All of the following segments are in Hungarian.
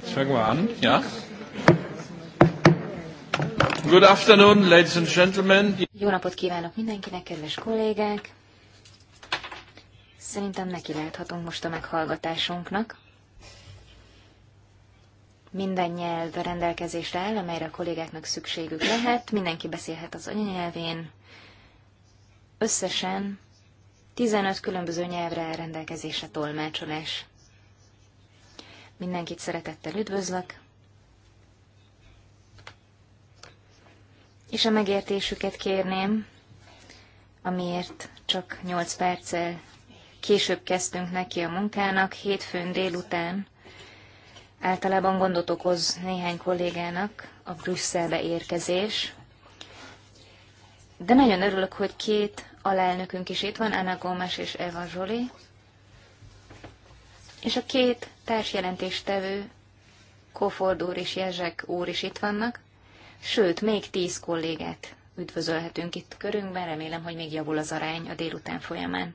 Jetzt fangen wir an, ja? Good afternoon, ladies and gentlemen. Jó napot kívánok mindenkinek, kedves kollégák! Szerintem neki láthatunk most a meghallgatásunknak. Minden nyelv rendelkezésre áll, amelyre a kollégáknak szükségük lehet, mindenki beszélhet az anyanyelvén. Összesen 15 különböző nyelvre rendelkezésre tolmácsolás. Mindenkit szeretettel üdvözlök. És a megértésüket kérném, amiért csak 8 perccel később kezdtünk neki a munkának, hétfőn délután. Általában gondot okoz néhány kollégának a Brüsszelbe érkezés, de nagyon örülök, hogy két alelnökünk is itt van, Anna Gómez és Eva Zsoli, és a két társjelentéstevő, Koford úr és Jezsek úr is itt vannak, sőt, még tíz kollégát üdvözölhetünk itt körünkben, remélem, hogy még javul az arány a délután folyamán.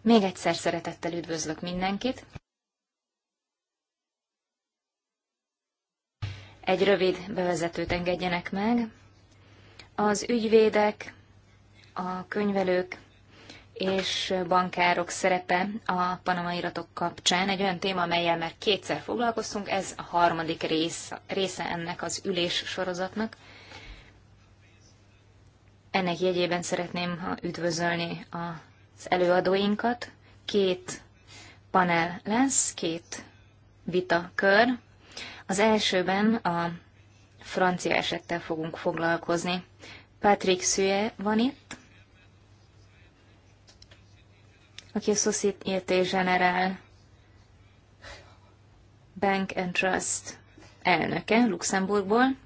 Még egyszer szeretettel üdvözlök mindenkit. Egy rövid bevezetőt engedjenek meg. Az ügyvédek, a könyvelők és bankárok szerepe a panama iratok kapcsán. Egy olyan téma, amelyel már kétszer foglalkoztunk, ez a harmadik rész, része ennek az ülés sorozatnak. Ennek jegyében szeretném üdvözölni az előadóinkat. Két panel lesz, két vita kör Az elsőben a francia esettel fogunk foglalkozni. Patrick Szüje van itt, aki a Société General Bank and Trust elnöke Luxemburgból.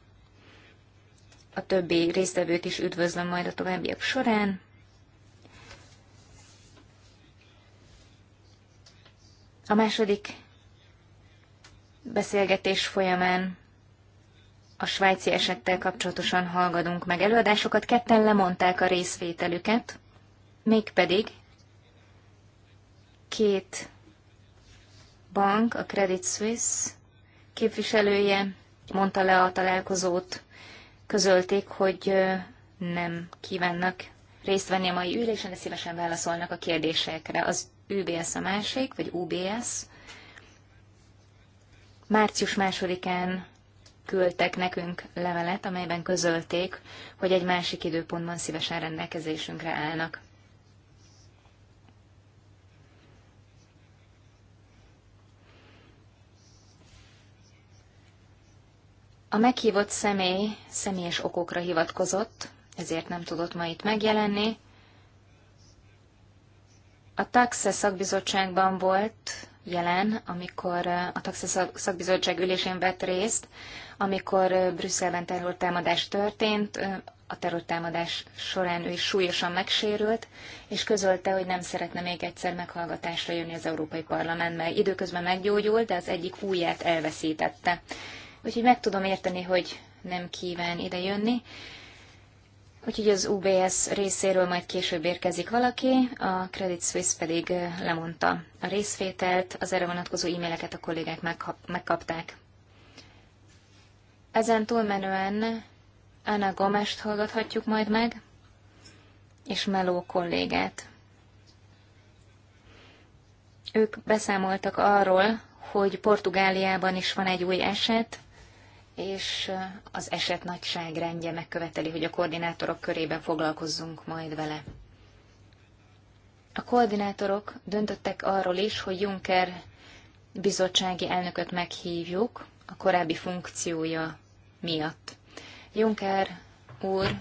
A többi résztvevőt is üdvözlöm majd a továbbiak során. A második beszélgetés folyamán a svájci esettel kapcsolatosan hallgatunk meg előadásokat. Ketten lemondták a részvételüket, mégpedig két bank, a Credit Suisse képviselője mondta le a találkozót, közölték, hogy nem kívánnak részt venni a mai ülésen, de szívesen válaszolnak a kérdésekre. Az UBS a másik, vagy UBS. Március másodikán küldtek nekünk levelet, amelyben közölték, hogy egy másik időpontban szívesen rendelkezésünkre állnak. A meghívott személy személyes okokra hivatkozott, ezért nem tudott ma itt megjelenni. A Taxe szakbizottságban volt jelen, amikor eh, a Taxe szakbizottság ülésén vett részt, amikor eh, Brüsszelben terrortámadás történt, eh, a terrortámadás során ő is súlyosan megsérült, és közölte, hogy nem szeretne még egyszer meghallgatásra jönni az Európai Parlamentbe. Időközben meggyógyult, de az egyik újját elveszítette. Úgyhogy meg tudom érteni, hogy nem kíván ide jönni. Úgyhogy az UBS részéről majd később érkezik valaki, a Credit Suisse pedig lemondta a részvételt, az erre vonatkozó e-maileket a kollégák megkapták. Ezen túlmenően Anna Gomest hallgathatjuk majd meg, és Meló kollégát. Ők beszámoltak arról, hogy Portugáliában is van egy új eset, és az eset nagyságrendje megköveteli, hogy a koordinátorok körében foglalkozzunk majd vele. A koordinátorok döntöttek arról is, hogy Juncker bizottsági elnököt meghívjuk a korábbi funkciója miatt. Juncker úr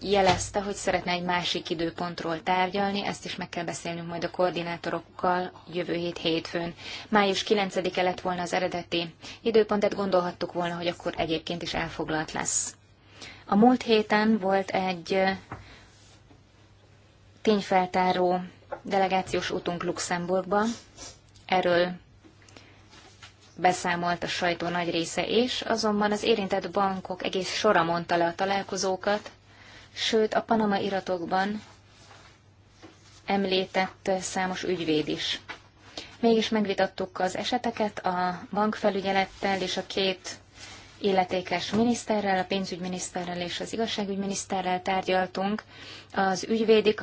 jelezte, hogy szeretne egy másik időpontról tárgyalni, ezt is meg kell beszélnünk majd a koordinátorokkal jövő hét hétfőn. Május 9-e lett volna az eredeti időpont, tehát gondolhattuk volna, hogy akkor egyébként is elfoglalt lesz. A múlt héten volt egy tényfeltáró delegációs útunk Luxemburgba, erről beszámolt a sajtó nagy része is, azonban az érintett bankok egész sora mondta le a találkozókat, sőt a Panama iratokban említett számos ügyvéd is. Mégis megvitattuk az eseteket a bankfelügyelettel és a két illetékes miniszterrel, a pénzügyminiszterrel és az igazságügyminiszterrel tárgyaltunk, az ügyvédi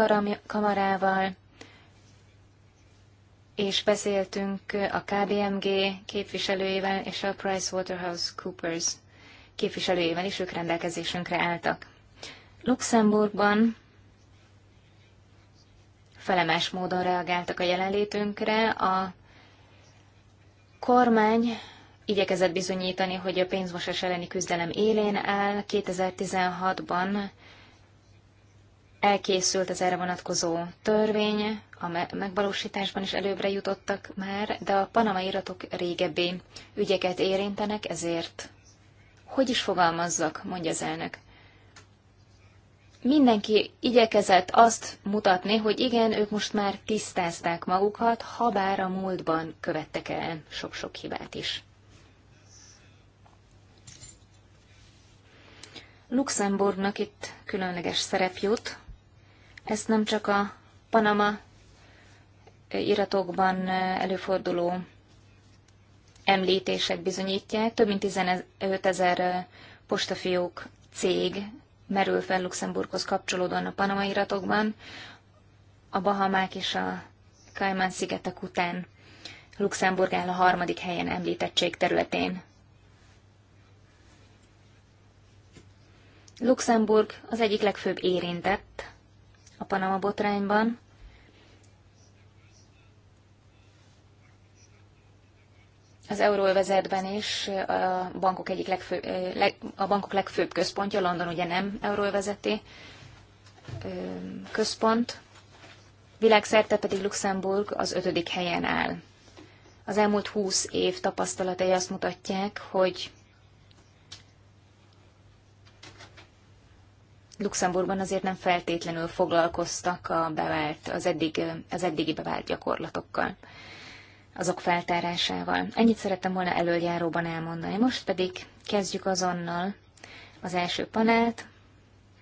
kamarával, és beszéltünk a KBMG képviselőjével és a PricewaterhouseCoopers képviselőjével is, ők rendelkezésünkre álltak. Luxemburgban felemás módon reagáltak a jelenlétünkre. A kormány igyekezett bizonyítani, hogy a pénzmosás elleni küzdelem élén áll. 2016-ban elkészült az erre vonatkozó törvény, a megvalósításban is előbbre jutottak már, de a panama iratok régebbi ügyeket érintenek, ezért hogy is fogalmazzak, mondja az elnök mindenki igyekezett azt mutatni, hogy igen, ők most már tisztázták magukat, ha bár a múltban követtek el sok-sok hibát is. Luxemburgnak itt különleges szerep jut. Ezt nem csak a Panama iratokban előforduló említések bizonyítják. Több mint 15 ezer postafiók cég merül fel Luxemburghoz kapcsolódóan a Panama iratokban, a Bahamák és a Kajmán szigetek után Luxemburg áll a harmadik helyen említettség területén. Luxemburg az egyik legfőbb érintett a Panama botrányban, Az euróövezetben is a bankok, egyik legfő, a bankok legfőbb központja, London ugye nem euróövezeti központ, világszerte pedig Luxemburg az ötödik helyen áll. Az elmúlt húsz év tapasztalatai azt mutatják, hogy Luxemburgban azért nem feltétlenül foglalkoztak a bevált, az, eddig, az eddigi bevált gyakorlatokkal azok feltárásával. Ennyit szerettem volna előjáróban elmondani. Most pedig kezdjük azonnal az első panelt.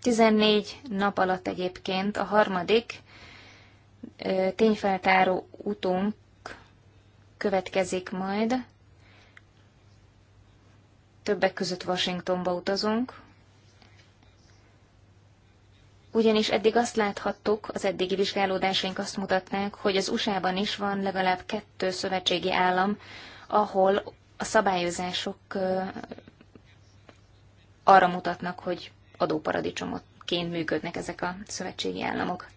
14 nap alatt egyébként a harmadik tényfeltáró utunk következik majd. Többek között Washingtonba utazunk, ugyanis eddig azt láthattuk, az eddigi vizsgálódásaink azt mutatnák, hogy az USA-ban is van legalább kettő szövetségi állam, ahol a szabályozások arra mutatnak, hogy adóparadicsomokként működnek ezek a szövetségi államok.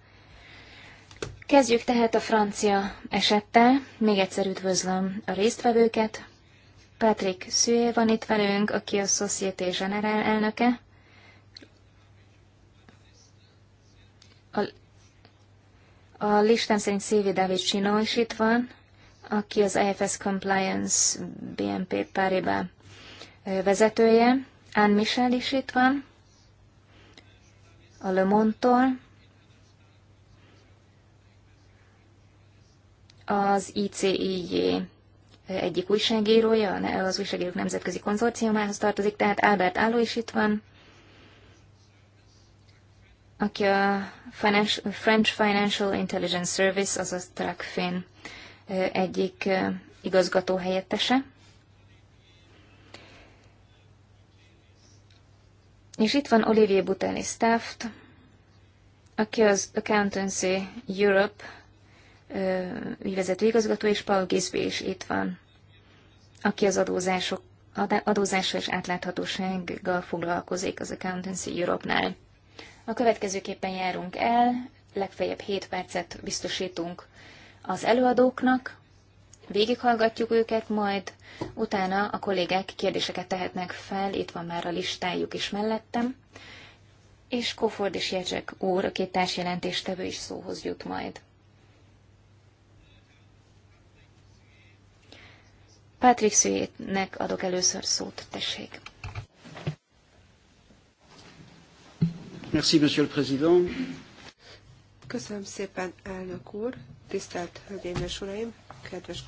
Kezdjük tehát a francia esettel. Még egyszer üdvözlöm a résztvevőket. Patrick Szüé van itt velünk, aki a Société Générale elnöke. A listám szerint Szévi Dávid Csino is itt van, aki az IFS e Compliance BNP Paribas vezetője. Anne Michel is itt van, a Le Monde-tól, az ICIJ egyik újságírója, az Újságírók Nemzetközi Konzorciumához tartozik, tehát Albert Álló is itt van, aki a French Financial Intelligence Service, azaz TRACFIN egyik igazgató helyettese. És itt van Olivier Butelli Staft, aki az Accountancy Europe ügyvezető igazgató, és Paul Gisby is itt van, aki az adózások, adózással és átláthatósággal foglalkozik az Accountancy Europe-nál. A következőképpen járunk el, legfeljebb 7 percet biztosítunk az előadóknak, végighallgatjuk őket, majd utána a kollégák kérdéseket tehetnek fel, itt van már a listájuk is mellettem, és Koford és Jecsek úr, a két társjelentéstevő is szóhoz jut majd. Patrick Szüjétnek adok először szót, tessék. Merci, Monsieur le Président. Köszönöm szépen, elnök úr, tisztelt hölgyeim és uraim, kedves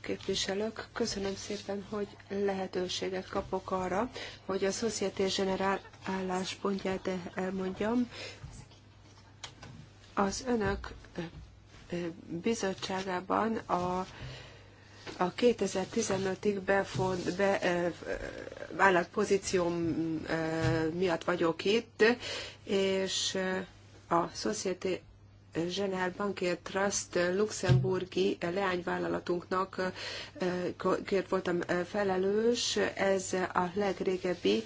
képviselők, köszönöm szépen, hogy lehetőséget kapok arra, hogy a Société Generál álláspontját elmondjam. Az önök bizottságában a, a 2015-ig befont, be, vállalt pozícióm miatt vagyok itt, és a Société General Bankier Trust luxemburgi leányvállalatunknak kért voltam felelős. Ez a legrégebbi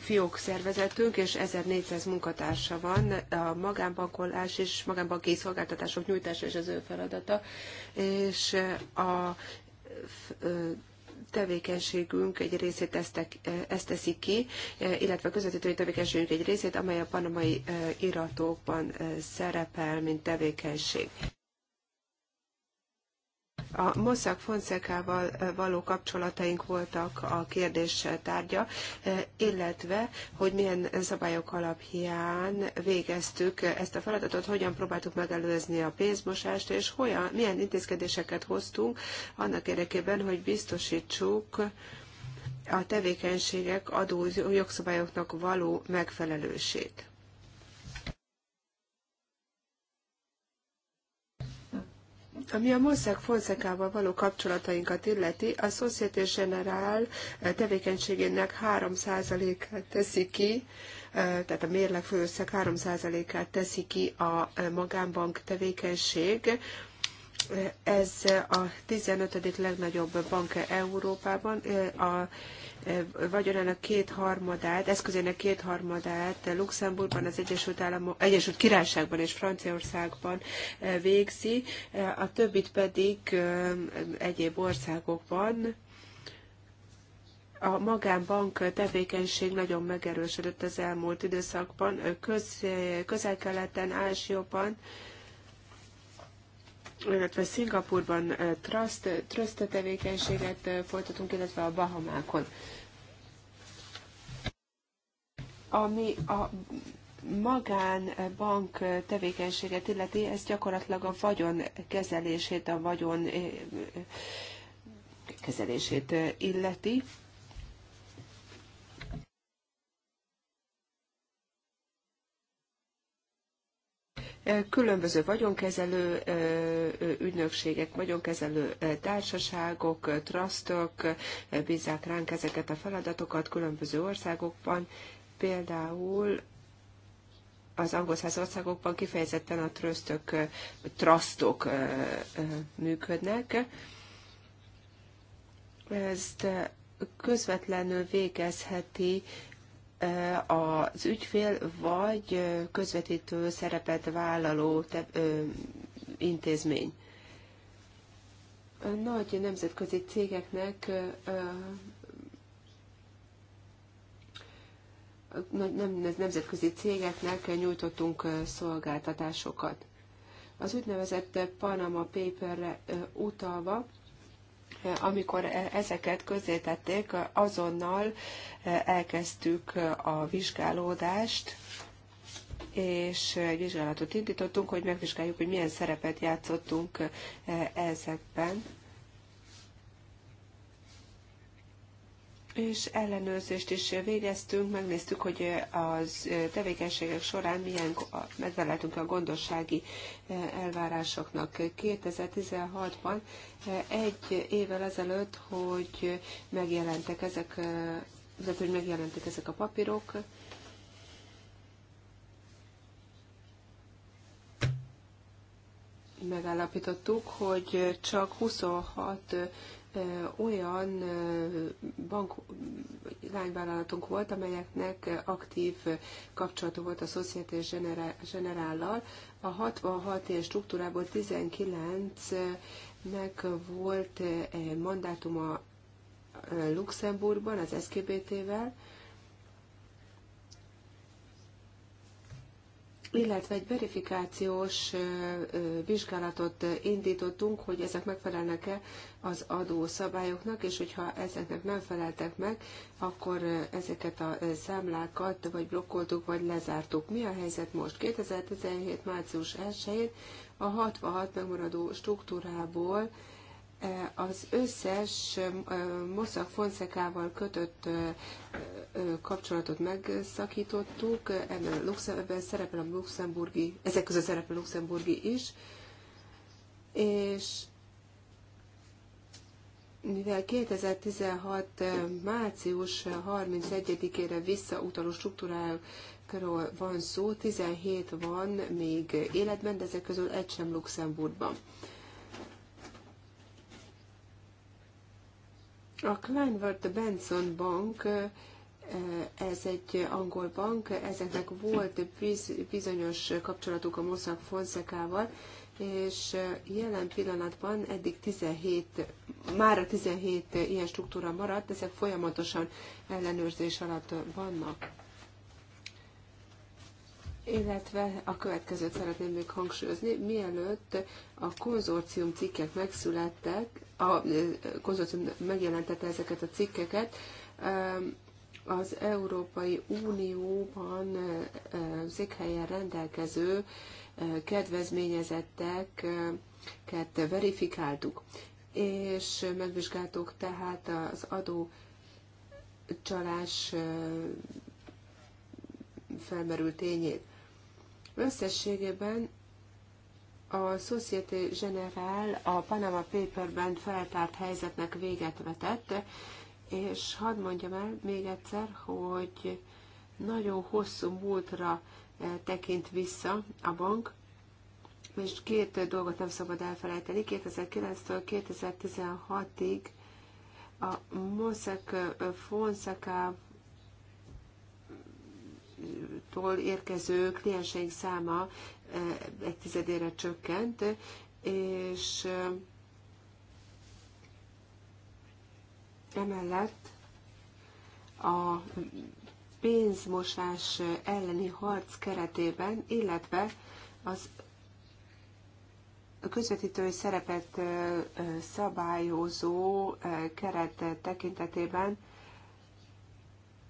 fiók szervezetünk, és 1400 munkatársa van. A magánbankolás és magánbanki szolgáltatások nyújtása és az ő feladata, és a tevékenységünk egy részét e, ezt teszi ki, e, illetve a közvetítői tevékenységünk egy részét, amely a panamai e, iratokban szerepel, mint tevékenység. A Mossack Fonszekával való kapcsolataink voltak a kérdés tárgya, illetve, hogy milyen szabályok alapján végeztük ezt a feladatot, hogyan próbáltuk megelőzni a pénzmosást, és hogyan, milyen intézkedéseket hoztunk annak érdekében, hogy biztosítsuk, a tevékenységek adó jogszabályoknak való megfelelőség. Ami a Mossack Fonszekával való kapcsolatainkat illeti, a Société Générale eh, tevékenységének 3%-át teszi ki, eh, tehát a mérleg főösszeg 3%-át teszi ki a eh, magánbank tevékenység, ez a 15. legnagyobb bank Európában, a vagyonának kétharmadát, eszközének kétharmadát Luxemburgban, az Egyesült, Államok, Egyesült Királyságban és Franciaországban eh, végzi, eh, a többit pedig eh, egyéb országokban. A magánbank tevékenység nagyon megerősödött az elmúlt időszakban, köz, közel-keleten, Ázsióban, illetve Szingapurban trust, trust tevékenységet folytatunk, illetve a Bahamákon. Ami a magánbank tevékenységet illeti, ez gyakorlatilag a vagyon kezelését, a vagyon eh, kezelését eh, illeti. Eh, különböző vagyonkezelő ügynökségek, vagyonkezelő társaságok, trustok bízzák ránk ezeket a feladatokat különböző országokban, Például az angol száz országokban kifejezetten a trösztök, trasztok működnek. Ezt közvetlenül végezheti az ügyfél vagy közvetítő szerepet vállaló intézmény. A nagy nemzetközi cégeknek nem, nemzetközi cégeknek nyújtottunk szolgáltatásokat. Az úgynevezett Panama Paperre utalva, amikor e, ezeket közzétették, azonnal elkezdtük a vizsgálódást, és egy vizsgálatot indítottunk, hogy megvizsgáljuk, hogy milyen szerepet játszottunk ezekben és ellenőrzést is végeztünk, megnéztük, hogy az tevékenységek során milyen megfeleltünk a gondossági e, elvárásoknak. 2016-ban e, egy évvel ezelőtt, hogy megjelentek ezek, e, tehát, hogy megjelentek ezek a papírok, megállapítottuk, hogy csak 26 olyan bank lányvállalatunk volt, amelyeknek aktív kapcsolata volt a Société Generállal. A 66 ilyen struktúrából 19-nek volt mandátuma Luxemburgban az SKBT-vel, illetve egy verifikációs vizsgálatot indítottunk, hogy ezek megfelelnek-e az adószabályoknak, és hogyha ezeknek nem feleltek meg, akkor ezeket a számlákat vagy blokkoltuk, vagy lezártuk. Mi a helyzet most? 2017. március 1-én a 66 megmaradó struktúrából Eh, az összes eh, Mossack Fonszekával kötött eh, kapcsolatot megszakítottuk, ebben, ebben szerepel a luxemburgi, ezek között szerepel a luxemburgi is, és mivel 2016 március 31-ére visszautaló struktúrákról van szó, 17 van még életben, de ezek közül egy sem Luxemburgban. A Kleinwort Benson Bank, ez egy angol bank, ezeknek volt bizonyos kapcsolatuk a Mossack Fonszekával, és jelen pillanatban eddig 17, már a 17 ilyen struktúra maradt, ezek folyamatosan ellenőrzés alatt vannak illetve a következőt szeretném még hangsúlyozni, mielőtt a konzorcium cikkek megszülettek, a konzorcium megjelentette ezeket a cikkeket, az Európai Unióban székhelyen rendelkező kedvezményezetteket verifikáltuk, és megvizsgáltuk tehát az adó csalás felmerült tényét. Összességében a Société Générale a Panama Paperben feltárt helyzetnek véget vetett, és hadd mondjam el még egyszer, hogy nagyon hosszú múltra eh, tekint vissza a bank, és két dolgot nem szabad elfelejteni. 2009-től 2016-ig a Mossack eh, Fonseca tól érkező klienseink száma eh, egy tizedére csökkent, és eh, emellett a pénzmosás elleni harc keretében, illetve az a közvetítői szerepet eh, szabályozó keret tekintetében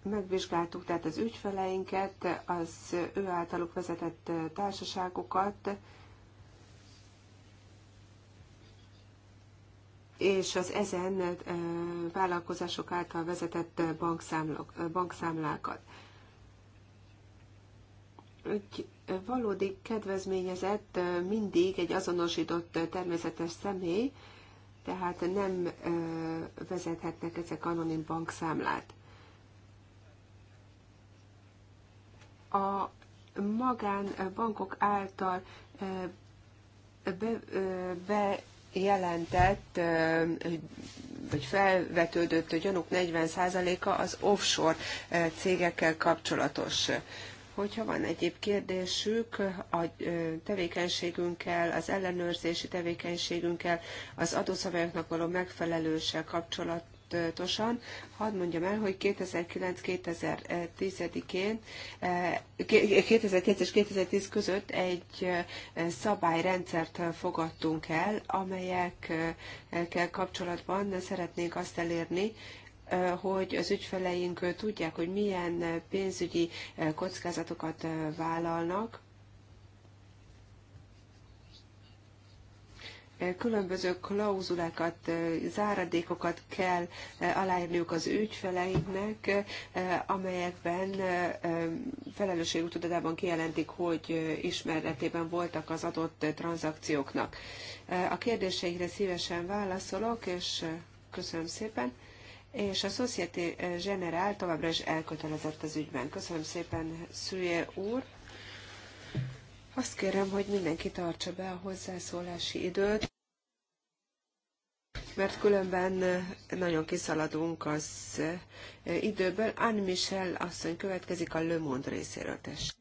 megvizsgáltuk tehát az ügyfeleinket, az ő általuk vezetett társaságokat, és az ezen vállalkozások által vezetett bankszámlákat. Egy valódi kedvezményezett mindig egy azonosított természetes személy, tehát nem vezethetnek ezek anonim bankszámlát. a magánbankok által be, bejelentett vagy felvetődött gyanúk 40%-a az offshore cégekkel kapcsolatos. Hogyha van egyéb kérdésük a tevékenységünkkel, az ellenőrzési tevékenységünkkel, az adószabályoknak való megfelelőssel kapcsolatban, folyamatosan. hadd mondjam el, hogy 2009-2010-én, 2009 eh, és 2010 között egy eh, szabályrendszert fogadtunk el, amelyekkel kapcsolatban szeretnénk azt elérni, eh, hogy az ügyfeleink tudják, hogy milyen pénzügyi kockázatokat vállalnak, különböző klauzulákat, záradékokat kell aláírniuk az ügyfeleinknek, amelyekben felelősségük tudatában kijelentik, hogy ismeretében voltak az adott tranzakcióknak. A kérdéseire szívesen válaszolok, és köszönöm szépen. És a Société Générale továbbra is elkötelezett az ügyben. Köszönöm szépen, Szüje úr. Azt kérem, hogy mindenki tartsa be a hozzászólási időt, mert különben nagyon kiszaladunk az időből. Anne Michel asszony következik a Le Monde részéről, tess.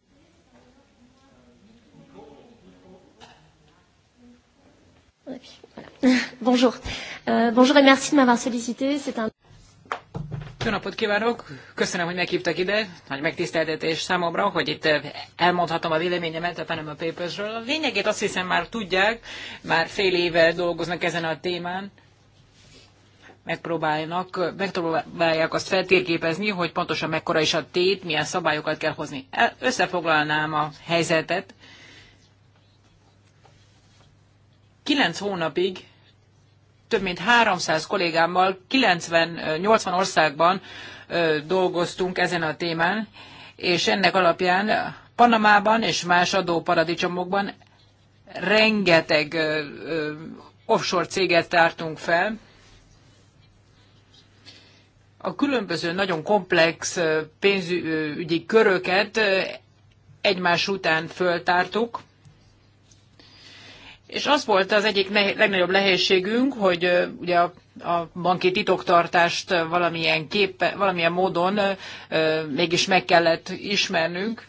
Bonjour. Euh, bonjour et merci de m'avoir sollicité. C'est un jó napot kívánok! Köszönöm, hogy meghívtak ide. Nagy megtiszteltetés számomra, hogy itt eh, elmondhatom a véleményemet a Panama Papersről. A lényegét azt hiszem már tudják, már fél éve dolgoznak ezen a témán. Megpróbálnak, megpróbálják azt feltérképezni, hogy pontosan mekkora is a tét, milyen szabályokat kell hozni. Összefoglalnám a helyzetet. Kilenc hónapig több mint 300 kollégámmal 90-80 országban dolgoztunk ezen a témán, és ennek alapján Panamában és más adóparadicsomokban rengeteg offshore céget tártunk fel. A különböző nagyon komplex pénzügyi köröket egymás után föltártuk, és az volt az egyik nehé- legnagyobb nehézségünk, hogy uh, ugye a, a banki titoktartást valamilyen, képe, valamilyen módon uh, mégis meg kellett ismernünk.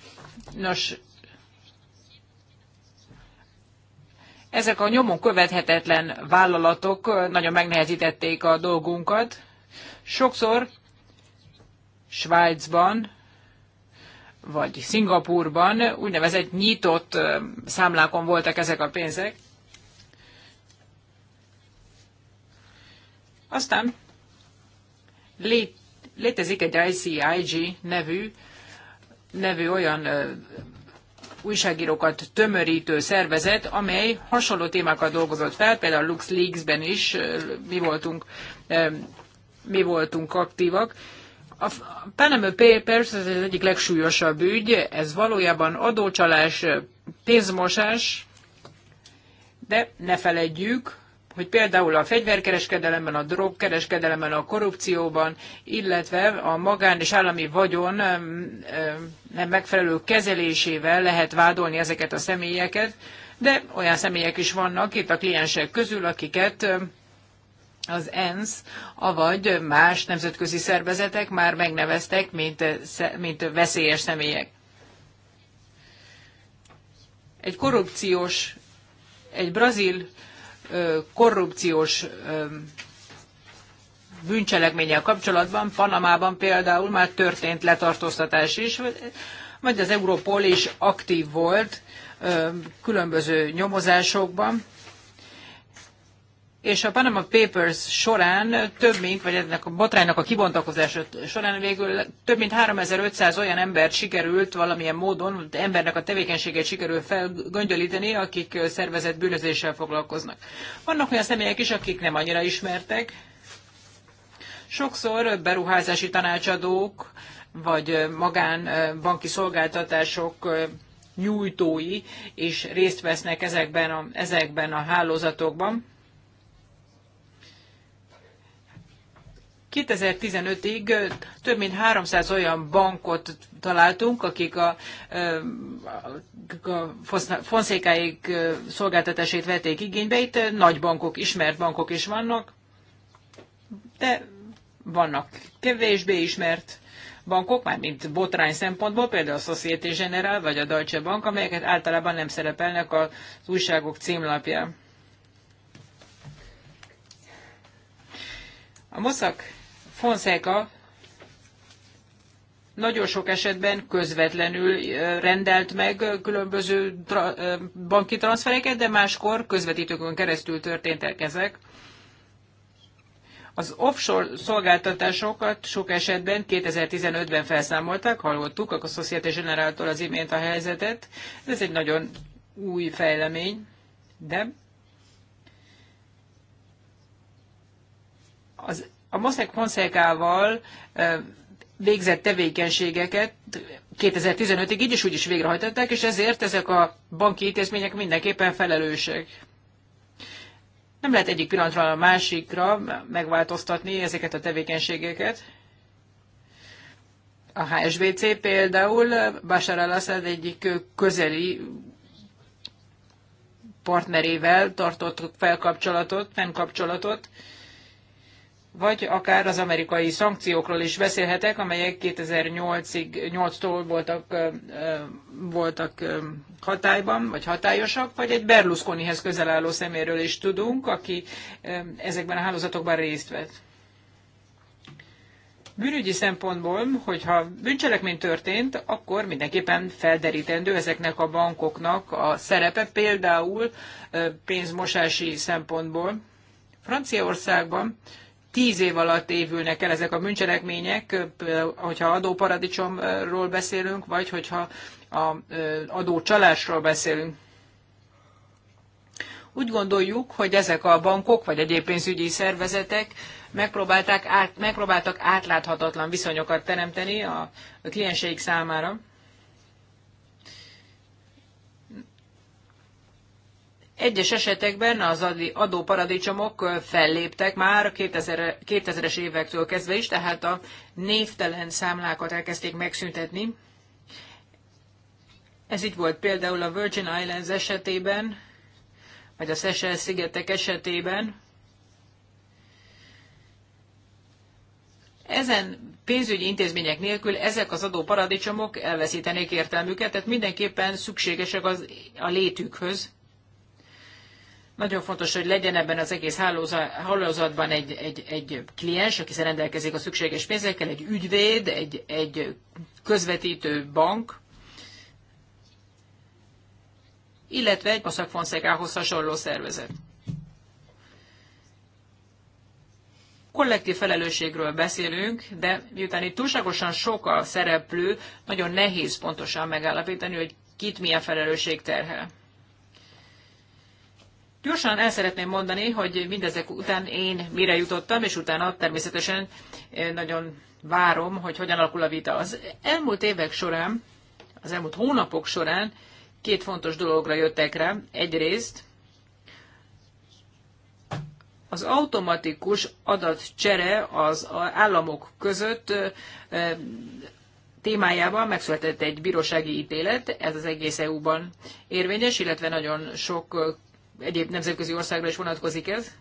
Nos, ezek a nyomon követhetetlen vállalatok nagyon megnehezítették a dolgunkat. Sokszor Svájcban vagy Szingapurban úgynevezett nyitott számlákon voltak ezek a pénzek. Aztán létezik egy ICIG nevű, nevű olyan újságírókat tömörítő szervezet, amely hasonló témákat dolgozott fel, például LuxLeaks-ben is mi voltunk, mi voltunk aktívak. A Panama Papers az egyik legsúlyosabb ügy, ez valójában adócsalás, pénzmosás, de ne feledjük, hogy például a fegyverkereskedelemben, a drogkereskedelemben, a korrupcióban, illetve a magán és állami vagyon nem megfelelő kezelésével lehet vádolni ezeket a személyeket, de olyan személyek is vannak itt a kliensek közül, akiket az ENSZ, avagy más nemzetközi szervezetek már megneveztek, mint, eh, mint veszélyes személyek. Egy korrupciós, egy brazil korrupciós bűncselekménnyel kapcsolatban, Panamában például már történt letartóztatás is, vagy az Europol is aktív volt különböző nyomozásokban és a Panama Papers során több mint, vagy ennek a botránynak a kibontakozása során végül több mint 3500 olyan embert sikerült valamilyen módon, embernek a tevékenységét sikerült felgöngyölíteni, akik szervezett bűnözéssel foglalkoznak. Vannak olyan személyek is, akik nem annyira ismertek. Sokszor beruházási tanácsadók, vagy magán banki szolgáltatások nyújtói is részt vesznek ezekben a, ezekben a hálózatokban 2015-ig több mint 300 olyan bankot találtunk, akik a, a, fonszékáik szolgáltatását vették igénybe. Itt nagy bankok, ismert bankok is vannak, de vannak kevésbé ismert bankok, már mint botrány szempontból, például a Société General vagy a Deutsche Bank, amelyeket általában nem szerepelnek az újságok címlapján. A Mossack Fonseca nagyon sok esetben közvetlenül rendelt meg különböző tra- banki transzfereket, de máskor közvetítőkön keresztül történtek ezek. Az offshore szolgáltatásokat sok esetben 2015-ben felszámolták, hallottuk a Societe Generáltól az imént a helyzetet. Ez egy nagyon új fejlemény, de az a Mossack Fonszekával végzett tevékenységeket 2015-ig így is úgy is végrehajtották, és ezért ezek a banki intézmények mindenképpen felelősek. Nem lehet egyik pillanatra a másikra megváltoztatni ezeket a tevékenységeket. A HSBC például Bashar al-Assad egyik közeli partnerével tartott felkapcsolatot, fennkapcsolatot, vagy akár az amerikai szankciókról is beszélhetek, amelyek 2008-ig, 8-tól voltak, voltak hatályban, vagy hatályosak, vagy egy Berlusconihez közel álló szeméről is tudunk, aki ezekben a hálózatokban részt vett. Bűnügyi szempontból, hogyha bűncselekmény történt, akkor mindenképpen felderítendő ezeknek a bankoknak a szerepe, például pénzmosási szempontból. Franciaországban tíz év alatt évülnek el ezek a bűncselekmények, hogyha adóparadicsomról beszélünk, vagy hogyha a adócsalásról beszélünk. Úgy gondoljuk, hogy ezek a bankok, vagy egyéb pénzügyi szervezetek megpróbálták át, megpróbáltak átláthatatlan viszonyokat teremteni a, a klienseik számára. Egyes esetekben az adóparadicsomok felléptek már 2000, 2000-es évektől kezdve is, tehát a névtelen számlákat elkezdték megszüntetni. Ez így volt például a Virgin Islands esetében, vagy a Seychelles szigetek esetében. Ezen pénzügyi intézmények nélkül ezek az adóparadicsomok elveszítenék értelmüket, tehát mindenképpen szükségesek az, a létükhöz, nagyon fontos, hogy legyen ebben az egész hálózatban egy, egy, egy kliens, aki rendelkezik a szükséges pénzekkel, egy ügyvéd, egy, egy közvetítő bank, illetve egy Mossack hasonló szervezet. Kollektív felelősségről beszélünk, de miután itt túlságosan sok a szereplő, nagyon nehéz pontosan megállapítani, hogy kit milyen felelősség terhel. Gyorsan el szeretném mondani, hogy mindezek után én mire jutottam, és utána természetesen eh, nagyon várom, hogy hogyan alakul a vita. Az elmúlt évek során, az elmúlt hónapok során két fontos dologra jöttek rá. Egyrészt az automatikus adatcsere az államok között eh, eh, témájában megszületett egy bírósági ítélet, ez az egész EU-ban érvényes, illetve nagyon sok egyéb nemzetközi országra is vonatkozik ez.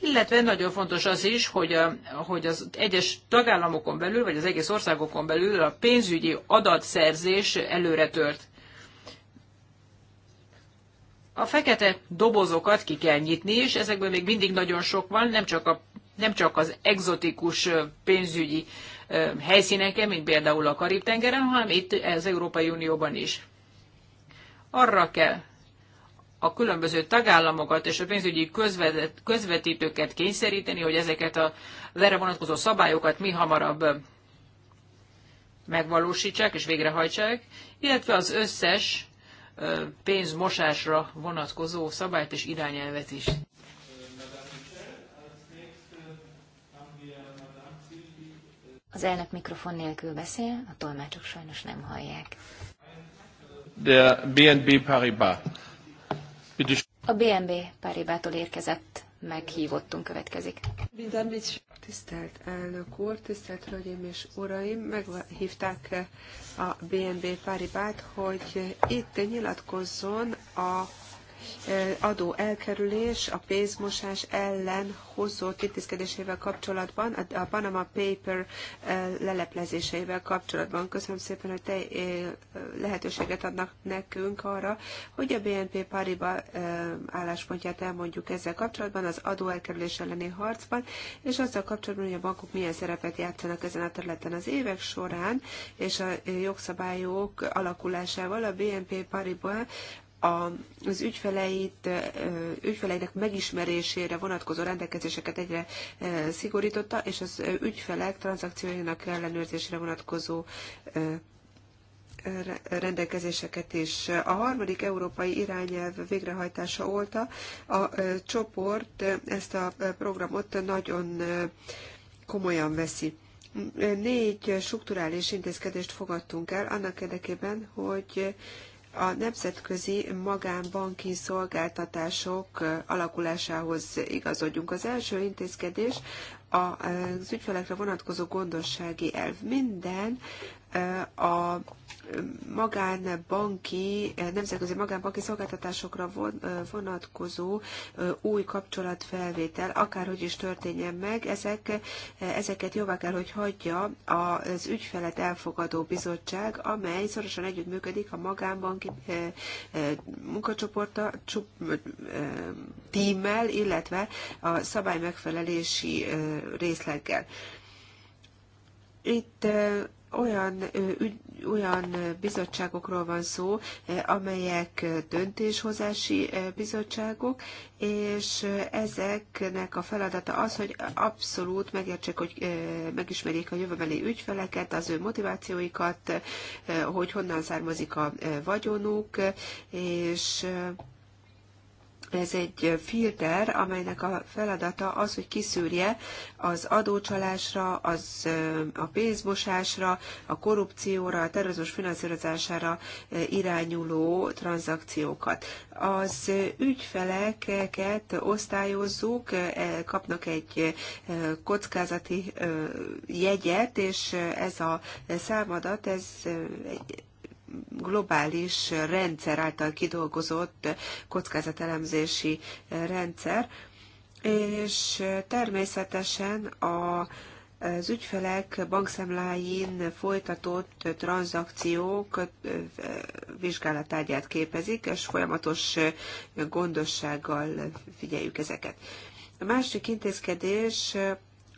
Illetve nagyon fontos az is, hogy, a, hogy az egyes tagállamokon belül, vagy az egész országokon belül a pénzügyi adatszerzés előre tört. A fekete dobozokat ki kell nyitni, és ezekből még mindig nagyon sok van, nem csak, a, nem csak az egzotikus pénzügyi helyszíneken, mint például a Karib-tengeren, hanem itt az Európai Unióban is arra kell a különböző tagállamokat és a pénzügyi közvet, közvetítőket kényszeríteni, hogy ezeket a, erre vonatkozó szabályokat mi hamarabb megvalósítsák és végrehajtsák, illetve az összes pénzmosásra vonatkozó szabályt és irányelvet is. Az elnök mikrofon nélkül beszél, a tolmácsok sajnos nem hallják der BNB Paribas. Bitte. A BNB Paribától érkezett meghívottunk következik. Tisztelt elnök úr, tisztelt hölgyeim és uraim, meghívták a BNB Paribát, hogy itt nyilatkozzon a adó elkerülés a pénzmosás ellen hozott intézkedésével kapcsolatban, a Panama Paper leleplezéseivel kapcsolatban. Köszönöm szépen, hogy te lehetőséget adnak nekünk arra, hogy a BNP Paribas álláspontját elmondjuk ezzel kapcsolatban, az adó elkerülés elleni harcban, és azzal kapcsolatban, hogy a bankok milyen szerepet játszanak ezen a területen az évek során, és a jogszabályok alakulásával a BNP Paribas a az ügyfeleit, ügyfeleinek megismerésére vonatkozó rendelkezéseket egyre szigorította, és az ügyfelek tranzakcióinak ellenőrzésére vonatkozó rendelkezéseket is. A harmadik európai irányelv végrehajtása óta a csoport ezt a programot nagyon komolyan veszi. Négy strukturális intézkedést fogadtunk el annak érdekében, hogy a nemzetközi magánbanki szolgáltatások alakulásához igazodjunk. Az első intézkedés az ügyfelekre vonatkozó gondossági elv. Minden a magánbanki, nemzetközi magánbanki szolgáltatásokra vonatkozó új kapcsolatfelvétel, akárhogy is történjen meg, ezek, ezeket jóvá kell, hogy hagyja az ügyfelet elfogadó bizottság, amely szorosan együttműködik a magánbanki munkacsoporta tímmel, illetve a szabálymegfelelési részleggel. Itt olyan, ügy, olyan bizottságokról van szó, amelyek döntéshozási bizottságok, és ezeknek a feladata az, hogy abszolút megértsék, hogy megismerjék a jövőbeli ügyfeleket, az ő motivációikat, hogy honnan származik a vagyonuk, és ez egy filter, amelynek a feladata az, hogy kiszűrje az adócsalásra, az, a pénzmosásra, a korrupcióra, a tervezős finanszírozására irányuló tranzakciókat. Az ügyfeleket osztályozzuk, e, kapnak egy kockázati jegyet, és ez a számadat, ez egy globális rendszer által kidolgozott kockázatelemzési rendszer, és természetesen a, az ügyfelek bankszemláin folytatott tranzakciók vizsgálatágyát képezik, és folyamatos gondossággal figyeljük ezeket. A másik intézkedés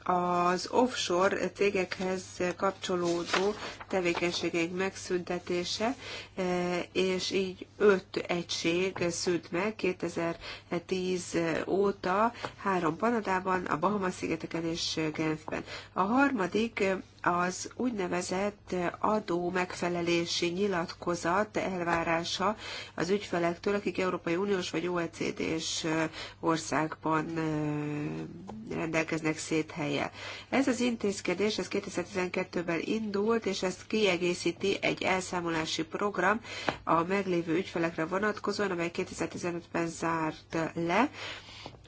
az offshore cégekhez kapcsolódó tevékenységeik megszüntetése, e, és így öt egység szűnt meg 2010 óta, három Kanadában, a Bahama szigeteken és Genfben. A harmadik az úgynevezett adó megfelelési nyilatkozat elvárása az ügyfelektől, akik Európai Uniós vagy OECD-s országban rendelkeznek széthelye. Ez az intézkedés, ez 2012-ben indult, és ezt kiegészíti egy elszámolási program a meglévő ügyfelekre vonatkozóan, amely 2015-ben zárt le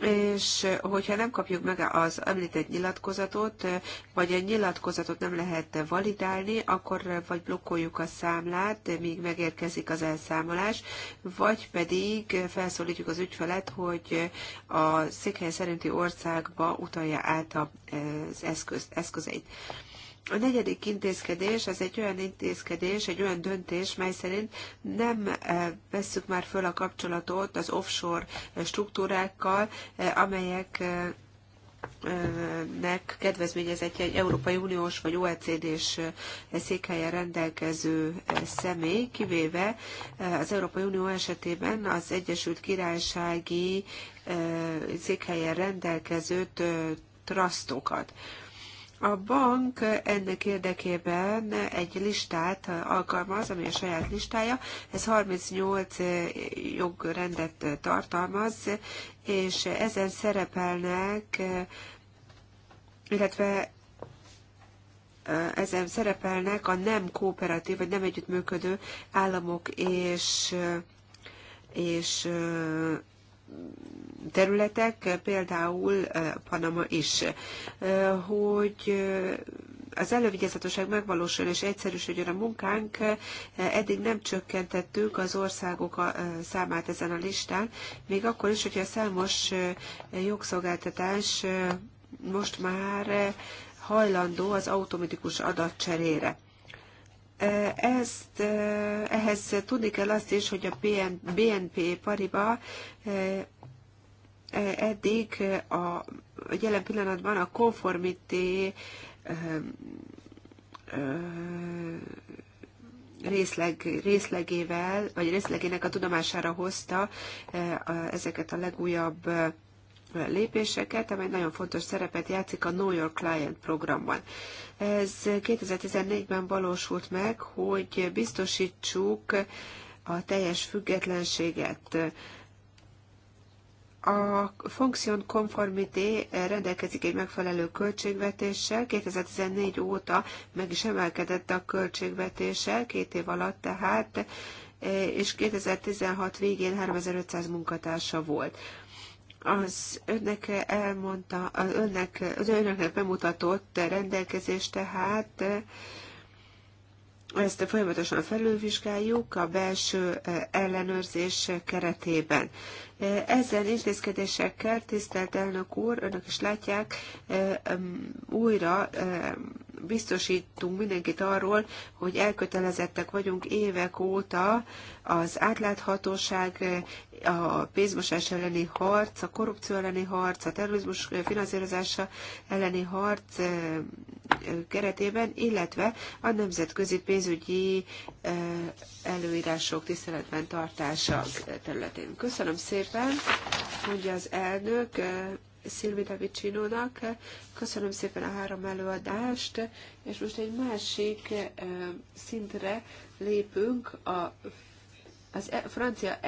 és hogyha nem kapjuk meg az említett nyilatkozatot, vagy a nyilatkozatot nem lehet validálni, akkor vagy blokkoljuk a számlát, míg megérkezik az elszámolás, vagy pedig felszólítjuk az ügyfelet, hogy a székhely szerinti országba utalja át az eszköz, eszközeit. A negyedik intézkedés, ez egy olyan intézkedés, egy olyan döntés, mely szerint nem eh, vesszük már föl a kapcsolatot az offshore eh, struktúrákkal, eh, amelyek nek kedvezményezett egy Európai Uniós vagy OECD-s székhelyen rendelkező személy, kivéve az Európai Unió esetében az Egyesült Királysági székhelyen rendelkező trustokat. A bank ennek érdekében egy listát alkalmaz, ami a saját listája. Ez 38 jogrendet tartalmaz, és ezen szerepelnek, illetve ezen szerepelnek a nem kooperatív, vagy nem együttműködő államok és, és területek, például Panama is, hogy az elővigyázatosság megvalósul és egyszerűsödjön a munkánk, eddig nem csökkentettük az országok számát ezen a listán, még akkor is, hogyha számos jogszolgáltatás most már hajlandó az automatikus adatcserére. Ezt, ehhez tudni kell azt is, hogy a BNP Pariba eddig a jelen pillanatban a konformité részleg, részlegével, vagy részlegének a tudomására hozta ezeket a legújabb lépéseket, amely nagyon fontos szerepet játszik a New York Client programban. Ez 2014-ben valósult meg, hogy biztosítsuk a teljes függetlenséget. A Function Conformity rendelkezik egy megfelelő költségvetéssel. 2014 óta meg is emelkedett a költségvetése, két év alatt tehát, és 2016 végén 3500 munkatársa volt az önnek elmondta, az önnek, az önöknek bemutatott rendelkezés tehát ezt folyamatosan felülvizsgáljuk a belső ellenőrzés keretében. E, Ezen intézkedésekkel, tisztelt elnök úr, önök is látják, e, újra e, biztosítunk mindenkit arról, hogy elkötelezettek vagyunk évek óta az átláthatóság, a pénzmosás elleni harc, a korrupció elleni harc, a terrorizmus finanszírozása elleni harc keretében, illetve a nemzetközi pénzügyi előírások tiszteletben tartása területén. Köszönöm szépen! szépen, mondja az elnök eh, Szilvi Davicsinónak. Köszönöm szépen a három előadást, és most egy másik eh, szintre lépünk, a, az e, francia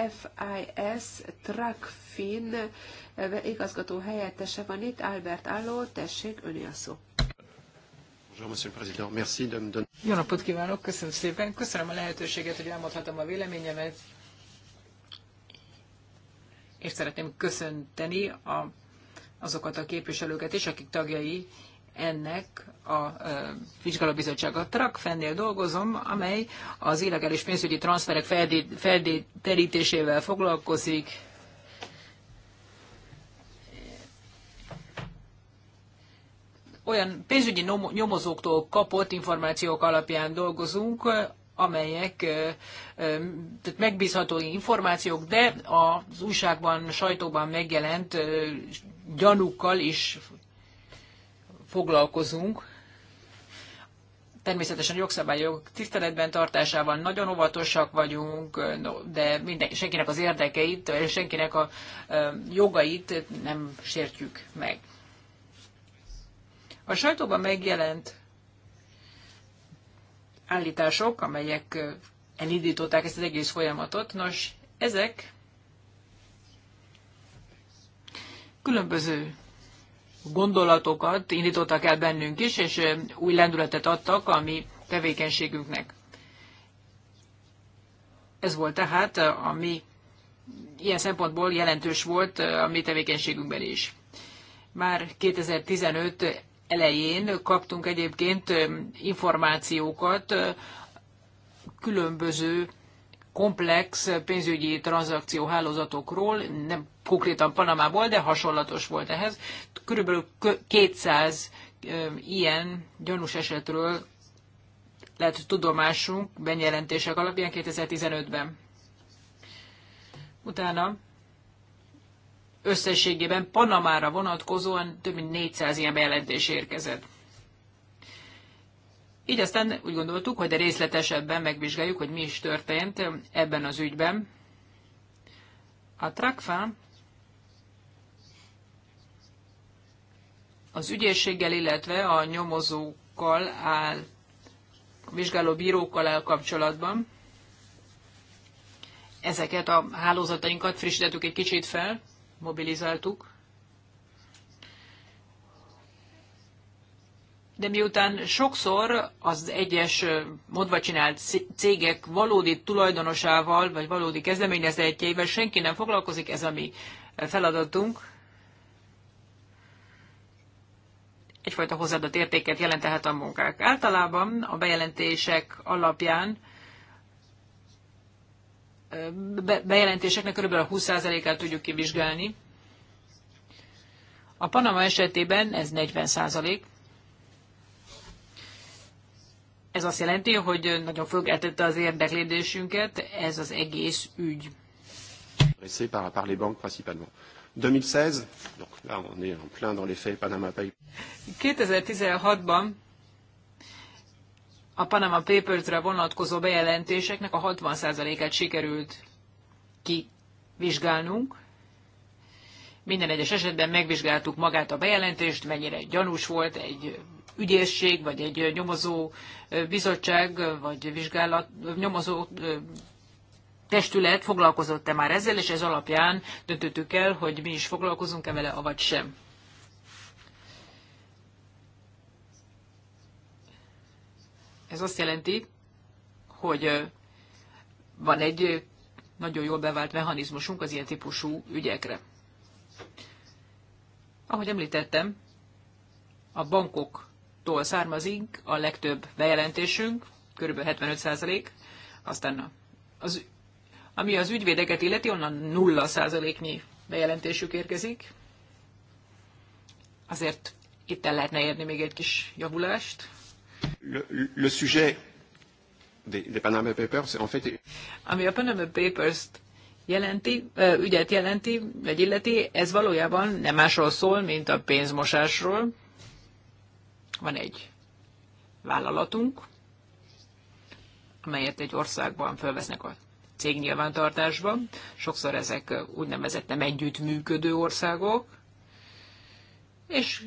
FIS Trakfin eh, igazgató helyettese van itt, Albert Alló, tessék, öné a szó. Jó napot kívánok, köszönöm szépen. Köszönöm a lehetőséget, hogy elmondhatom a véleményemet és szeretném köszönteni a, azokat a képviselőket is, akik tagjai ennek a vizsgálóbizottság. A fennél dolgozom, amely az illegális pénzügyi transferek felderítésével foglalkozik. Olyan pénzügyi nyomozóktól kapott információk alapján dolgozunk, amelyek tehát megbízható információk, de az újságban, sajtóban megjelent gyanúkkal is foglalkozunk. Természetesen a jogszabályok tiszteletben tartásával nagyon óvatosak vagyunk, de minden, senkinek az érdekeit, senkinek a jogait nem sértjük meg. A sajtóban megjelent állítások, amelyek elindították ezt az egész folyamatot. Nos, ezek különböző gondolatokat indítottak el bennünk is, és új lendületet adtak a mi tevékenységünknek. Ez volt tehát ami ilyen szempontból jelentős volt a mi tevékenységünkben is. Már 2015 elején kaptunk egyébként információkat különböző komplex pénzügyi tranzakció hálózatokról, nem konkrétan Panamából, de hasonlatos volt ehhez. Körülbelül 200 ilyen gyanús esetről lett tudomásunk benyelentések alapján 2015-ben. Utána összességében Panamára vonatkozóan több mint 400 ilyen bejelentés érkezett. Így aztán úgy gondoltuk, hogy de részletesebben megvizsgáljuk, hogy mi is történt ebben az ügyben. A TRACFA az ügyészséggel, illetve a nyomozókkal áll, a vizsgáló bírókkal áll kapcsolatban. Ezeket a hálózatainkat frissítettük egy kicsit fel mobilizáltuk. De miután sokszor az egyes modva csinált cégek valódi tulajdonosával, vagy valódi kezdeményezettjeivel senki nem foglalkozik, ez a mi feladatunk. Egyfajta hozzáadott értéket jelent tehát a munkák. Általában a bejelentések alapján bejelentéseknek kb. a 20%-át tudjuk kivizsgálni. A Panama esetében ez 40%. Ez azt jelenti, hogy nagyon fölgeltette az érdeklődésünket ez az egész ügy. 2016, Panama 2016-ban a Panama Papers-re vonatkozó bejelentéseknek a 60%-át sikerült kivizsgálnunk. Minden egyes esetben megvizsgáltuk magát a bejelentést, mennyire gyanús volt egy ügyészség, vagy egy nyomozó bizottság, vagy vizsgálat, nyomozó testület foglalkozott-e már ezzel, és ez alapján döntöttük el, hogy mi is foglalkozunk-e vele, avagy sem. Ez azt jelenti, hogy van egy nagyon jól bevált mechanizmusunk az ilyen típusú ügyekre. Ahogy említettem, a bankoktól származik a legtöbb bejelentésünk, kb. 75%, aztán az, ami az ügyvédeket illeti, onnan 0%-nyi bejelentésük érkezik. Azért itt el lehetne érni még egy kis javulást le, le sujet des, des Panama Papers, en fait... Ami a Panama papers jelenti, ügyet jelenti, vagy illeti, ez valójában nem másról szól, mint a pénzmosásról. Van egy vállalatunk, amelyet egy országban felvesznek a cégnyilvántartásban Sokszor ezek úgynevezett nem együttműködő országok, és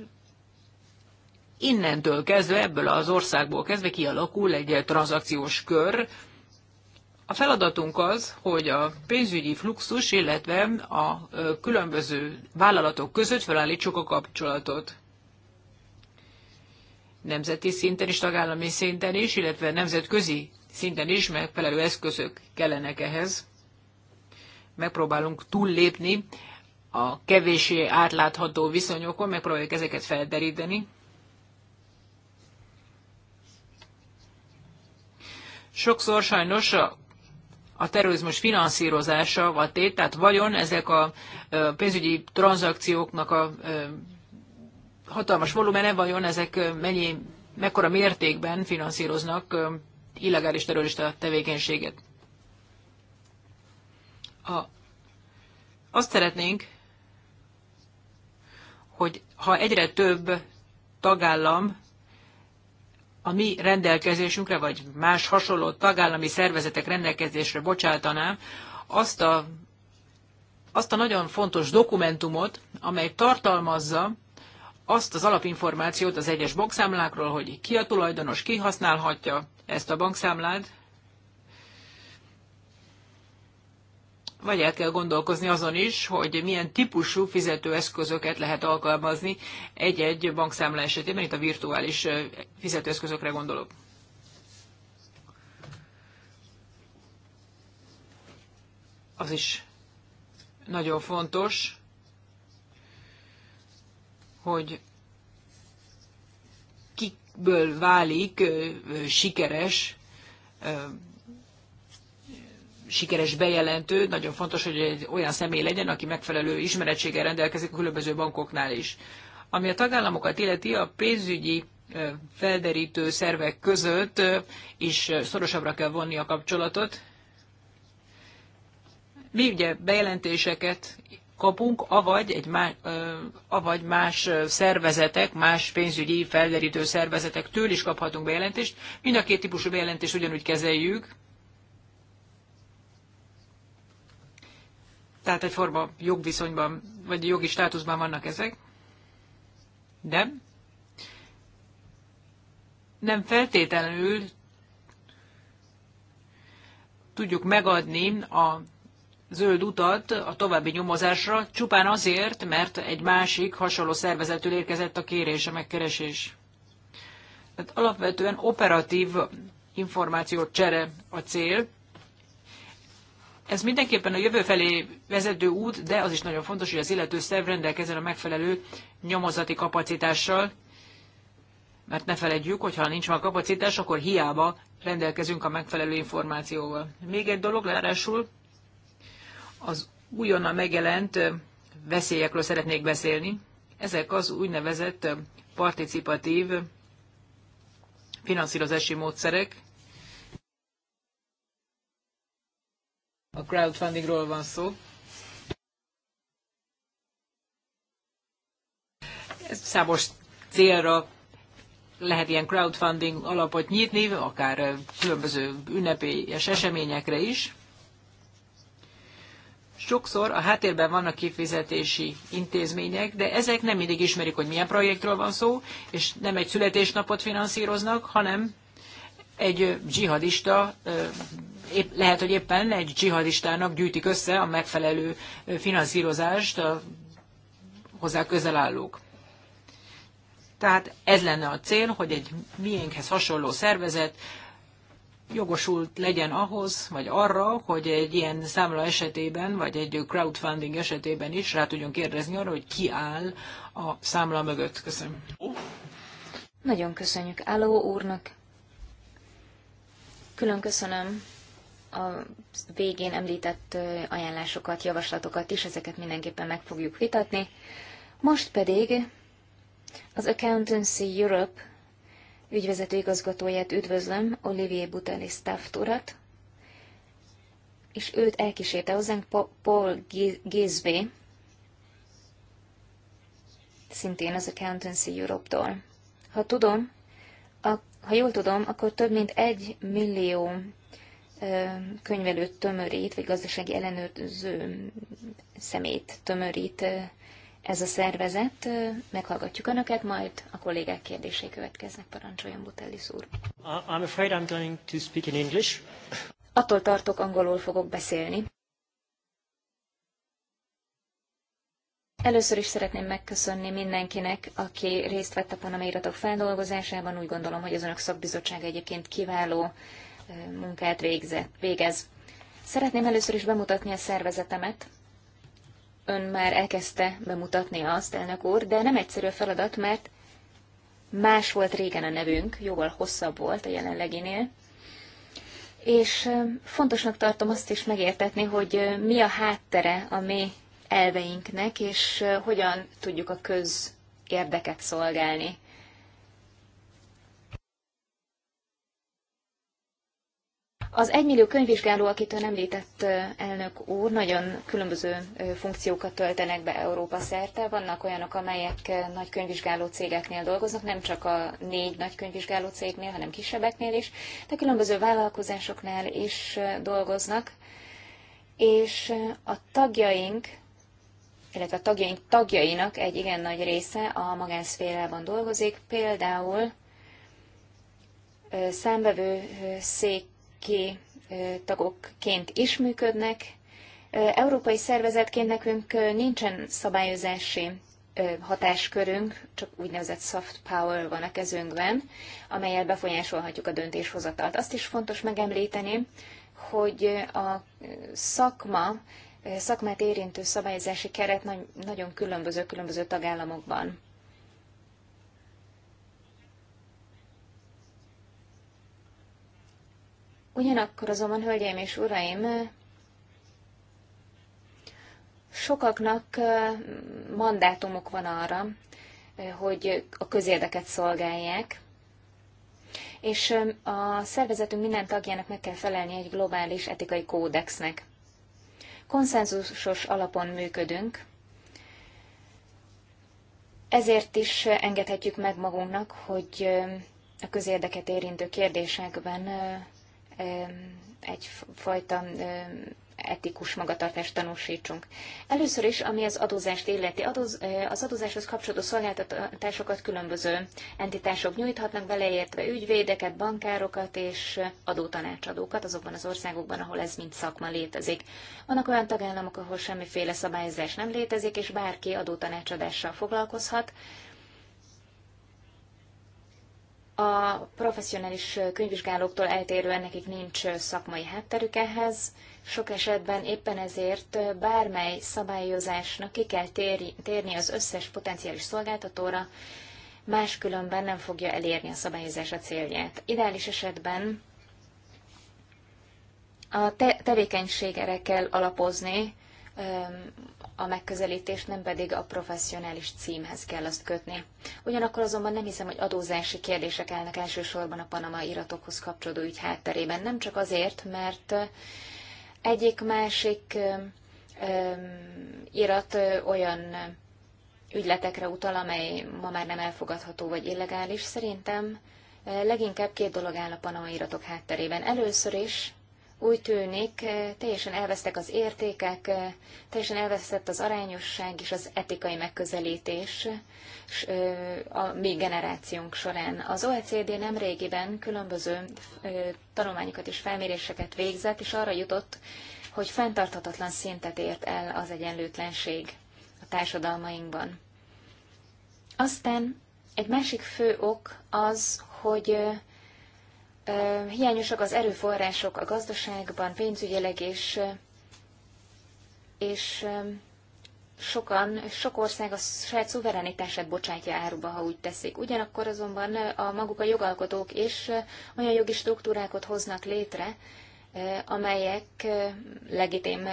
innentől kezdve, ebből az országból kezdve kialakul egy eh, tranzakciós kör. A feladatunk az, hogy a pénzügyi fluxus, illetve a eh, különböző vállalatok között felállítsuk a kapcsolatot nemzeti szinten is, tagállami szinten is, illetve nemzetközi szinten is megfelelő eszközök kellenek ehhez. Megpróbálunk túllépni a kevésé, átlátható viszonyokon, megpróbáljuk ezeket felderíteni. Sokszor sajnos a, a terrorizmus finanszírozása vagy tét, tehát vajon ezek a pénzügyi tranzakcióknak a hatalmas volumene, vajon ezek mennyi, mekkora mértékben finanszíroznak illegális terrorista tevékenységet. A, azt szeretnénk, hogy ha egyre több tagállam a mi rendelkezésünkre, vagy más hasonló tagállami szervezetek rendelkezésre bocsátaná azt a, azt a nagyon fontos dokumentumot, amely tartalmazza azt az alapinformációt az egyes bankszámlákról, hogy ki a tulajdonos, ki használhatja ezt a bankszámlát, vagy el kell gondolkozni azon is, hogy milyen típusú fizetőeszközöket lehet alkalmazni egy-egy bankszámla esetében, itt a virtuális fizetőeszközökre gondolok. Az is nagyon fontos, hogy kikből válik sikeres sikeres bejelentő, nagyon fontos, hogy egy olyan személy legyen, aki megfelelő ismerettséggel rendelkezik a különböző bankoknál is. Ami a tagállamokat illeti, a pénzügyi felderítő szervek között is szorosabbra kell vonni a kapcsolatot. Mi ugye bejelentéseket kapunk, avagy, egy más, avagy más szervezetek, más pénzügyi felderítő szervezetektől is kaphatunk bejelentést. Mind a két típusú bejelentést ugyanúgy kezeljük. tehát egyforma jogviszonyban, vagy jogi státuszban vannak ezek, de nem feltétlenül tudjuk megadni a zöld utat a további nyomozásra, csupán azért, mert egy másik hasonló szervezettől érkezett a kérés, a megkeresés. Tehát alapvetően operatív információ csere a cél, ez mindenképpen a jövő felé vezető út, de az is nagyon fontos, hogy az illető szerv rendelkezzen a megfelelő nyomozati kapacitással, mert ne feledjük, hogy ha nincs már kapacitás, akkor hiába rendelkezünk a megfelelő információval. Még egy dolog, lerásul az újonnan megjelent veszélyekről szeretnék beszélni. Ezek az úgynevezett participatív finanszírozási módszerek, a crowdfundingról van szó. Ez számos célra lehet ilyen crowdfunding alapot nyitni, akár különböző ünnepélyes eseményekre is. Sokszor a háttérben vannak kifizetési intézmények, de ezek nem mindig ismerik, hogy milyen projektről van szó, és nem egy születésnapot finanszíroznak, hanem egy dzsihadista épp, lehet, hogy éppen egy dzsihadistának gyűjtik össze a megfelelő finanszírozást a hozzá közel állók. Tehát ez lenne a cél, hogy egy miénkhez hasonló szervezet jogosult legyen ahhoz, vagy arra, hogy egy ilyen számla esetében, vagy egy crowdfunding esetében is rá tudjon kérdezni arra, hogy ki áll a számla mögött. Köszönöm. Nagyon köszönjük Álló úrnak. Külön köszönöm a végén említett ajánlásokat, javaslatokat is, ezeket mindenképpen meg fogjuk vitatni. Most pedig az Accountancy Europe ügyvezető igazgatóját üdvözlöm, Olivier Buteli Staft urat, és őt elkísérte hozzánk Paul Gizbé, szintén az Accountancy Europe-tól. Ha tudom, a, ha jól tudom, akkor több mint egy millió könyvelőt tömörít, vagy gazdasági ellenőrző szemét tömörít ez a szervezet. Meghallgatjuk Önöket, majd a kollégák kérdései következnek. Parancsoljon Butellis úr. I'm afraid I'm going to speak in English. Attól tartok, angolul fogok beszélni. Először is szeretném megköszönni mindenkinek, aki részt vett a panamai iratok feldolgozásában. Úgy gondolom, hogy az önök szakbizottsága egyébként kiváló munkát végze, végez. Szeretném először is bemutatni a szervezetemet. Ön már elkezdte bemutatni azt, elnök úr, de nem egyszerű a feladat, mert más volt régen a nevünk, jóval hosszabb volt a jelenleginél. És fontosnak tartom azt is megértetni, hogy mi a háttere a mi elveinknek, és hogyan tudjuk a köz érdeket szolgálni. Az egymillió könyvvizsgáló, akit ön említett elnök úr, nagyon különböző funkciókat töltenek be Európa szerte. Vannak olyanok, amelyek nagy könyvvizsgáló cégeknél dolgoznak, nem csak a négy nagy könyvvizsgáló cégnél, hanem kisebbeknél is, de különböző vállalkozásoknál is dolgoznak. És a tagjaink, illetve a tagjaink tagjainak egy igen nagy része a magánszférában dolgozik, például számbevő szék ki tagokként is működnek. Európai szervezetként nekünk nincsen szabályozási hatáskörünk, csak úgynevezett soft power van a kezünkben, amelyel befolyásolhatjuk a döntéshozatalt. Azt is fontos megemlíteni, hogy a szakma, szakmát érintő szabályozási keret nagyon különböző különböző tagállamokban. Ugyanakkor azonban, hölgyeim és uraim, sokaknak mandátumuk van arra, hogy a közérdeket szolgálják, és a szervezetünk minden tagjának meg kell felelni egy globális etikai kódexnek. Konszenzusos alapon működünk, ezért is engedhetjük meg magunknak, hogy a közérdeket érintő kérdésekben egyfajta etikus magatartást tanúsítsunk. Először is, ami az adózást illeti, adóz, az adózáshoz kapcsolódó szolgáltatásokat különböző entitások nyújthatnak, beleértve ügyvédeket, bankárokat és adótanácsadókat azokban az országokban, ahol ez mind szakma létezik. Vannak olyan tagállamok, ahol semmiféle szabályozás nem létezik, és bárki adótanácsadással foglalkozhat, a professzionális könyvvizsgálóktól eltérően nekik nincs szakmai hátterük ehhez, sok esetben éppen ezért bármely szabályozásnak ki kell térni az összes potenciális szolgáltatóra, máskülönben nem fogja elérni a szabályozás a célját. Ideális esetben a te- tevékenységre kell alapozni a megközelítést, nem pedig a professzionális címhez kell azt kötni. Ugyanakkor azonban nem hiszem, hogy adózási kérdések állnak elsősorban a Panama iratokhoz kapcsolódó ügy hátterében. Nem csak azért, mert egyik-másik irat olyan ügyletekre utal, amely ma már nem elfogadható vagy illegális. Szerintem leginkább két dolog áll a Panama iratok hátterében. Először is úgy tűnik, eh, teljesen elvesztek az értékek, eh, teljesen elvesztett az arányosság és az etikai megközelítés eh, a mi generációnk során. Az OECD nem régiben különböző tanulmányokat és felméréseket végzett, és arra jutott, hogy fenntarthatatlan szintet ért el az egyenlőtlenség a társadalmainkban. Aztán egy másik fő ok az, hogy hiányosak az erőforrások a gazdaságban, pénzügyileg és, és sokan, sok ország a saját szuverenitását bocsátja áruba, ha úgy teszik. Ugyanakkor azonban a maguk a jogalkotók is olyan jogi struktúrákat hoznak létre, amelyek legitim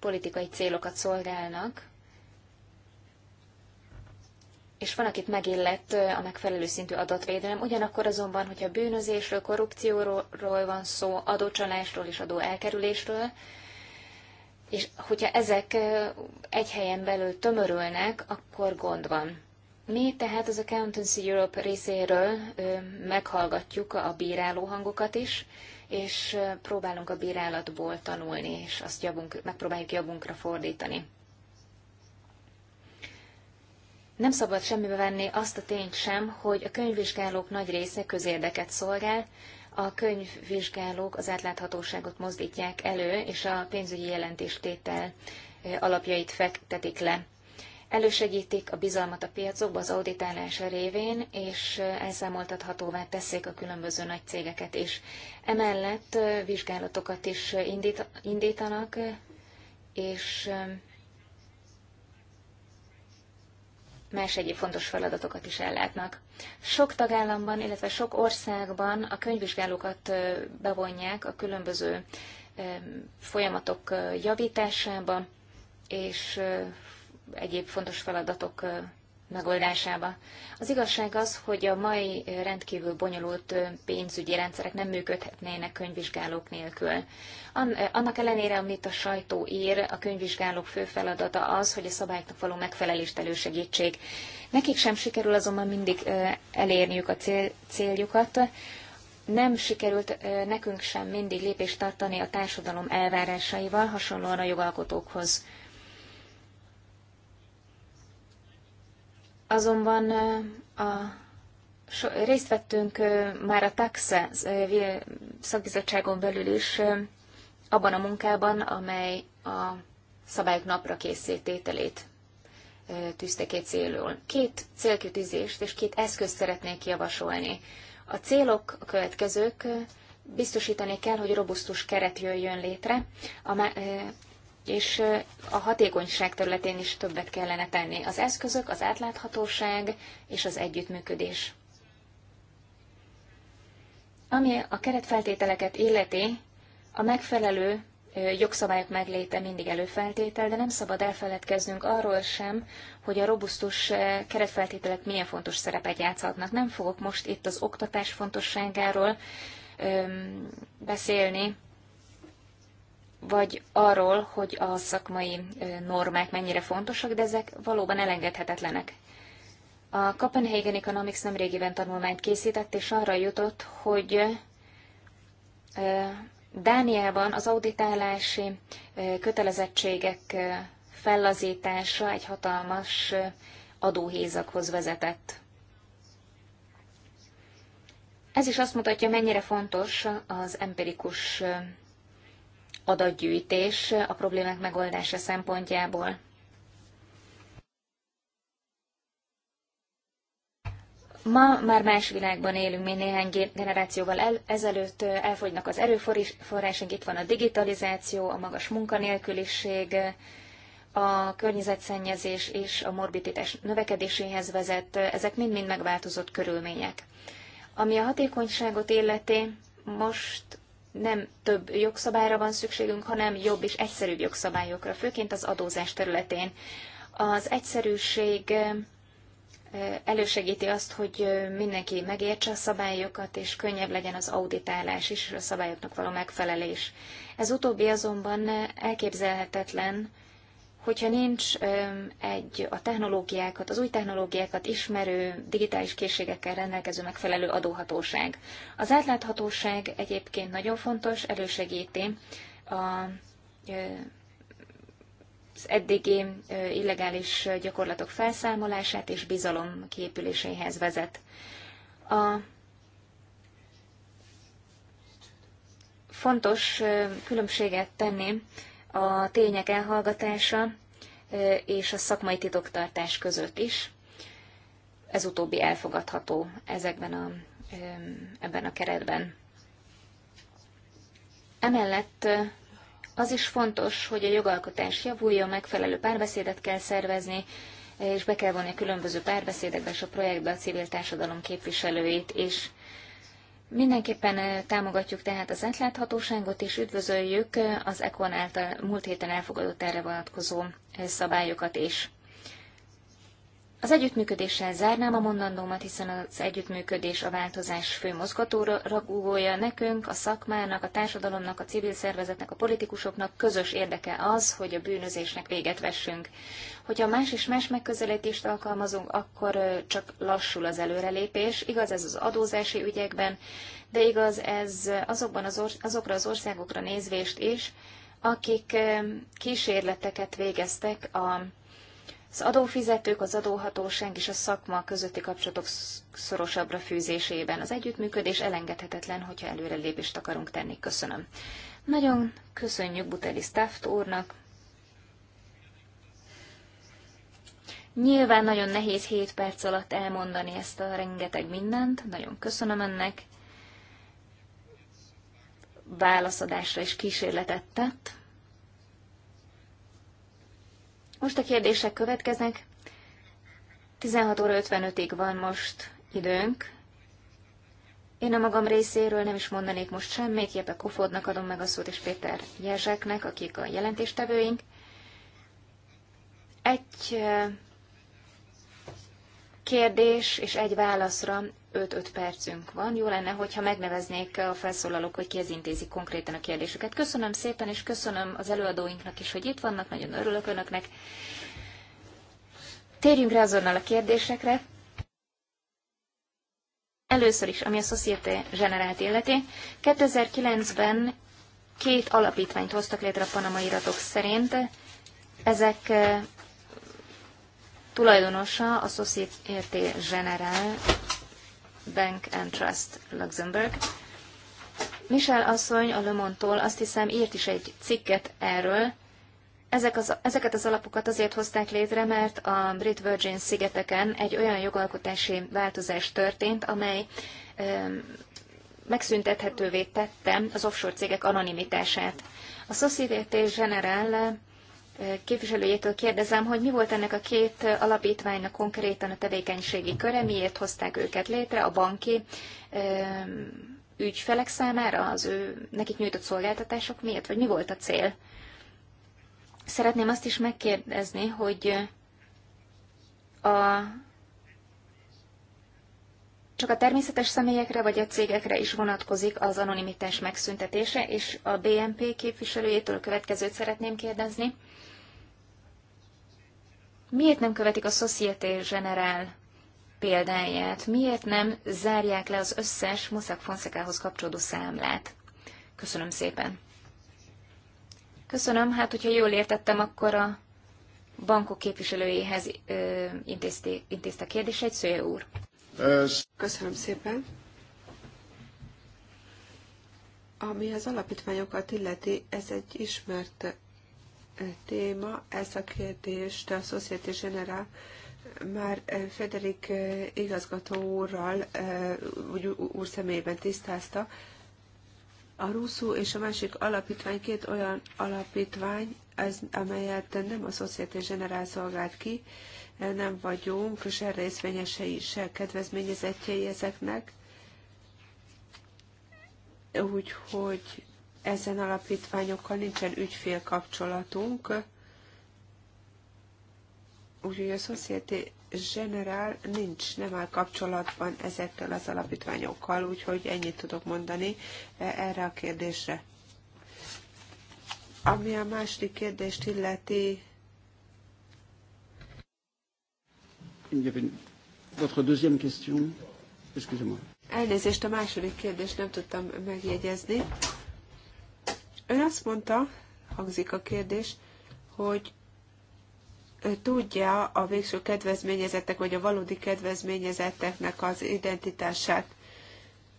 politikai célokat szolgálnak, és van, akit megillett a megfelelő szintű adatvédelem. Ugyanakkor azonban, hogyha bűnözésről, korrupcióról van szó, adócsalásról és adóelkerülésről, és hogyha ezek egy helyen belül tömörülnek, akkor gond van. Mi tehát az Accountancy Europe részéről meghallgatjuk a bíráló hangokat is, és próbálunk a bírálatból tanulni, és azt javunk, megpróbáljuk javunkra fordítani. Nem szabad semmibe venni azt a tényt sem, hogy a könyvvizsgálók nagy része közérdeket szolgál, a könyvvizsgálók az átláthatóságot mozdítják elő, és a pénzügyi jelentéstétel alapjait fektetik le. Elősegítik a bizalmat a piacokba az auditálása révén, és elszámoltathatóvá teszik a különböző nagy cégeket is. Emellett vizsgálatokat is indít, indítanak, és más egyéb fontos feladatokat is ellátnak. Sok tagállamban, illetve sok országban a könyvvizsgálókat bevonják a különböző folyamatok javításába, és egyéb fontos feladatok megoldásába. Az igazság az, hogy a mai rendkívül bonyolult pénzügyi rendszerek nem működhetnének könyvvizsgálók nélkül. Annak ellenére, amit a sajtó ír, a könyvvizsgálók fő feladata az, hogy a szabályoknak való megfelelést elősegítsék. Nekik sem sikerül azonban mindig elérniük a cél, céljukat. Nem sikerült nekünk sem mindig lépést tartani a társadalom elvárásaival, hasonlóan a jogalkotókhoz Azonban a részt vettünk már a TAXE szakbizottságon belül is abban a munkában, amely a szabályok napra készítételét tűzte ki célul. Két célkütizést és két eszközt szeretnék javasolni. A célok a következők, biztosítani kell, hogy robusztus keret jöjjön létre, és a hatékonyság területén is többet kellene tenni. Az eszközök, az átláthatóság és az együttműködés. Ami a keretfeltételeket illeti, a megfelelő jogszabályok megléte mindig előfeltétel, de nem szabad elfeledkeznünk arról sem, hogy a robusztus keretfeltételek milyen fontos szerepet játszhatnak. Nem fogok most itt az oktatás fontosságáról beszélni, vagy arról, hogy a szakmai normák mennyire fontosak, de ezek valóban elengedhetetlenek. A Copenhagen Economics nemrégiben tanulmányt készített, és arra jutott, hogy Dániában az auditálási kötelezettségek fellazítása egy hatalmas adóhézakhoz vezetett. Ez is azt mutatja, mennyire fontos az empirikus adatgyűjtés a problémák megoldása szempontjából. Ma már más világban élünk, mint néhány generációval el, ezelőtt elfogynak az erőforrásunk, itt van a digitalizáció, a magas munkanélküliség, a környezetszennyezés és a morbiditás növekedéséhez vezet, ezek mind-mind megváltozott körülmények. Ami a hatékonyságot illeti, most nem több jogszabályra van szükségünk, hanem jobb és egyszerűbb jogszabályokra, főként az adózás területén. Az egyszerűség elősegíti azt, hogy mindenki megértse a szabályokat, és könnyebb legyen az auditálás is, és a szabályoknak való megfelelés. Ez utóbbi azonban elképzelhetetlen, hogyha nincs egy a technológiákat, az új technológiákat ismerő, digitális készségekkel rendelkező megfelelő adóhatóság. Az átláthatóság egyébként nagyon fontos, elősegíti a, az eddigi illegális gyakorlatok felszámolását és bizalom kiépüléséhez vezet. A fontos különbséget tenni a tények elhallgatása és a szakmai titoktartás között is. Ez utóbbi elfogadható ezekben a, ebben a keretben. Emellett az is fontos, hogy a jogalkotás javuljon, megfelelő párbeszédet kell szervezni, és be kell vonni a különböző párbeszédekbe és a projektbe a civil társadalom képviselőit is. Mindenképpen támogatjuk tehát az átláthatóságot, és üdvözöljük az ECON által múlt héten elfogadott erre vonatkozó szabályokat is. Az együttműködéssel zárnám a mondandómat, hiszen az együttműködés a változás fő mozgatóragúgója nekünk, a szakmának, a társadalomnak, a civil szervezetnek, a politikusoknak közös érdeke az, hogy a bűnözésnek véget vessünk. Hogyha más és más megközelítést alkalmazunk, akkor csak lassul az előrelépés. Igaz ez az adózási ügyekben, de igaz ez azokban az azokra az országokra nézvést is, akik kísérleteket végeztek a az adófizetők, az adóhatóság és a szakma közötti kapcsolatok szorosabbra fűzésében az együttműködés elengedhetetlen, hogyha előrelépést akarunk tenni. Köszönöm. Nagyon köszönjük Buteli Staft úrnak. Nyilván nagyon nehéz 7 perc alatt elmondani ezt a rengeteg mindent, nagyon köszönöm ennek. Válaszadásra is kísérletet tett. Most a kérdések következnek. 16 óra 55-ig van most időnk. Én a magam részéről nem is mondanék most semmit, Jepe Kofodnak adom meg a szót, és Péter Jerzseknek, akik a jelentéstevőink. Egy kérdés és egy válaszra 5-5 percünk van. Jó lenne, hogyha megneveznék a felszólalók, hogy ki az intézi konkrétan a kérdéseket. Köszönöm szépen, és köszönöm az előadóinknak is, hogy itt vannak. Nagyon örülök önöknek. Térjünk rá azonnal a kérdésekre. Először is, ami a Société Generált életé. 2009-ben két alapítványt hoztak létre a panamai iratok szerint. Ezek tulajdonosa a Société Générale Bank and Trust Luxembourg. Michel asszony a Le Monde-tól azt hiszem írt is egy cikket erről. Ezek az, ezeket az alapokat azért hozták létre, mert a Brit Virgin szigeteken egy olyan jogalkotási változás történt, amely ö, megszüntethetővé tette az offshore cégek anonimitását. A Société Générale képviselőjétől kérdezem, hogy mi volt ennek a két alapítványnak konkrétan a tevékenységi köre, miért hozták őket létre a banki ügyfelek számára, az ő nekik nyújtott szolgáltatások miért, vagy mi volt a cél? Szeretném azt is megkérdezni, hogy a csak a természetes személyekre vagy a cégekre is vonatkozik az anonimitás megszüntetése, és a BNP képviselőjétől a következőt szeretném kérdezni. Miért nem követik a Société Générale példáját? Miért nem zárják le az összes Mossack Fonsecahoz kapcsolódó számlát? Köszönöm szépen. Köszönöm, hát hogyha jól értettem, akkor a bankok képviselőjéhez ö, intézte, intézte a kérdéseit, Szője úr. Köszönöm szépen. Ami az alapítványokat illeti, ez egy ismert téma. Ezt a kérdést a Société General már eh, Federik eh, igazgató úrral, vagy eh, úr személyben tisztázta. A Ruszú és a másik alapítvány két olyan alapítvány, ez, amelyet nem a Société General szolgált ki, nem vagyunk erre részvényesei, se kedvezményezettjei ezeknek. Úgyhogy ezen alapítványokkal nincsen ügyfél kapcsolatunk, úgyhogy a Société General nincs, nem áll kapcsolatban ezekkel az alapítványokkal, úgyhogy ennyit tudok mondani eh, erre a kérdésre. Ami a második kérdést illeti, votre deuxième question. Excusez-moi. Elnézést, a második kérdést nem tudtam megjegyezni. Ön azt mondta, hangzik a kérdés, hogy tudja a végső kedvezményezettek, vagy a valódi kedvezményezetteknek az identitását.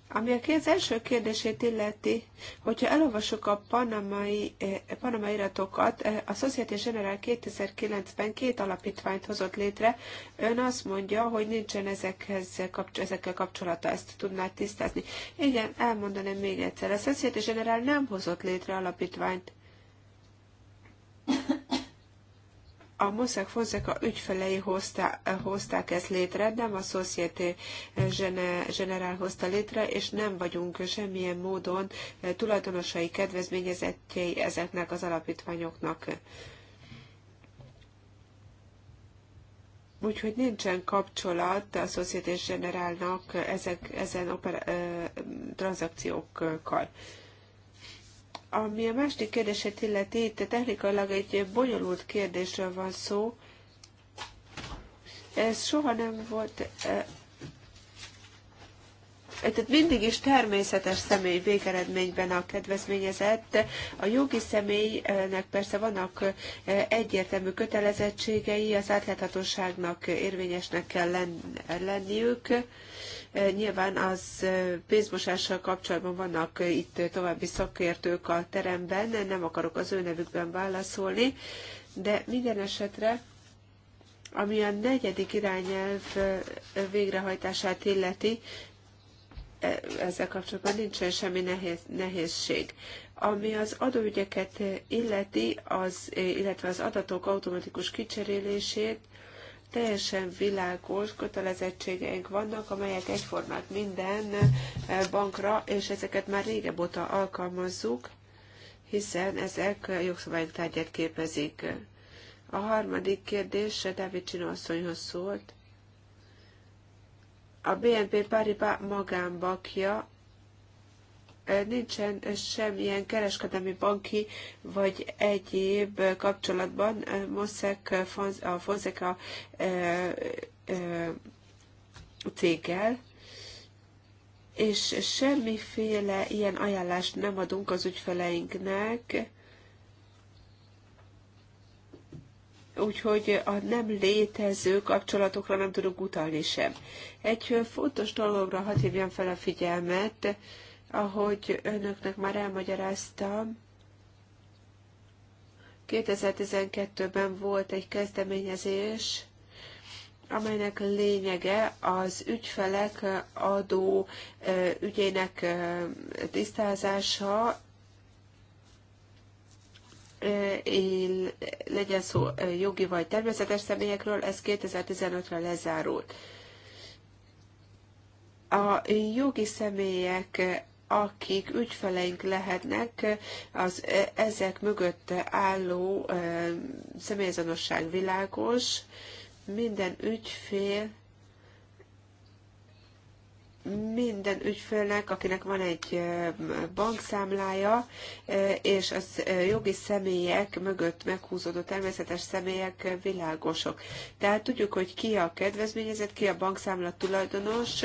Ami a kéz első kérdését illeti, hogyha elolvasok a panamai, eh, panamai iratokat, eh, a Société General 2009-ben két alapítványt hozott létre. Ön azt mondja, hogy nincsen ezekhez, ezekkel kapcsolata, ezt tudná tisztázni. Igen, elmondanám még egyszer. A Société General nem hozott létre alapítványt a Mossack Fonseca ügyfelei hozta, hozták ezt létre, nem a Société General hozta létre, és nem vagyunk semmilyen módon tulajdonosai kedvezményezettjei ezeknek az alapítványoknak. Úgyhogy nincsen kapcsolat a Société Generálnak ezek, ezen opera, ö, tranzakciókkal. Ami a második kérdését illeti, itt technikailag egy bonyolult kérdésről van szó. Ez soha nem volt e, e, tehát mindig is természetes személy végeredményben a kedvezményezett. A jogi személynek persze vannak e, egyértelmű kötelezettségei, az átláthatóságnak érvényesnek kell lenniük, Nyilván az pénzmosással kapcsolatban vannak itt további szakértők a teremben, nem akarok az ő nevükben válaszolni, de minden esetre ami a negyedik irányelv végrehajtását illeti, e, ezzel kapcsolatban nincsen semmi nehéz, nehézség. Ami az adóügyeket illeti, az, illetve az adatok automatikus kicserélését, teljesen világos kötelezettségeink vannak, amelyek egyformák minden eh, bankra, és ezeket már régebb óta alkalmazzuk, hiszen ezek jogszabályok tárgyát képezik. A harmadik kérdés David Csino asszonyhoz szólt. A BNP Paribas magánbakja nincsen semmilyen kereskedelmi banki vagy egyéb kapcsolatban Moszek a Fonseca céggel, és semmiféle ilyen ajánlást nem adunk az ügyfeleinknek, úgyhogy a nem létező kapcsolatokra nem tudunk utalni sem. Egy fontos dologra hadd hívjam fel a figyelmet, ahogy önöknek már elmagyaráztam, 2012-ben volt egy kezdeményezés, amelynek lényege az ügyfelek adó ügyének tisztázása, legyen szó jogi vagy természetes személyekről, ez 2015-re lezárult. A jogi személyek akik ügyfeleink lehetnek, az ezek mögött álló személyazonosság világos, minden ügyfél minden ügyfélnek, akinek van egy bankszámlája, és az jogi személyek mögött meghúzódó természetes személyek világosok. Tehát tudjuk, hogy ki a kedvezményezett, ki a bankszámla tulajdonos,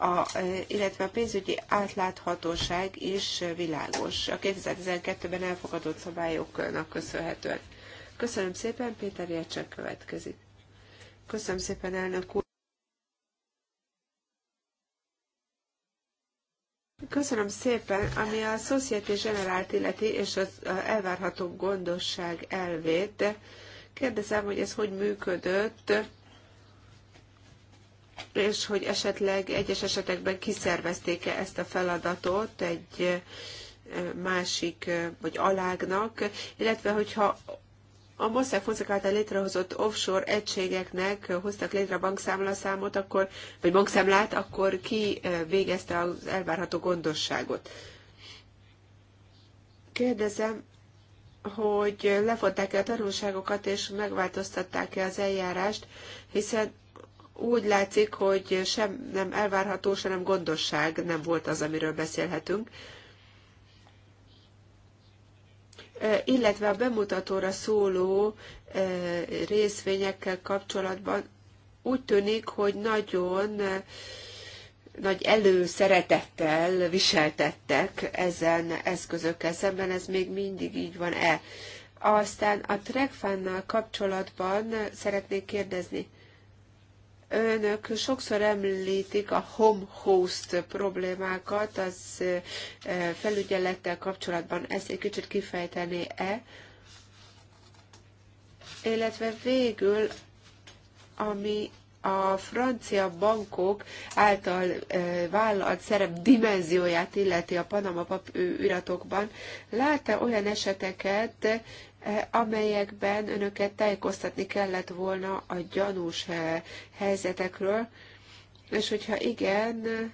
a, illetve a pénzügyi átláthatóság is világos. A 2012-ben elfogadott szabályoknak köszönhetően. Köszönöm szépen, Péter Jecsek következik. Köszönöm szépen, elnök úr. Köszönöm szépen, ami a Société Generált illeti és az elvárható gondosság elvét. Kérdezem, hogy ez hogy működött, és hogy esetleg egyes esetekben kiszervezték-e ezt a feladatot egy másik vagy alágnak, illetve hogyha a Mossack Fonseca által létrehozott offshore egységeknek hoztak létre bankszámlaszámot, akkor, vagy bankszámlát, akkor ki eh, végezte az elvárható gondosságot? Kérdezem, hogy lefonták e a tanulságokat, és megváltoztatták-e az eljárást, hiszen úgy látszik, hogy sem nem elvárható, sem nem gondosság nem volt az, amiről beszélhetünk. illetve a bemutatóra szóló részvényekkel kapcsolatban úgy tűnik, hogy nagyon nagy előszeretettel viseltettek ezen eszközökkel szemben, ez még mindig így van-e. Aztán a Trekfánnal kapcsolatban szeretnék kérdezni, Önök sokszor említik a home host problémákat, az felügyelettel kapcsolatban ezt egy kicsit kifejteni-e, illetve végül, ami a francia bankok által vállalt szerep dimenzióját illeti a Panama pap iratokban, lát -e olyan eseteket, E, amelyekben önöket tájékoztatni kellett volna a gyanús e, helyzetekről, és hogyha igen,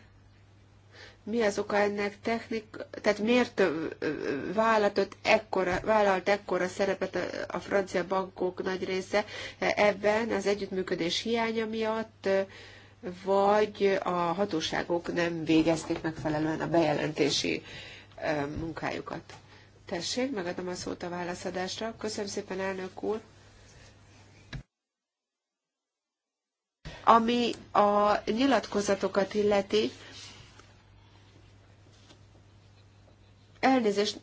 mi az oka ennek technik, tehát miért vállalt ekkora, vállalt ekkora szerepet a, a francia bankok nagy része e, ebben az együttműködés hiánya miatt, vagy a hatóságok nem végezték megfelelően a bejelentési munkájukat. Tessék, megadom a szót a válaszadásra. Köszönöm szépen, elnök úr. Ami a nyilatkozatokat illeti, elnézést,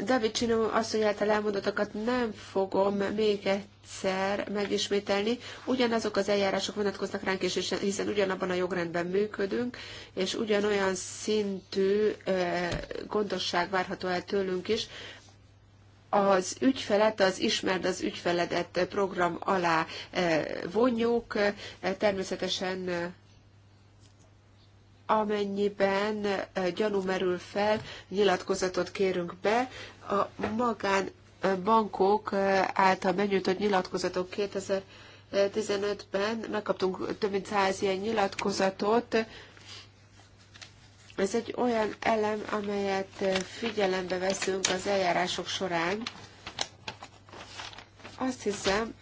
David Csinó asszony által elmondottakat nem fogom még egyszer megismételni. Ugyanazok az eljárások vonatkoznak ránk is, hiszen ugyanabban a jogrendben működünk, és ugyanolyan szintű gondosság várható el tőlünk is, az ügyfelet, az ismerd az ügyfeledet program alá vonjuk, természetesen amennyiben eh, gyanú merül fel, nyilatkozatot kérünk be. A magánbankok eh, által benyújtott nyilatkozatok 2015-ben megkaptunk több mint száz ilyen nyilatkozatot. Ez egy olyan elem, amelyet eh, figyelembe veszünk az eljárások során. Azt hiszem,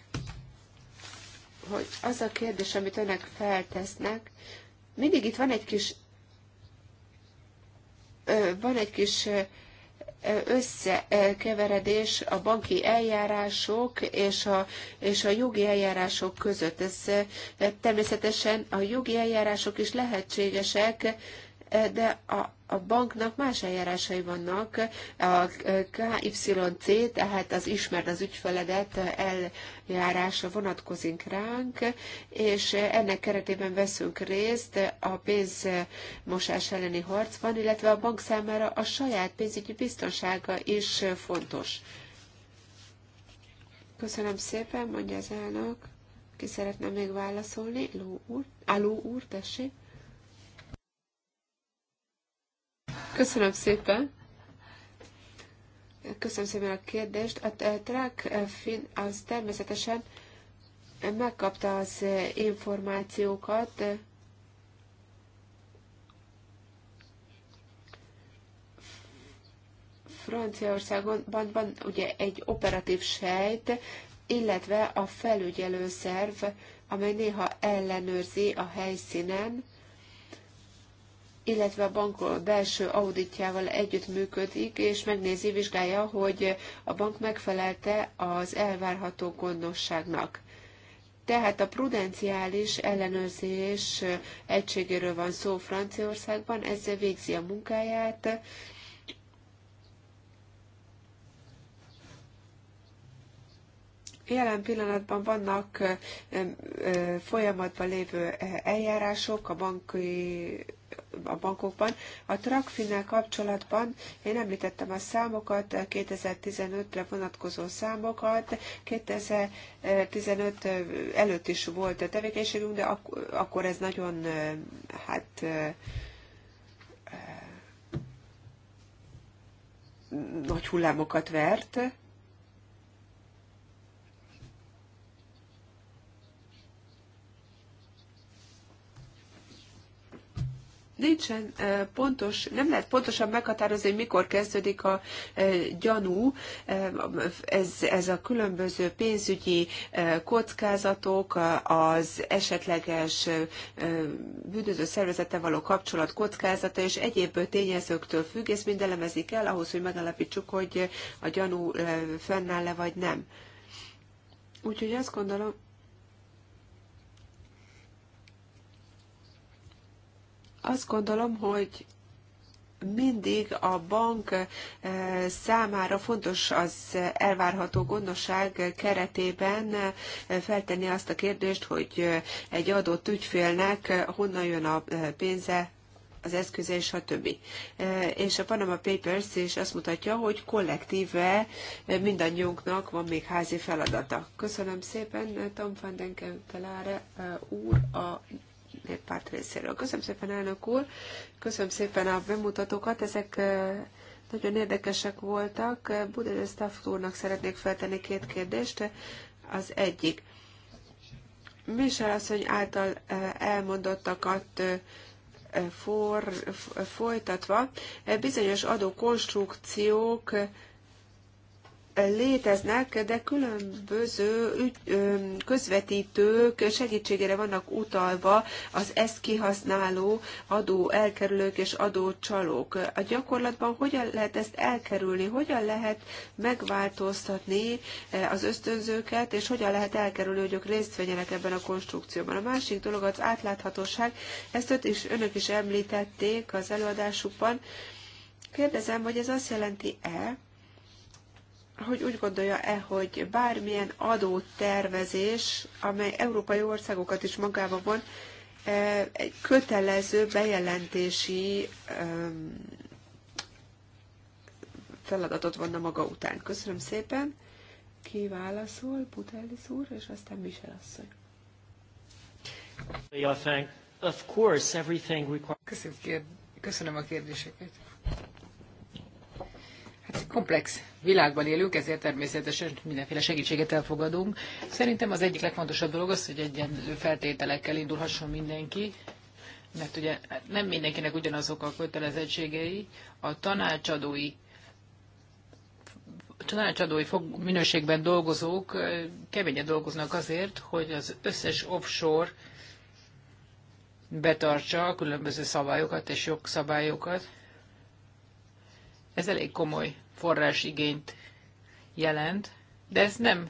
hogy az a kérdés, amit önök feltesznek, mindig itt van egy kis van egy kis összekeveredés a banki eljárások és a, és a jogi eljárások között. Ez természetesen a jogi eljárások is lehetségesek, de a, a banknak más eljárásai vannak, a KYC, tehát az ismert az ügyfeledet eljárása vonatkozik ránk, és ennek keretében veszünk részt a pénzmosás elleni harcban, illetve a bank számára a saját pénzügyi biztonsága is fontos. Köszönöm szépen, mondja az elnök. Ki szeretne még válaszolni? Ló úr? Aló úr, tessék. Köszönöm szépen. Köszönöm szépen a kérdést. A track fin az természetesen megkapta az információkat, Franciaországon van, van ugye egy operatív sejt, illetve a felügyelőszerv, amely néha ellenőrzi a helyszínen illetve a bank belső auditjával együtt működik, és megnézi, vizsgálja, hogy a bank megfelelte az elvárható gondosságnak. Tehát a prudenciális ellenőrzés egységéről van szó Franciaországban, ezzel végzi a munkáját. Jelen pillanatban vannak folyamatban lévő eljárások a banki a bankokban. A Trakfinnel kapcsolatban én említettem a számokat, 2015-re vonatkozó számokat, 2015 előtt is volt a tevékenységünk, de ak- akkor ez nagyon, hát nagy hullámokat vert. nincsen pontos, nem lehet pontosan meghatározni, hogy mikor kezdődik a gyanú, ez, ez a különböző pénzügyi kockázatok, az esetleges bűnöző szervezete való kapcsolat kockázata és egyéb tényezőktől függ, ez mind elemezik el ahhoz, hogy megállapítsuk, hogy a gyanú fennáll-e vagy nem. Úgyhogy azt gondolom, Azt gondolom, hogy mindig a bank eh, számára fontos az elvárható gondosság keretében eh, feltenni azt a kérdést, hogy eh, egy adott ügyfélnek honnan jön a pénze, az eszköze és a többi. És a Panama Papers is azt mutatja, hogy kollektíve mindannyiunknak van még házi feladata. Köszönöm szépen Tom van den úr a néppárt részéről. Köszönöm szépen, elnök úr, köszönöm szépen a bemutatókat, ezek nagyon érdekesek voltak. Budapest úrnak szeretnék feltenni két kérdést. Az egyik. Michel asszony által elmondottakat for, folytatva, bizonyos adókonstrukciók konstrukciók léteznek, de különböző ügy, közvetítők segítségére vannak utalva az ezt kihasználó adó elkerülők és csalók. A gyakorlatban hogyan lehet ezt elkerülni, hogyan lehet megváltoztatni az ösztönzőket, és hogyan lehet elkerülni, hogy ők részt vegyenek ebben a konstrukcióban. A másik dolog az átláthatóság, ezt öt is, önök is említették az előadásukban. Kérdezem, hogy ez azt jelenti-e, hogy úgy gondolja-e, hogy bármilyen adótervezés, amely európai országokat is magában van, e, egy kötelező bejelentési e, feladatot vonna maga után. Köszönöm szépen. Ki válaszol? Butellis úr, és aztán Michel asszony. Köszönöm a kérdéseket komplex világban élünk, ezért természetesen mindenféle segítséget elfogadunk. Szerintem az egyik legfontosabb dolog az, hogy egyenlő feltételekkel indulhasson mindenki, mert ugye nem mindenkinek ugyanazok a kötelezettségei, a tanácsadói tanácsadói fog, minőségben dolgozók keményen dolgoznak azért, hogy az összes offshore betartsa a különböző szabályokat és jogszabályokat. Ez elég komoly forrásigényt jelent, de ez nem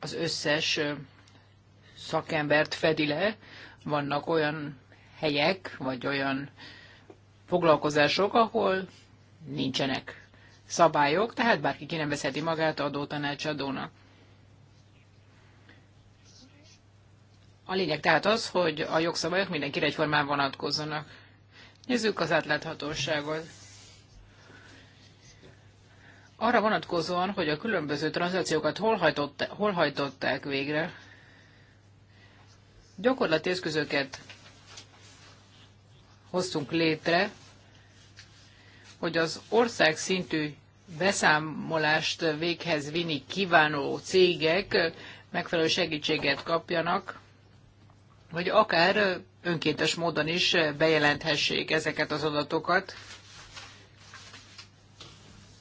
az összes szakembert fedi le. Vannak olyan helyek, vagy olyan foglalkozások, ahol nincsenek szabályok, tehát bárki kinevezheti magát tanácsadónak. A lényeg tehát az, hogy a jogszabályok mindenkire egyformán vonatkozzanak. Nézzük az átláthatóságot arra vonatkozóan, hogy a különböző tranzakciókat hol, hol hajtották végre, gyakorlati eszközöket hoztunk létre, hogy az ország szintű beszámolást véghez vinni kívánó cégek megfelelő segítséget kapjanak, vagy akár önkéntes módon is bejelenthessék ezeket az adatokat.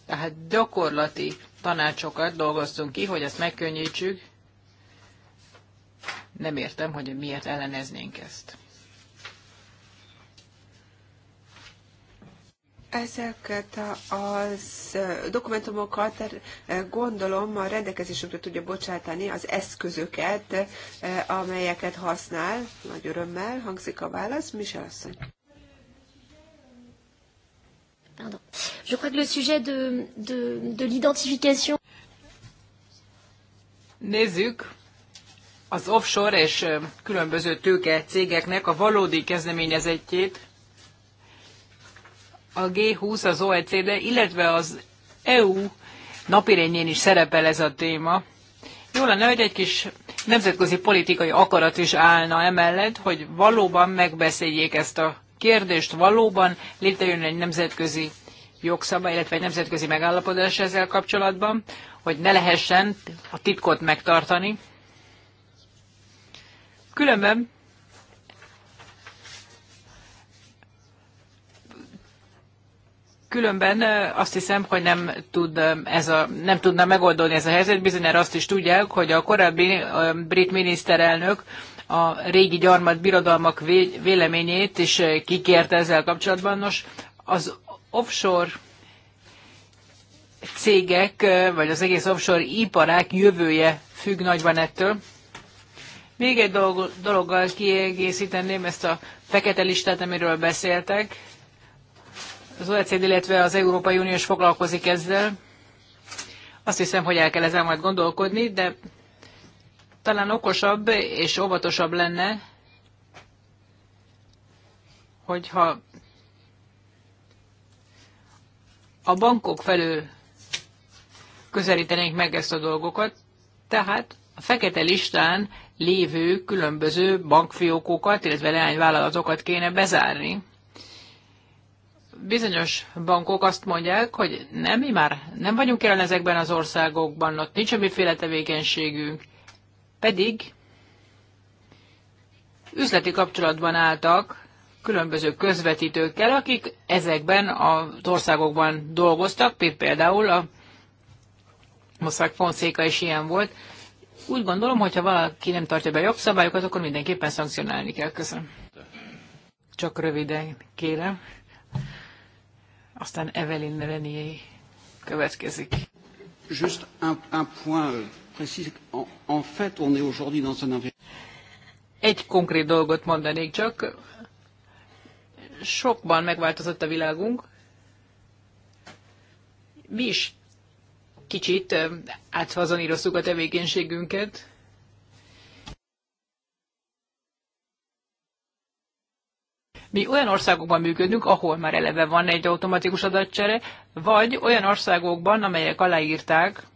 Tehát gyakorlati tanácsokat dolgoztunk ki, hogy ezt megkönnyítsük. Nem értem, hogy miért elleneznénk ezt. Ezeket az dokumentumokat gondolom a rendelkezésünkre tudja bocsátani az eszközöket, amelyeket használ. Nagy örömmel hangzik a válasz. Michel asszony. Pardon. Je crois que le sujet de, de, de l'identification. Nézzük az offshore és különböző tőke cégeknek a valódi kezdeményezettjét. A G20, az OECD, illetve az EU napirényén is szerepel ez a téma. Jó lenne, hogy egy kis nemzetközi politikai akarat is állna emellett, hogy valóban megbeszéljék ezt a kérdést valóban létrejön egy nemzetközi jogszabály, illetve egy nemzetközi megállapodás ezzel kapcsolatban, hogy ne lehessen a titkot megtartani. Különben Különben azt hiszem, hogy nem, tud ez a, nem tudna megoldani ez a helyzet. Bizonyára azt is tudják, hogy a korábbi brit miniszterelnök a régi gyarmat birodalmak véleményét is eh, kikérte ezzel kapcsolatban. Nos, az offshore cégek, eh, vagy az egész offshore iparák jövője függ nagyban ettől. Még egy dolog, dologgal kiegészíteném ezt a fekete listát, amiről beszéltek. Az OECD, illetve az Európai Unió is foglalkozik ezzel. Azt hiszem, hogy el kell ezzel majd gondolkodni, de talán okosabb és óvatosabb lenne, hogyha a bankok felől közelítenénk meg ezt a dolgokat, tehát a fekete listán lévő különböző bankfiókokat, illetve leányvállalatokat kéne bezárni. Bizonyos bankok azt mondják, hogy nem, mi már nem vagyunk jelen ezekben az országokban, ott nincs semmiféle tevékenységünk, pedig üzleti kapcsolatban álltak különböző közvetítőkkel, akik ezekben az országokban dolgoztak, például a Mossack Fonszéka is ilyen volt. Úgy gondolom, hogyha valaki nem tartja be jogszabályokat, akkor mindenképpen szankcionálni kell. Köszönöm. Csak röviden kérem. Aztán Evelyn Renier következik. Just un, un point egy konkrét dolgot mondanék csak. Sokban megváltozott a világunk. Mi is kicsit áthazaníroztuk a tevékenységünket. Mi olyan országokban működünk, ahol már eleve van egy automatikus adatcsere, vagy olyan országokban, amelyek aláírták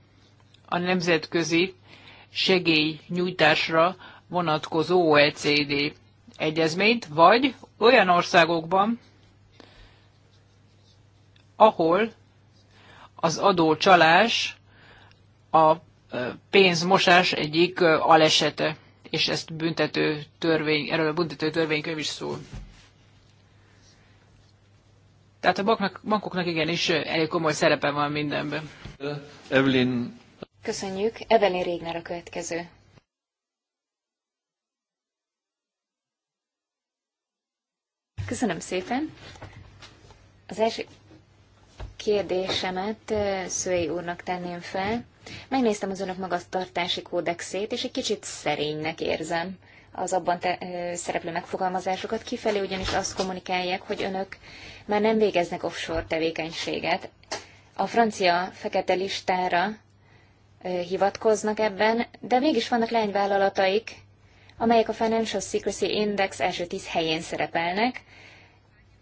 a nemzetközi segélynyújtásra vonatkozó OECD egyezményt, vagy olyan országokban, ahol az adócsalás a pénzmosás egyik alesete, és ezt büntető törvény, erről a büntető törvénykönyv is szól. Tehát a banknak, bankoknak igenis elég komoly szerepe van mindenben. Evelyn Köszönjük. Evelyn Régner a következő. Köszönöm szépen. Az első kérdésemet eh, Szői úrnak tenném fel. Megnéztem az önök magasztartási kódexét, és egy kicsit szerénynek érzem az abban te, ö, eh, szereplő megfogalmazásokat. Kifelé ugyanis azt kommunikálják, hogy önök már nem végeznek offshore tevékenységet. A francia fekete listára hivatkoznak ebben, de mégis vannak lányvállalataik, amelyek a Financial Secrecy Index első tíz helyén szerepelnek.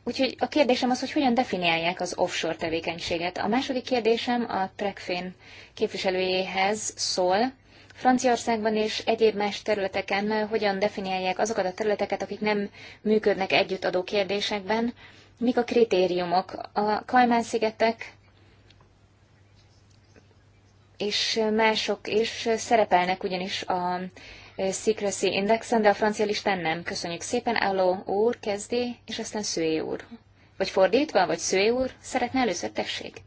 Úgyhogy a kérdésem az, hogy hogyan definiálják az offshore tevékenységet. A második kérdésem a Trekfin képviselőjéhez szól. Franciaországban és egyéb más területeken hogyan definiálják azokat a területeket, akik nem működnek együtt adó kérdésekben, mik a kritériumok. A Kajmán-szigetek és mások is szerepelnek ugyanis a e, Secrecy Indexen, de a francia listán nem. Köszönjük szépen, Álló úr kezdi, és aztán Szőé úr. Vagy fordítva, vagy Szőé úr, szeretne először tessék.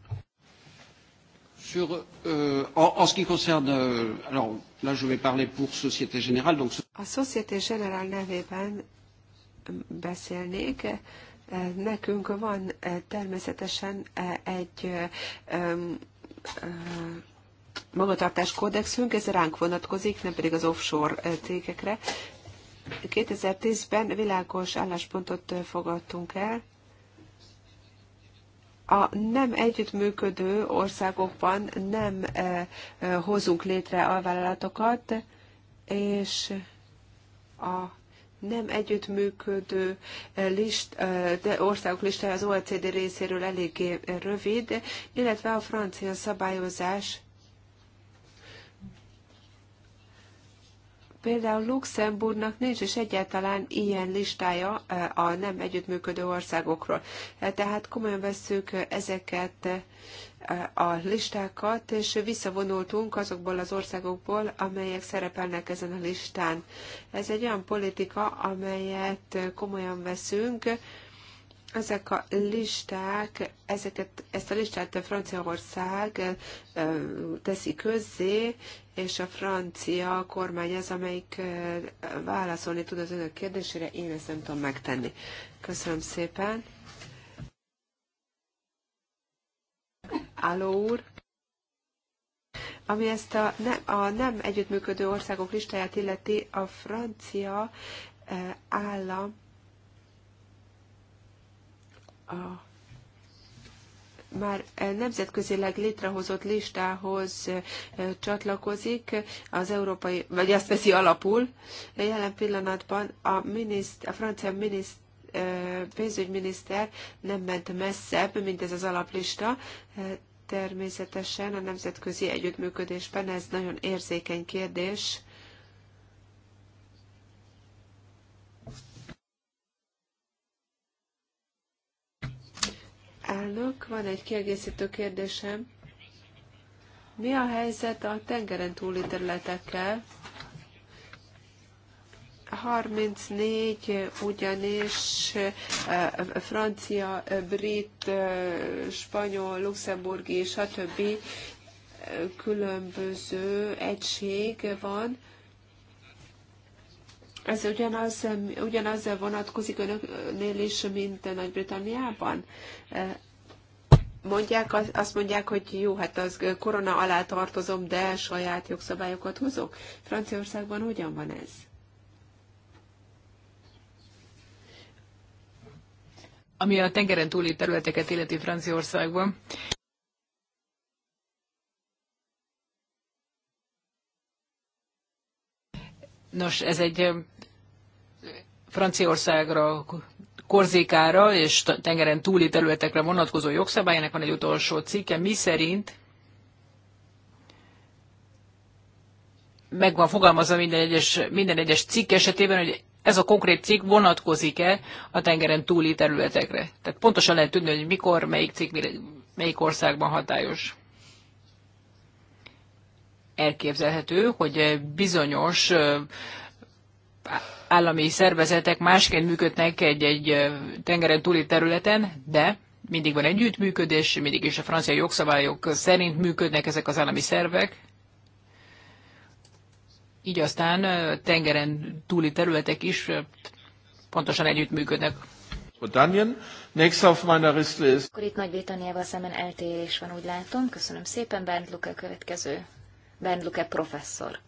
Sur, euh, en, ce qui concerne, euh, alors là je vais parler pour Société Générale, donc... A Société Générale nevében beszélnék. E, nekünk van e, természetesen egy magatartás kódexünk, ez ránk vonatkozik, nem pedig az offshore eh, cégekre. 2010-ben világos álláspontot eh, fogadtunk el, a nem együttműködő országokban nem eh, hozunk létre alvállalatokat, és a nem együttműködő list, de országok listája az OECD részéről eléggé rövid, illetve a francia szabályozás Például Luxemburgnak nincs is egyáltalán ilyen listája a nem együttműködő országokról. Tehát komolyan vesszük ezeket a listákat, és visszavonultunk azokból az országokból, amelyek szerepelnek ezen a listán. Ez egy olyan politika, amelyet komolyan veszünk, ezek a listák, ezeket, ezt a listát a Franciaország teszi közzé, és a francia kormány az, amelyik válaszolni tud az önök kérdésére, én ezt nem tudom megtenni. Köszönöm szépen. Álló úr! Ami ezt a, ne, a nem együttműködő országok listáját illeti, a francia állam a már nemzetközileg létrehozott listához csatlakozik, az európai, vagy azt veszi alapul. Jelen pillanatban a, miniszt, a francia miniszt, pénzügyminiszter nem ment messzebb, mint ez az alaplista. Természetesen a nemzetközi együttműködésben ez nagyon érzékeny kérdés elnök, van egy kiegészítő kérdésem. Mi a helyzet a tengeren túli területekkel? 34 ugyanis francia, brit, spanyol, luxemburgi, stb. különböző egység van, ez ugyanaz, ugyanaz vonatkozik önöknél is, mint Nagy-Britanniában? E, mondják, azt mondják, hogy jó, hát az korona alá tartozom, de saját jogszabályokat hozok. Franciaországban hogyan van ez? Ami a tengeren túli területeket illeti Franciaországban. Nos, ez egy Franciaországra, Korzikára és tengeren túli területekre vonatkozó jogszabályának van egy utolsó cikke, mi szerint meg van fogalmazva minden egyes, minden egyes cikk esetében, hogy ez a konkrét cikk vonatkozik-e a tengeren túli területekre. Tehát pontosan lehet tudni, hogy mikor, melyik cikk melyik országban hatályos. Elképzelhető, hogy bizonyos állami szervezetek másként működnek egy-egy tengeren túli területen, de mindig van együttműködés, mindig is a francia jogszabályok szerint működnek ezek az állami szervek. Így aztán tengeren túli területek is pontosan együttműködnek. Next auf meiner Liste Akkor itt Nagy-Britanniával szemben eltérés van, úgy látom. Köszönöm szépen, Bernd Luke következő. Bernd Luke professzor.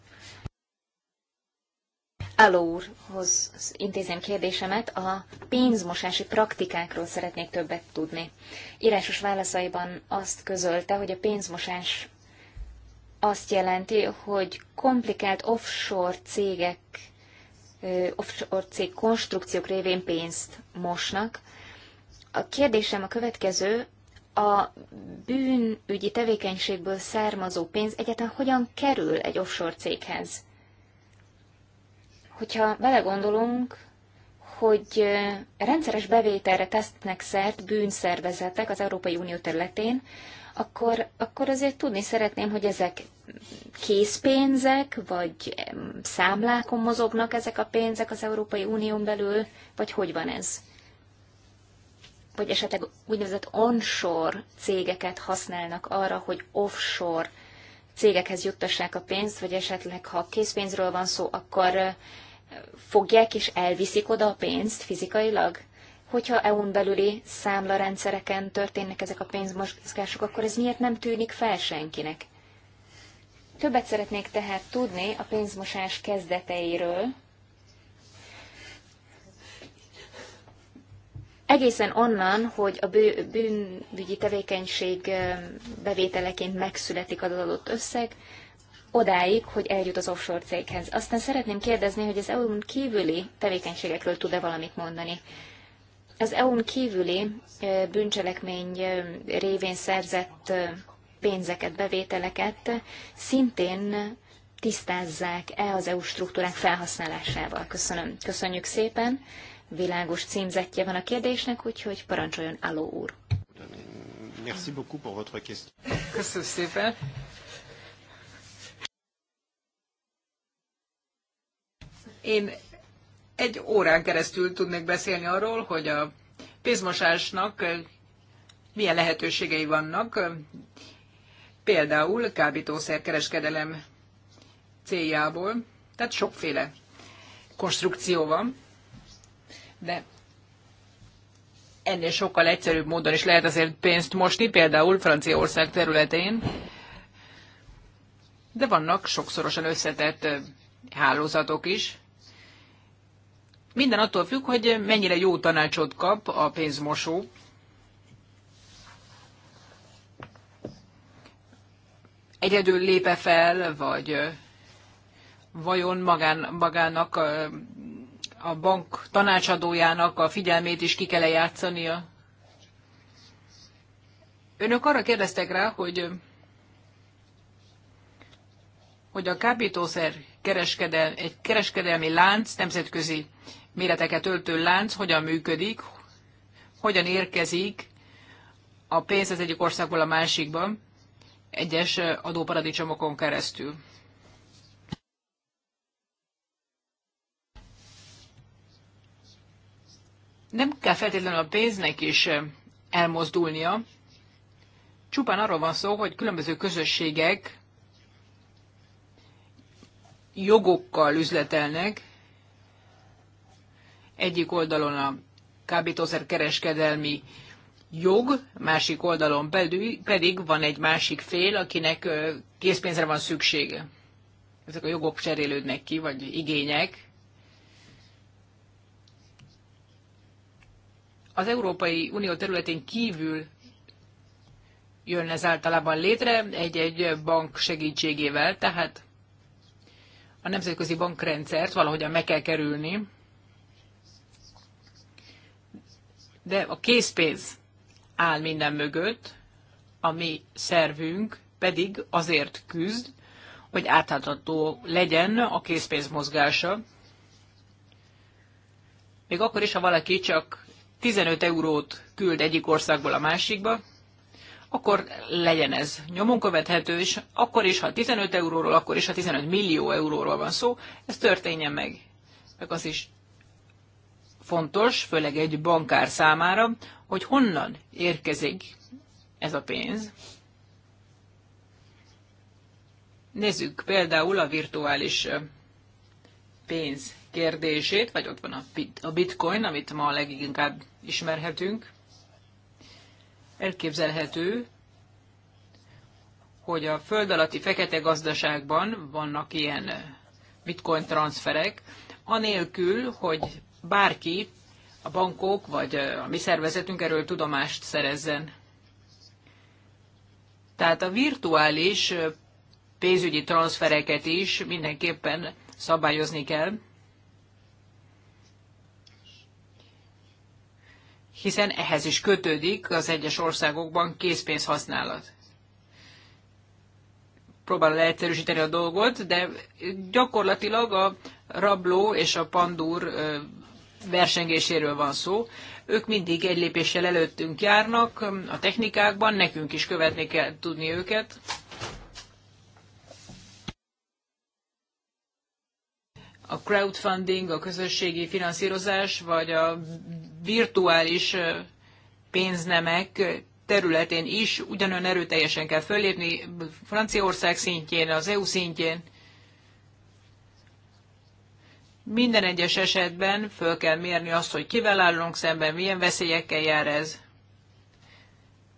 Aló úrhoz intézem kérdésemet, a pénzmosási praktikákról szeretnék többet tudni. Írásos válaszaiban azt közölte, hogy a pénzmosás azt jelenti, hogy komplikált offshore cégek, offshore cég konstrukciók révén pénzt mosnak. A kérdésem a következő, a bűnügyi tevékenységből származó pénz egyáltalán hogyan kerül egy offshore céghez? Hogyha belegondolunk, hogy rendszeres bevételre tesznek szert bűnszervezetek az Európai Unió területén, akkor, akkor azért tudni szeretném, hogy ezek készpénzek, vagy számlákon mozognak ezek a pénzek az Európai Unión belül, vagy hogy van ez? Vagy esetleg úgynevezett onshore cégeket használnak arra, hogy offshore cégekhez juttassák a pénzt, vagy esetleg ha készpénzről van szó, akkor fogják és elviszik oda a pénzt fizikailag? Hogyha EU-n belüli számlarendszereken történnek ezek a pénzmozgások, akkor ez miért nem tűnik fel senkinek? Többet szeretnék tehát tudni a pénzmosás kezdeteiről, Egészen onnan, hogy a bűnügyi tevékenység bevételeként megszületik az adott összeg, odáig, hogy eljut az offshore céghez. Aztán szeretném kérdezni, hogy az EU-n kívüli tevékenységekről tud-e valamit mondani. Az EU-n kívüli bűncselekmény révén szerzett pénzeket, bevételeket szintén tisztázzák-e az EU struktúrák felhasználásával. Köszönöm. Köszönjük szépen. Világos címzetje van a kérdésnek, úgyhogy parancsoljon Aló úr. Köszönöm szépen. Én egy órán keresztül tudnék beszélni arról, hogy a pénzmosásnak eh, milyen lehetőségei vannak, például kábítószerkereskedelem céljából, tehát sokféle konstrukció van, de ennél sokkal egyszerűbb módon is lehet azért pénzt mosni, például Franciaország területén, de vannak sokszorosan összetett eh, hálózatok is, minden attól függ, hogy mennyire jó tanácsot kap a pénzmosó. Egyedül lépe fel, vagy vajon magán, magának a, a bank tanácsadójának a figyelmét is ki kell -e játszania? Önök arra kérdeztek rá, hogy hogy a kábítószer kereskedel, egy kereskedelmi lánc nemzetközi méreteket öltő lánc hogyan működik, hogyan érkezik a pénz az egyik országból a másikba, egyes adóparadicsomokon keresztül. Nem kell feltétlenül a pénznek is elmozdulnia, csupán arról van szó, hogy különböző közösségek jogokkal üzletelnek, egyik oldalon a kábítószer kereskedelmi jog, másik oldalon pedig van egy másik fél, akinek készpénzre van szüksége. Ezek a jogok cserélődnek ki, vagy igények. Az Európai Unió területén kívül jön ez általában létre egy-egy bank segítségével, tehát a nemzetközi bankrendszert valahogyan meg kell kerülni. de a készpénz áll minden mögött, a mi szervünk pedig azért küzd, hogy átadható legyen a készpénz mozgása. Még akkor is, ha valaki csak 15 eurót küld egyik országból a másikba, akkor legyen ez nyomon követhető, és akkor is, ha 15 euróról, akkor is, ha 15 millió euróról van szó, ez történjen meg. Meg az is fontos, főleg egy bankár számára, hogy honnan érkezik ez a pénz. Nézzük például a virtuális pénz kérdését, vagy ott van a bitcoin, amit ma leginkább ismerhetünk. Elképzelhető, hogy a föld alatti fekete gazdaságban vannak ilyen bitcoin transferek, anélkül, hogy bárki, a bankok vagy a mi szervezetünk erről tudomást szerezzen. Tehát a virtuális pénzügyi transfereket is mindenképpen szabályozni kell, hiszen ehhez is kötődik az egyes országokban készpénz használat. Próbálom leegyszerűsíteni a dolgot, de gyakorlatilag a rabló és a pandúr versengéséről van szó. Ők mindig egy lépéssel előttünk járnak a technikákban, nekünk is követni kell tudni őket. A crowdfunding, a közösségi finanszírozás, vagy a virtuális pénznemek területén is ugyanolyan erőteljesen kell föllépni Franciaország szintjén, az EU szintjén, minden egyes esetben föl kell mérni azt, hogy kivel állunk szemben, milyen veszélyekkel jár ez.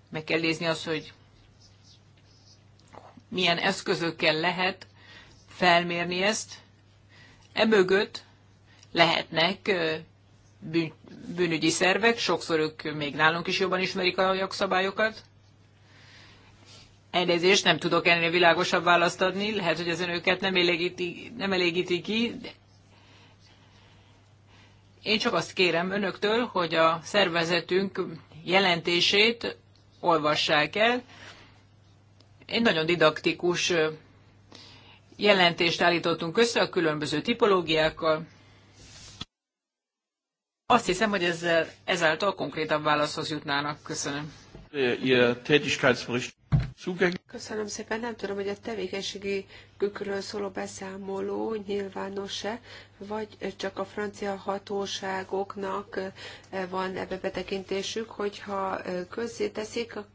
Meg kell nézni azt, hogy milyen eszközökkel lehet felmérni ezt. Emögött lehetnek bűn, bűnügyi szervek, sokszor ők még nálunk is jobban ismerik a jogszabályokat. Elnézést, nem tudok ennél világosabb választ adni, lehet, hogy az önöket nem elégíti, nem elégíti ki, de én csak azt kérem önöktől, hogy a szervezetünk jelentését olvassák el. Egy nagyon didaktikus jelentést állítottunk össze a különböző tipológiákkal. Azt hiszem, hogy ezzel, ezáltal konkrétabb válaszhoz jutnának. Köszönöm. Köszönöm szépen, nem tudom, hogy a tevékenységi kökről szóló beszámoló nyilvános-e, vagy csak a francia hatóságoknak eh, van ebbe betekintésük, hogyha eh, közzéteszik, teszik,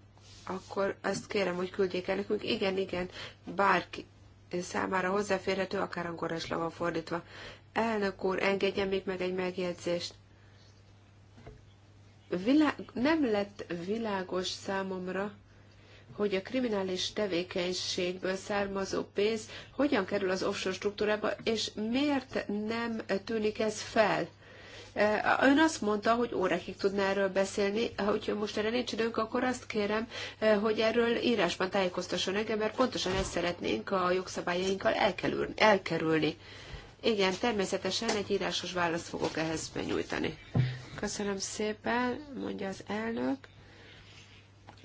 akkor azt kérem, hogy küldjék el nekünk. Igen, igen, bárki számára hozzáférhető, akár angolra is fordítva. Elnök úr, engedjen még meg egy megjegyzést világ, nem lett világos számomra, hogy a kriminális tevékenységből származó pénz hogyan kerül az offshore struktúrába, és miért nem tűnik ez fel. E, ön azt mondta, hogy órákig tudná erről beszélni, hogyha most erre nincs időnk, akkor azt kérem, e, hogy erről írásban tájékoztasson engem, mert pontosan ezt szeretnénk a jogszabályainkkal elkerülni. Igen, természetesen egy írásos választ fogok ehhez benyújtani. Köszönöm szépen, mondja az elnök.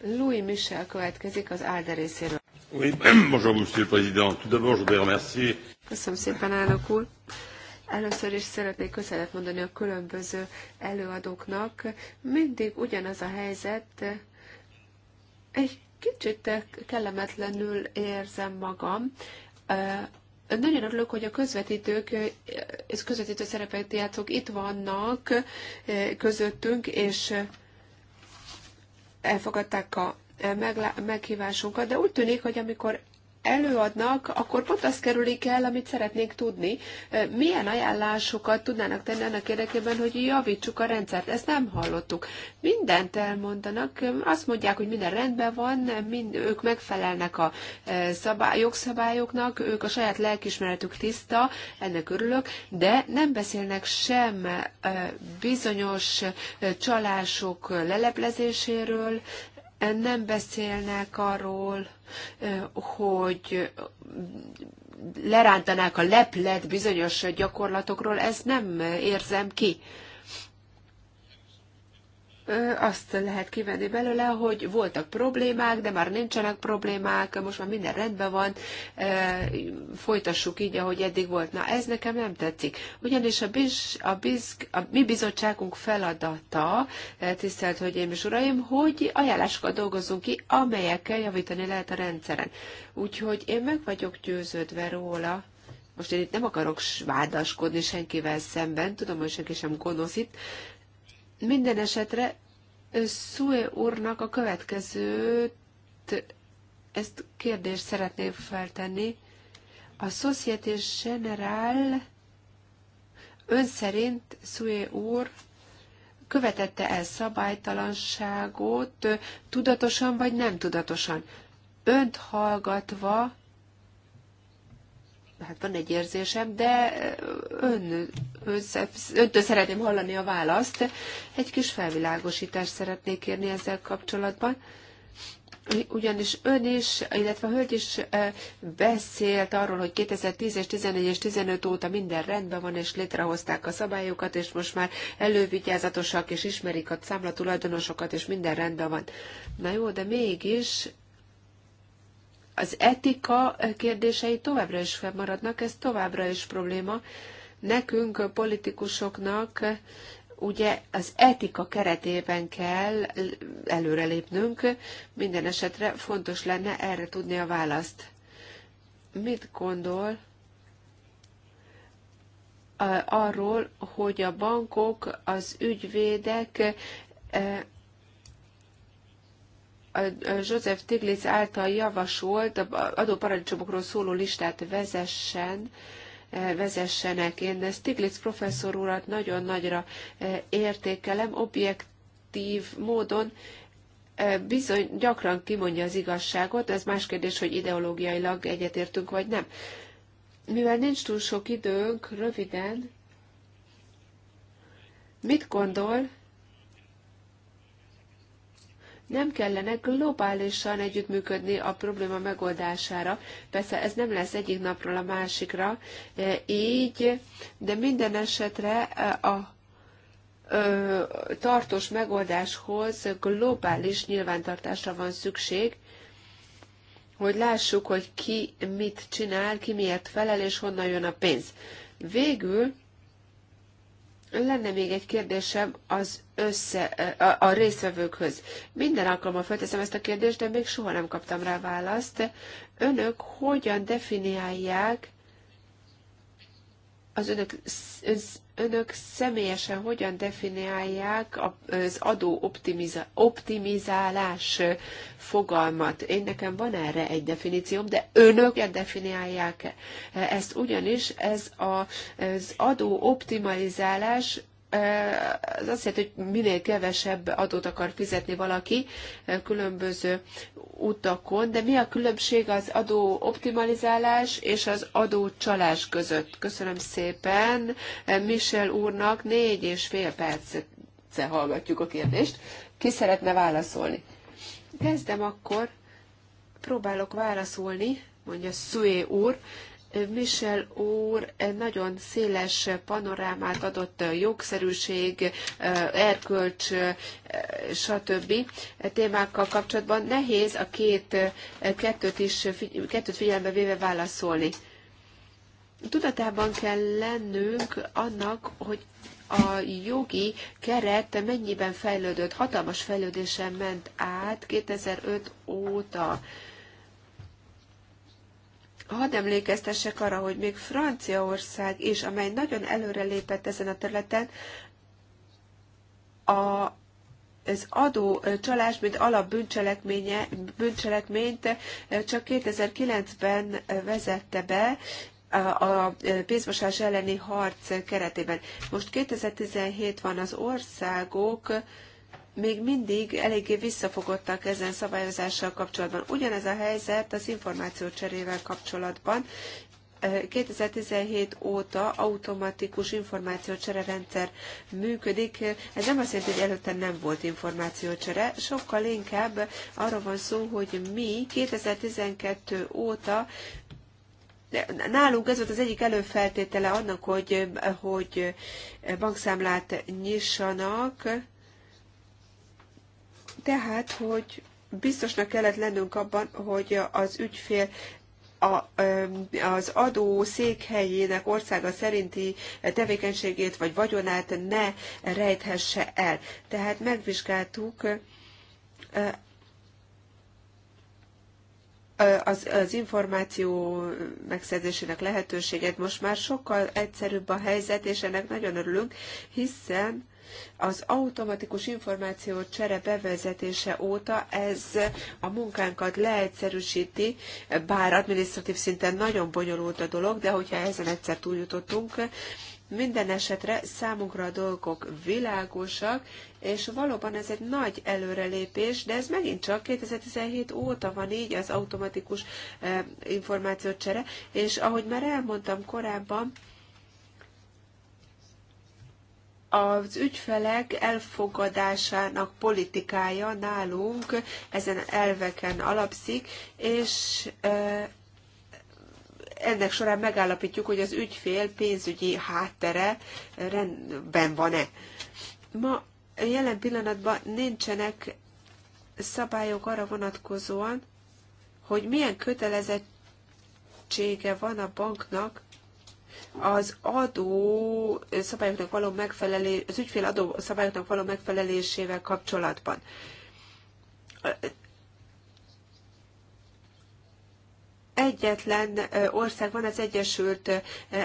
Louis Michel következik az Alde részéről. Oui, bonjour, monsieur le président. Tout d'abord, je vous remercie. Köszönöm szépen, elnök úr. Először is szeretnék köszönet mondani a különböző előadóknak. Mindig ugyanaz a helyzet. Egy kicsit kellemetlenül érzem magam nagyon örülök, hogy a közvetítők, ez közvetítő szerepet játszók itt vannak eh, közöttünk, és elfogadták a meghívásunkat, de úgy tűnik, hogy amikor előadnak, akkor pont azt kerülik el, amit szeretnék tudni. Milyen ajánlásokat tudnának tenni annak érdekében, hogy javítsuk a rendszert? Ezt nem hallottuk. Mindent elmondanak, azt mondják, hogy minden rendben van, mind, ők megfelelnek a szabály, jogszabályoknak, ők a saját lelkismeretük tiszta, ennek örülök, de nem beszélnek sem bizonyos csalások leleplezéséről, nem beszélnek arról, hogy lerántanák a leplet bizonyos gyakorlatokról, ezt nem érzem ki azt lehet kivenni belőle, hogy voltak problémák, de már nincsenek problémák, most már minden rendben van, folytassuk így, ahogy eddig volt. Na, ez nekem nem tetszik. Ugyanis a, biz, a, biz, a mi bizottságunk feladata, tisztelt Hölgyeim és Uraim, hogy ajánlásokat dolgozzunk ki, amelyekkel javítani lehet a rendszeren. Úgyhogy én meg vagyok győződve róla, most én itt nem akarok vádaskodni senkivel szemben, tudom, hogy senki sem gonosz itt, minden esetre SUE úrnak a következőt, ezt kérdést szeretném feltenni. A Société Générale ön szerint Szue úr követette el szabálytalanságot, tudatosan vagy nem tudatosan. Önt hallgatva, hát van egy érzésem, de ön öntől szeretném hallani a választ. Egy kis felvilágosítást szeretnék kérni ezzel kapcsolatban. Ugyanis ön is, illetve a hölgy is e, beszélt arról, hogy 2010 és 14 és 15 óta minden rendben van, és létrehozták a szabályokat, és most már elővigyázatosak, és ismerik a számlatulajdonosokat, és minden rendben van. Na jó, de mégis az etika kérdései továbbra is fennmaradnak, ez továbbra is probléma. Nekünk, politikusoknak ugye az etika keretében kell előrelépnünk, minden esetre fontos lenne erre tudni a választ. Mit gondol arról, hogy a bankok, az ügyvédek e, Joseph Tiglitz által javasolt adóparadicsomokról szóló listát vezessen, vezessenek. Én Stiglitz professzor urat nagyon nagyra eh, értékelem, objektív módon eh, bizony gyakran kimondja az igazságot, ez más kérdés, hogy ideológiailag egyetértünk vagy nem. Mivel nincs túl sok időnk, röviden, mit gondol nem kellene globálisan együttműködni a probléma megoldására. Persze ez nem lesz egyik napról a másikra, e, így, de minden esetre e, a tartós megoldáshoz globális nyilvántartásra van szükség, hogy lássuk, hogy ki mit csinál, ki miért felel, és honnan jön a pénz. Végül lenne még egy kérdésem az össze, a, a részvevőkhöz. Minden alkalommal felteszem ezt a kérdést, de még soha nem kaptam rá választ. Önök hogyan definiálják az önök önök személyesen hogyan definiálják az adó optimiza- optimizálás fogalmat. Én nekem van erre egy definícióm, de önök hogyan definiálják ezt ugyanis, ez az adó optimalizálás az azt jelenti, hogy minél kevesebb adót akar fizetni valaki különböző utakon, de mi a különbség az adó optimalizálás és az adó csalás között? Köszönöm szépen Michel úrnak, négy és fél perce hallgatjuk a kérdést. Ki szeretne válaszolni? Kezdem akkor, próbálok válaszolni, mondja Szué úr, Michel úr nagyon széles panorámát adott jogszerűség, erkölcs, stb. témákkal kapcsolatban. Nehéz a két kettőt is kettőt figyelembe véve válaszolni. Tudatában kell lennünk annak, hogy a jogi keret mennyiben fejlődött, hatalmas fejlődésen ment át 2005 óta. Hadd emlékeztessek arra, hogy még Franciaország is, amely nagyon előrelépett ezen a területen, a, az adó csalás, mint alap bűncselekményt csak 2009-ben vezette be, a pénzmosás elleni harc keretében. Most 2017 van az országok még mindig eléggé visszafogottak ezen szabályozással kapcsolatban. Ugyanez a helyzet az információcserével kapcsolatban. 2017 eh, óta automatikus információcsere rendszer működik. Ez nem azt jelenti, hogy előtte nem volt információcsere, sokkal inkább arról van szó, hogy mi 2012 óta Nálunk ez volt az egyik előfeltétele annak, hogy, hogy bankszámlát nyissanak, tehát, hogy biztosnak kellett lennünk abban, hogy az ügyfél a, az adó székhelyének országa szerinti tevékenységét vagy vagyonát ne rejthesse el. Tehát megvizsgáltuk az, az információ megszerzésének lehetőséget. Most már sokkal egyszerűbb a helyzet, és ennek nagyon örülünk, hiszen az automatikus információ csere bevezetése óta ez a munkánkat leegyszerűsíti, bár adminisztratív szinten nagyon bonyolult a dolog, de hogyha ezen egyszer túljutottunk, minden esetre számunkra a dolgok világosak, és valóban ez egy nagy előrelépés, de ez megint csak 2017 óta van így az automatikus eh, információcsere, és ahogy már elmondtam korábban, az ügyfelek elfogadásának politikája nálunk ezen elveken alapszik, és ennek során megállapítjuk, hogy az ügyfél pénzügyi háttere rendben van-e. Ma jelen pillanatban nincsenek szabályok arra vonatkozóan, hogy milyen kötelezettsége van a banknak az adó szabályoknak való megfelelés, az ügyfél adó szabályoknak való megfelelésével kapcsolatban. Egyetlen ország van, az Egyesült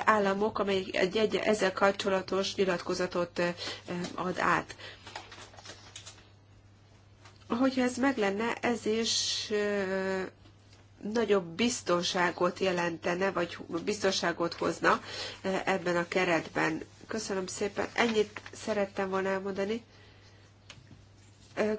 Államok, amely egy, egy ezzel kapcsolatos nyilatkozatot ad át. Hogyha ez meg lenne, ez is nagyobb biztonságot jelentene, vagy biztonságot hozna e, ebben a keretben. Köszönöm szépen. Ennyit szerettem volna elmondani. E,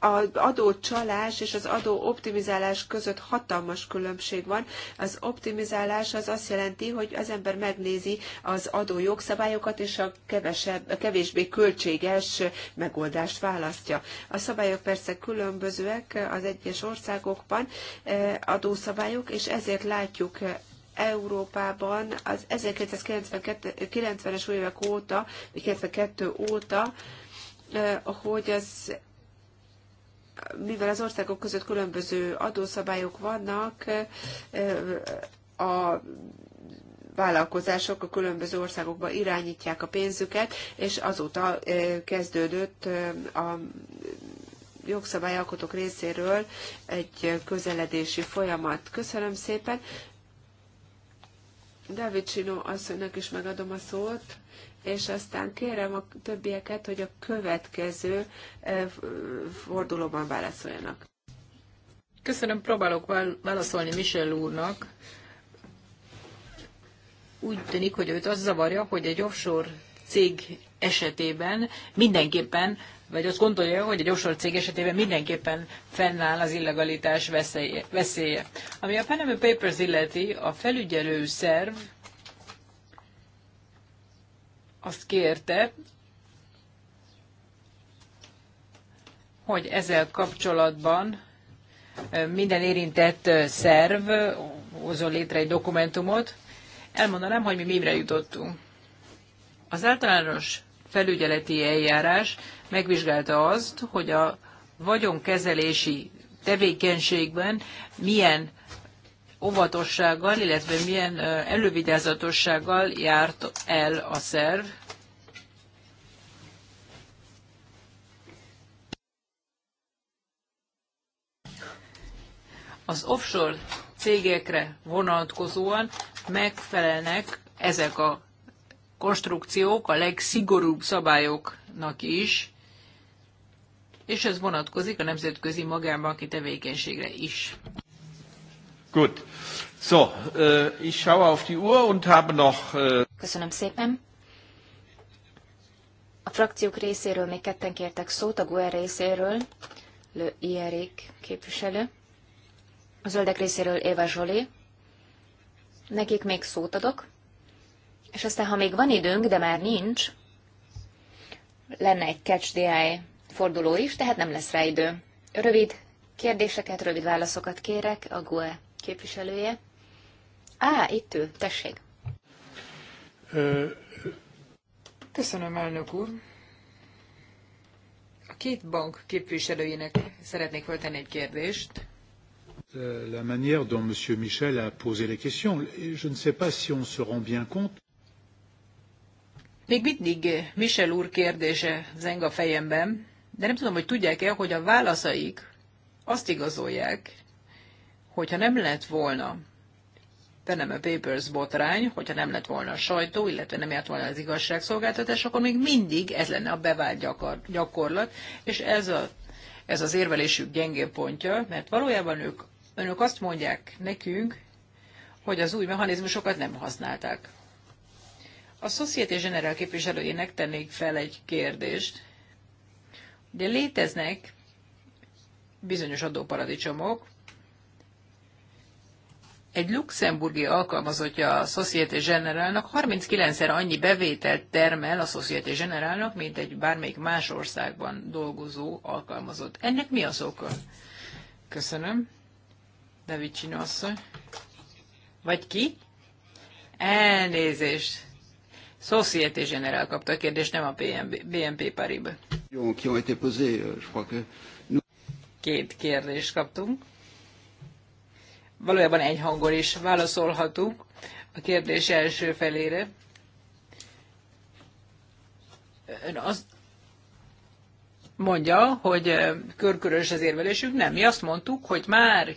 az adócsalás és az adó optimizálás között hatalmas különbség van. Az optimizálás az azt jelenti, hogy az ember megnézi az adó jogszabályokat, és a, kevesebb, a kevésbé költséges megoldást választja. A szabályok persze különbözőek az egyes országokban, eh, adószabályok, és ezért látjuk eh, Európában az 1990-es évek óta, vagy 92 óta, eh, hogy az mivel az országok között különböző adószabályok vannak, a vállalkozások a különböző országokba irányítják a pénzüket, és azóta kezdődött a jogszabályalkotók részéről egy közeledési folyamat. Köszönöm szépen. David Csinó asszonynak is megadom a szót és aztán kérem a többieket, hogy a következő eh, fordulóban válaszoljanak. Köszönöm, próbálok válaszolni Michel úrnak. Úgy tűnik, hogy őt az zavarja, hogy egy offshore cég esetében mindenképpen, vagy azt gondolja, hogy egy offshore cég esetében mindenképpen fennáll az illegalitás veszélye. Ami a Panama Papers illeti, a felügyelő szerv azt kérte, hogy ezzel kapcsolatban minden érintett szerv hozol létre egy dokumentumot. Elmondanám, hogy mi mire jutottunk. Az általános felügyeleti eljárás megvizsgálta azt, hogy a vagyonkezelési tevékenységben milyen óvatossággal, illetve milyen elővigyázatossággal járt el a szerv. Az offshore cégekre vonatkozóan megfelelnek ezek a konstrukciók a legszigorúbb szabályoknak is, és ez vonatkozik a nemzetközi magánbanki tevékenységre is. Good. So, uh, ich schaue auf die Uhr und habe noch... Uh... Köszönöm szépen. A frakciók részéről még ketten kértek szót, a GUER részéről, Le Ierik képviselő, a zöldek részéről Éva Zsolé, nekik még szót adok, és aztán, ha még van időnk, de már nincs, lenne egy catch DI forduló is, tehát nem lesz rá idő. Rövid kérdéseket, rövid válaszokat kérek a GUE képviselője. Á, itt ül, tessék. Köszönöm, elnök úr. A két bank képviselőjének szeretnék föltenni egy kérdést. Euh, la manière dont M. Michel a posé les questions, je ne sais pas si on se rend bien compte. Még mindig Michel úr kérdése zeng a fejemben, de nem tudom, hogy tudják-e, hogy a válaszaik azt igazolják, hogyha nem lett volna Panama Papers botrány, hogyha nem lett volna a sajtó, illetve nem járt volna az igazságszolgáltatás, akkor még mindig ez lenne a bevált gyakor, gyakorlat, és ez, a, ez az érvelésük gyengé pontja, mert valójában ők, önök azt mondják nekünk, hogy az új mechanizmusokat nem használták. A Société General képviselőjének tennék fel egy kérdést. de léteznek bizonyos adóparadicsomok, egy luxemburgi alkalmazottja a Société Generálnak 39-szer annyi bevételt termel a Société Generálnak, mint egy bármelyik más országban dolgozó alkalmazott. Ennek mi az oka? Köszönöm. David asszony. Vagy ki? Elnézést. Société générale kapta a kérdést, nem a BNP, BNP Paribas. Két kérdést kaptunk valójában egy hangon is válaszolhatunk a kérdés első felére. Ön azt mondja, hogy körkörös az érvelésünk. Nem, mi azt mondtuk, hogy már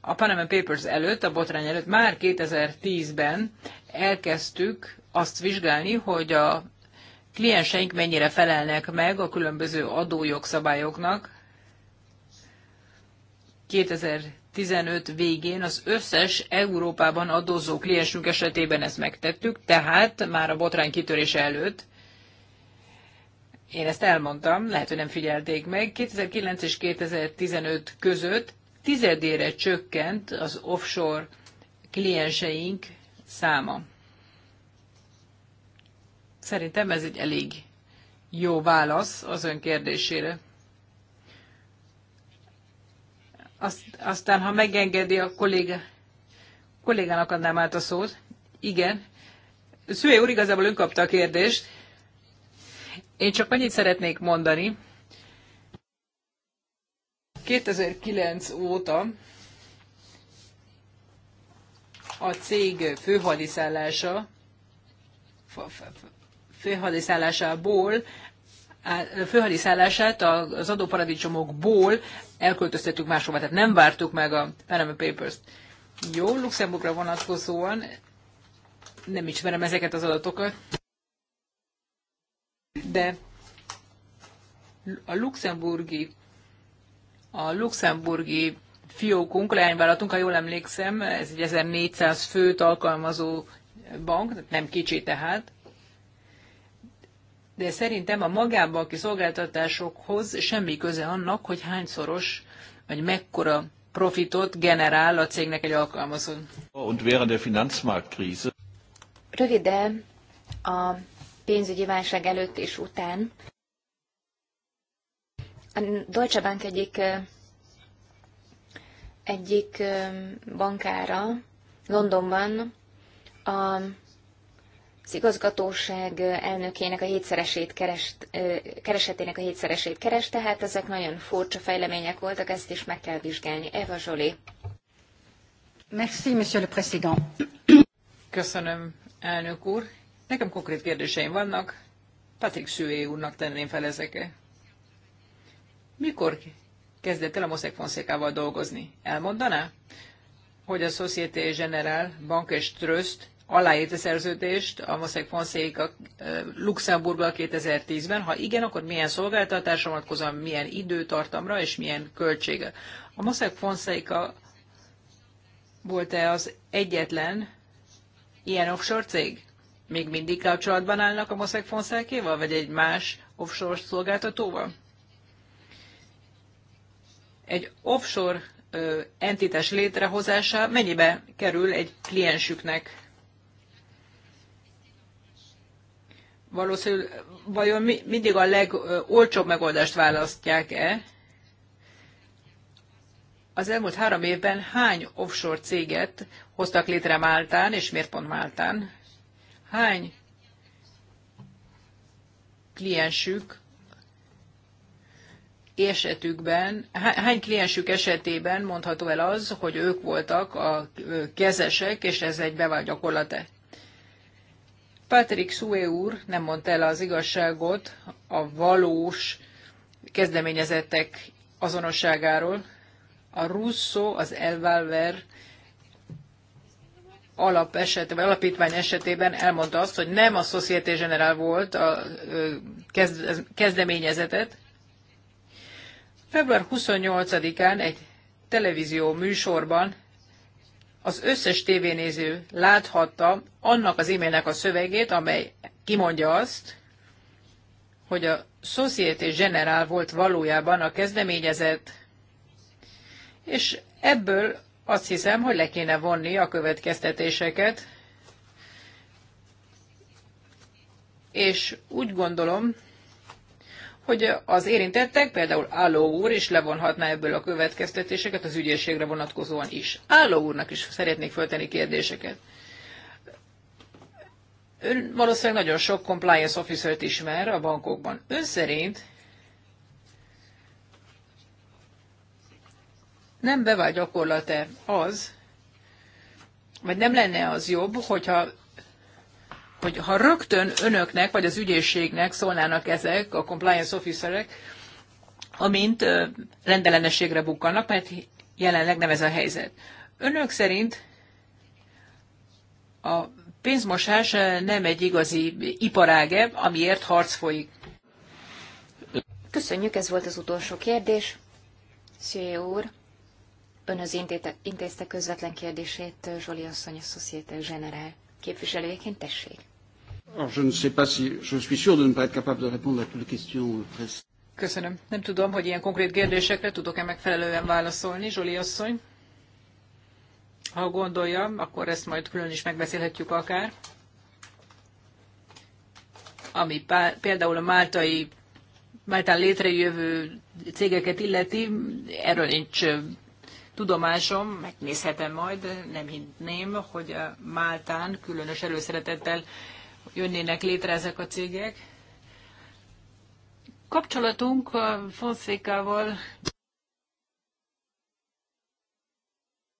a Panama Papers előtt, a botrány előtt, már 2010-ben elkezdtük azt vizsgálni, hogy a klienseink mennyire felelnek meg a különböző adójogszabályoknak. 2010 15 végén az összes Európában adózó kliensünk esetében ezt megtettük, tehát már a botrány kitörése előtt. Én ezt elmondtam, lehet, hogy nem figyelték meg. 2009 és 2015 között tizedére csökkent az offshore klienseink száma. Szerintem ez egy elég jó válasz az ön kérdésére. aztán, ha megengedi a kolléga, kollégának adnám át a szót. Igen. Szüvé úr, igazából ön kapta a kérdést. Én csak annyit szeretnék mondani. 2009 óta a cég főhadiszállása főhadiszállásából főhadiszállását az adóparadicsomokból elköltöztettük máshova, tehát nem vártuk meg a Panama Papers-t. Jó, Luxemburgra vonatkozóan nem ismerem ezeket az adatokat, de a luxemburgi a luxemburgi fiókunk, leányvállalatunk, ha jól emlékszem, ez egy 1400 főt alkalmazó bank, nem kicsi tehát, de szerintem a magában a kiszolgáltatásokhoz semmi köze annak, hogy hányszoros vagy mekkora profitot generál a cégnek egy alkalmazott. Und während der Finanzmarktkrise. Röviden a pénzügyi válság előtt és után a Deutsche Bank egyik egyik bankára Londonban a az igazgatóság elnökének a hétszeresét kerest, keresetének a hétszeresét keres, tehát ezek nagyon furcsa fejlemények voltak, ezt is meg kell vizsgálni. Eva Zsoli. Merci, monsieur le président. Köszönöm, elnök úr. Nekem konkrét kérdéseim vannak. Patrick Süvé úrnak tenném fel ezeket. Mikor kezdett el a Moszek Fonszékával dolgozni? Elmondaná, hogy a Société Générale Bank és Tröst aláírt a szerződést a Mossack a Luxemburggal 2010-ben? Ha igen, akkor milyen szolgáltatásra vonatkozóan, milyen időtartamra és milyen költsége? A Mossack Fonseca volt-e az egyetlen ilyen offshore cég? Még mindig kapcsolatban állnak a Mossack Fonszékéval, vagy egy más offshore szolgáltatóval? Egy offshore entitás létrehozása mennyibe kerül egy kliensüknek? valószínű, vajon mi, mindig a legolcsóbb megoldást választják-e? Az elmúlt három évben hány offshore céget hoztak létre Máltán, és miért pont Máltán? Hány kliensük esetükben, hány kliensük esetében mondható el az, hogy ők voltak a kezesek, és ez egy bevált gyakorlat -e? Patrick Sué úr nem mondta el az igazságot a valós kezdeményezettek azonosságáról. A Russo, az Elvalver alap eset, vagy alapítvány esetében elmondta azt, hogy nem a Société General volt a kezdeményezetet. Február 28-án egy televízió műsorban az összes tévénéző láthatta annak az e-mailnek a szövegét, amely kimondja azt, hogy a Société General volt valójában a kezdeményezett, és ebből azt hiszem, hogy le kéne vonni a következtetéseket, és úgy gondolom, hogy az érintettek, például Álló úr is levonhatná ebből a következtetéseket az ügyészségre vonatkozóan is. Álló úrnak is szeretnék föltenni kérdéseket. Ön valószínűleg nagyon sok compliance officer-t ismer a bankokban. Ön szerint nem bevált gyakorlat-e az, vagy nem lenne az jobb, hogyha hogy ha rögtön önöknek vagy az ügyészségnek szólnának ezek a compliance officerek, amint rendellenességre bukkannak, mert jelenleg nem ez a helyzet. Önök szerint a pénzmosás nem egy igazi iparáge, amiért harc folyik. Köszönjük, ez volt az utolsó kérdés. Szője úr, az intézte közvetlen kérdését Zsoli asszony a Société General képviselőjeként, tessék. Köszönöm. Nem tudom, hogy ilyen konkrét kérdésekre tudok-e megfelelően válaszolni, Zsoli asszony. Ha gondolja, akkor ezt majd külön is megbeszélhetjük akár. Ami például a máltai, máltán létrejövő cégeket illeti, erről nincs tudomásom, megnézhetem majd, nem hinném, hogy a Máltán különös előszeretettel jönnének létre ezek a cégek. Kapcsolatunk a uh, Fonszékával,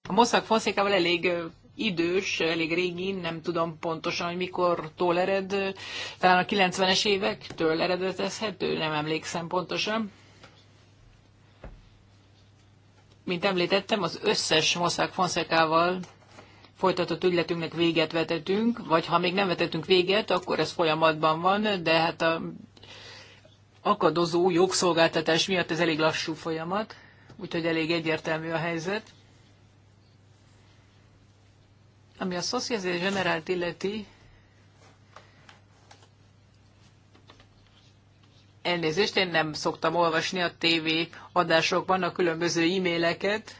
a Moszak Fonszékával elég uh, idős, elég régi, nem tudom pontosan, hogy tól ered, uh, talán a 90-es évektől eredetezhető, nem emlékszem pontosan. Mint említettem, az összes Mossack Fonszekával folytatott ügyletünknek véget vetetünk, vagy ha még nem vetettünk véget, akkor ez folyamatban van, de hát a akadozó jogszolgáltatás miatt ez elég lassú folyamat, úgyhogy elég egyértelmű a helyzet. Ami a Société Generált illeti, elnézést, én nem szoktam olvasni a TV adásokban a különböző e-maileket,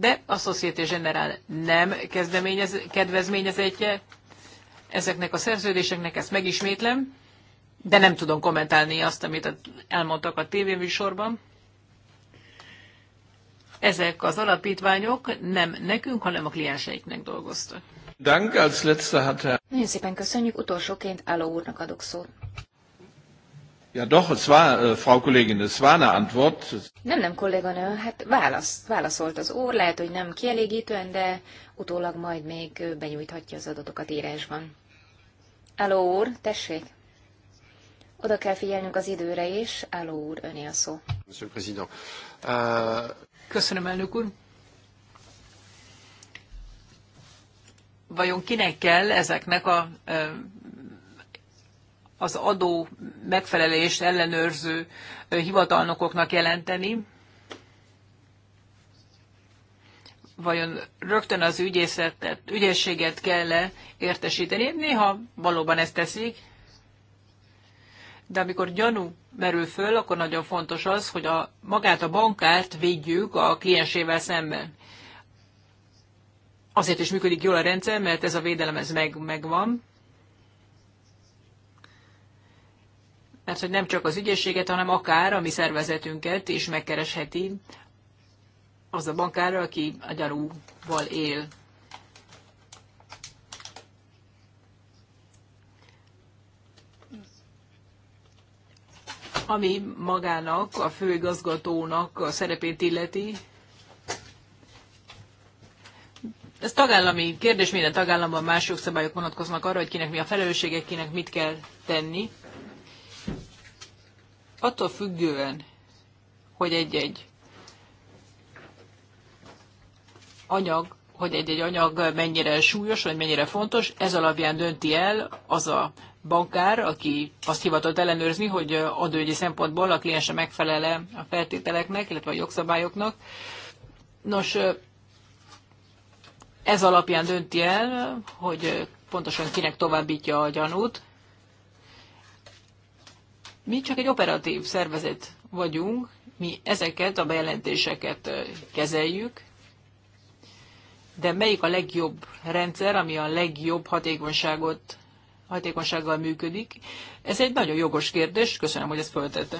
de a Société General nem kezdeményez, kedvezményezetje ezeknek a szerződéseknek, ezt megismétlem, de nem tudom kommentálni azt, amit elmondtak a tévéműsorban. Ezek az alapítványok nem nekünk, hanem a klienseiknek dolgoztak. Dank, als hat Nagyon szépen köszönjük, utolsóként Álló úrnak adok szót. Ja, doch, es war, äh, Frau Kollegin, es war eine Antwort. Nem, nem, kolléganő, hát válasz, válaszolt az úr, lehet, hogy nem kielégítően, de utólag majd még benyújthatja az adatokat írásban. Aló úr, tessék! Oda kell figyelnünk az időre is. Aló úr, öné a szó. Monsieur Uh... Köszönöm, elnök úr. Vajon kinek kell ezeknek a az adó megfelelést ellenőrző hivatalnokoknak jelenteni. Vajon rögtön az ügyészetet, ügyességet kell-e értesíteni? Néha valóban ezt teszik, de amikor gyanú merül föl, akkor nagyon fontos az, hogy a, magát a bankárt védjük a kliensével szemben. Azért is működik jól a rendszer, mert ez a védelem ez meg, megvan. mert hogy nem csak az ügyességet, hanem akár a mi szervezetünket is megkeresheti az a bankár, aki a gyarúval él. Ami magának, a főigazgatónak a szerepét illeti, ez tagállami kérdés, minden tagállamban mások szabályok vonatkoznak arra, hogy kinek mi a felelősségek, kinek mit kell tenni attól függően, hogy egy-egy anyag, hogy egy-egy anyag mennyire súlyos, vagy mennyire fontos, ez alapján dönti el az a bankár, aki azt hivatott ellenőrizni, hogy adőgyi szempontból a kliense megfelele a feltételeknek, illetve a jogszabályoknak. Nos, ez alapján dönti el, hogy pontosan kinek továbbítja a gyanút. Mi csak egy operatív szervezet vagyunk, mi ezeket a bejelentéseket kezeljük, de melyik a legjobb rendszer, ami a legjobb hatékonyságot, hatékonysággal működik? Ez egy nagyon jogos kérdés, köszönöm, hogy ezt föltette.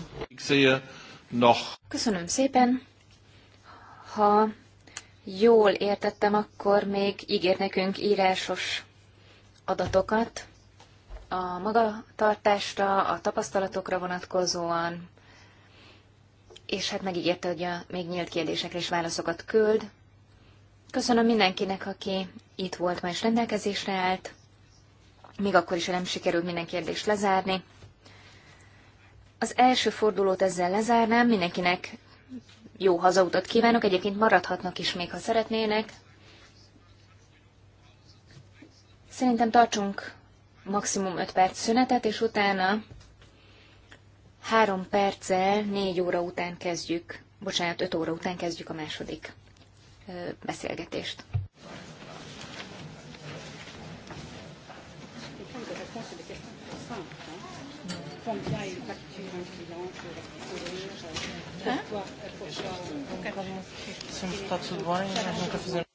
Köszönöm szépen. Ha jól értettem, akkor még ígér nekünk írásos adatokat a magatartásra, a tapasztalatokra vonatkozóan, és hát megígérte, hogy a még nyílt kérdésekre is válaszokat küld. Köszönöm mindenkinek, aki itt volt ma és rendelkezésre állt, még akkor is, ha nem sikerült minden kérdést lezárni. Az első fordulót ezzel lezárnám, mindenkinek jó hazautat kívánok, egyébként maradhatnak is még, ha szeretnének. Szerintem tartsunk maximum 5 perc szünetet, és utána 3 perccel 4 óra után kezdjük, bocsánat, 5 óra után kezdjük a második beszélgetést. Köszönöm, hogy facture un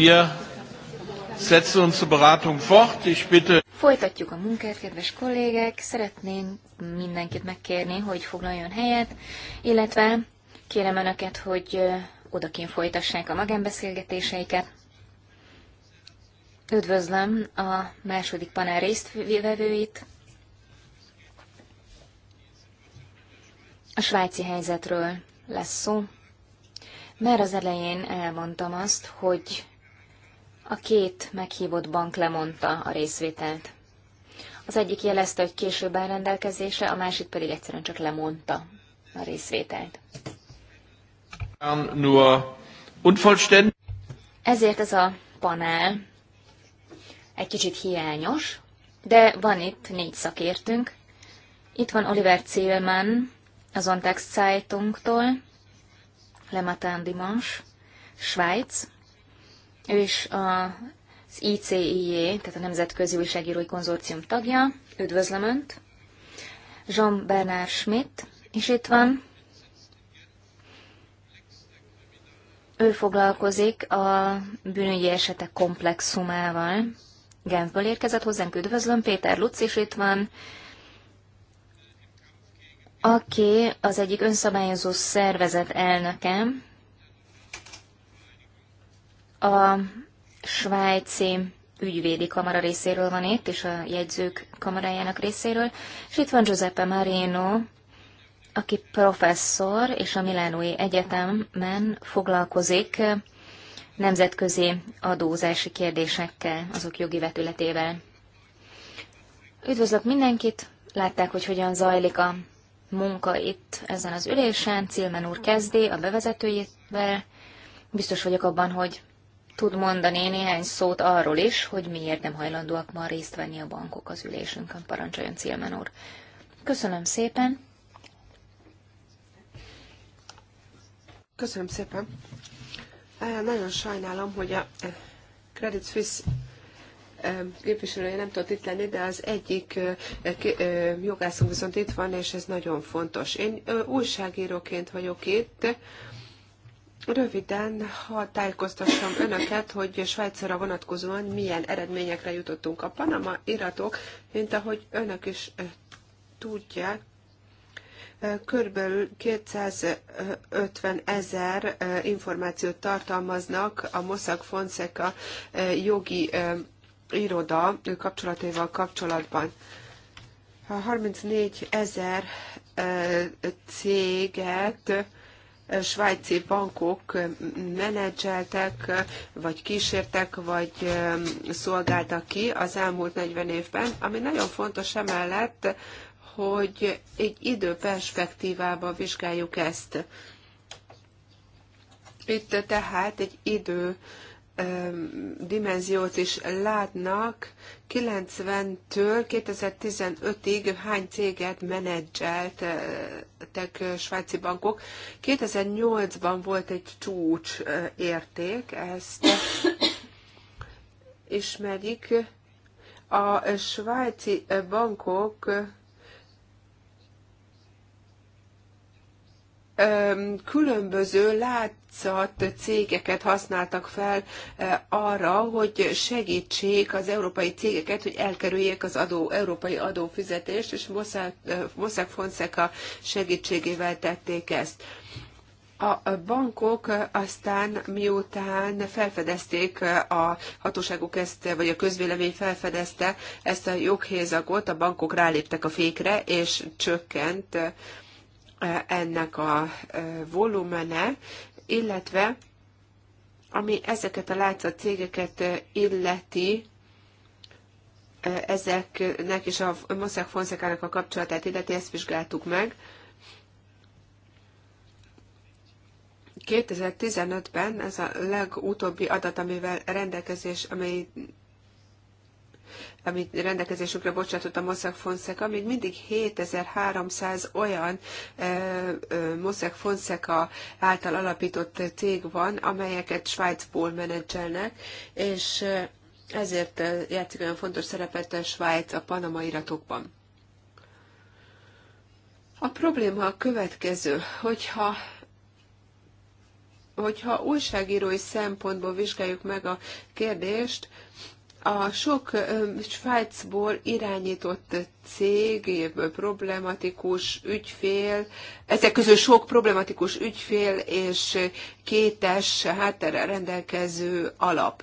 Wir setzen zur Beratung fort. Ich bitte. Folytatjuk a munkát, kedves kollégek. Szeretnénk mindenkit megkérni, hogy foglaljon helyet, illetve kérem Önöket, hogy odakint folytassák a magánbeszélgetéseiket. Üdvözlöm a második panel résztvevőit. A svájci helyzetről lesz szó. Már az elején elmondtam azt, hogy a két meghívott bank lemondta a részvételt. Az egyik jelezte, hogy később áll rendelkezésre, a másik pedig egyszerűen csak lemondta a részvételt. Ezért ez a panel egy kicsit hiányos, de van itt négy szakértünk. Itt van Oliver Zielmann, az Ontex Zeitungtól, Le Matin Dimanche, Svájc, ő is az ICIJ, e, tehát a Nemzetközi Újságírói Konzorcium tagja. Üdvözlöm Önt! Jean Bernard Schmidt is itt van. Ő foglalkozik a bűnügyi esetek komplexumával. Genfből érkezett hozzánk, üdvözlöm, Péter Lutz is itt van, aki az egyik önszabályozó szervezet elnökem. A svájci ügyvédi kamara részéről van itt, és a jegyzők kamarájának részéről, és itt van Giuseppe Marino, aki professzor, és a Milánói Egyetemen foglalkozik nemzetközi adózási kérdésekkel, azok jogi vetületével. Üdvözlök mindenkit! Látták, hogy hogyan zajlik a munka itt ezen az ülésen. Cilmen úr kezdi a bevezetőjével. Biztos vagyok abban, hogy tud mondani néhány szót arról is, hogy miért nem hajlandóak ma részt venni a bankok az ülésünkön, parancsoljon Cilmen úr. Köszönöm szépen. Köszönöm szépen. Nagyon sajnálom, hogy a Credit Suisse képviselője nem tudott itt lenni, de az egyik jogászunk viszont itt van, és ez nagyon fontos. Én újságíróként vagyok itt, Röviden, ha tájékoztassam önöket, hogy Svájcra vonatkozóan milyen eredményekre jutottunk a Panama iratok, mint ahogy önök is eh, tudják, eh, Körülbelül 250 ezer eh, információt tartalmaznak a Mossack Fonseca jogi iroda kapcsolataival kapcsolatban. A 34 ezer céget svájci bankok menedzseltek, vagy kísértek, vagy szolgáltak ki az elmúlt 40 évben, ami nagyon fontos emellett, hogy egy időperspektívába vizsgáljuk ezt. Itt tehát egy idő dimenziót is látnak. 90-től 2015-ig hány céget menedzseltek svájci bankok. 2008-ban volt egy csúcs érték, ezt ismerik. A svájci bankok különböző lát, látszat cégeket használtak fel eh, arra, hogy segítsék az európai cégeket, hogy elkerüljék az adó, európai adófizetést, és Mossack eh, Fonseca segítségével tették ezt. A bankok aztán miután felfedezték eh, a hatóságok ezt, vagy a közvélemény felfedezte ezt a joghézagot, a bankok ráléptek a fékre, és csökkent ennek a volumene, illetve ami ezeket a látszat cégeket illeti, ezeknek és a Mossack Fonszekának a kapcsolatát illeti, ezt vizsgáltuk meg. 2015-ben ez a legutóbbi adat, amivel rendelkezés, amely amit rendelkezésükre bocsátott a Mossack Fonseca, még mindig 7300 olyan Mossack Fonseca által alapított cég van, amelyeket Svájcból menedzselnek, és ezért játszik olyan fontos szerepet a Svájc a Panama iratokban. A probléma a következő, hogyha hogyha újságírói szempontból vizsgáljuk meg a kérdést, a sok Svájcból irányított cég, problematikus ügyfél, ezek közül sok problematikus ügyfél és kétes hátterrel rendelkező alap.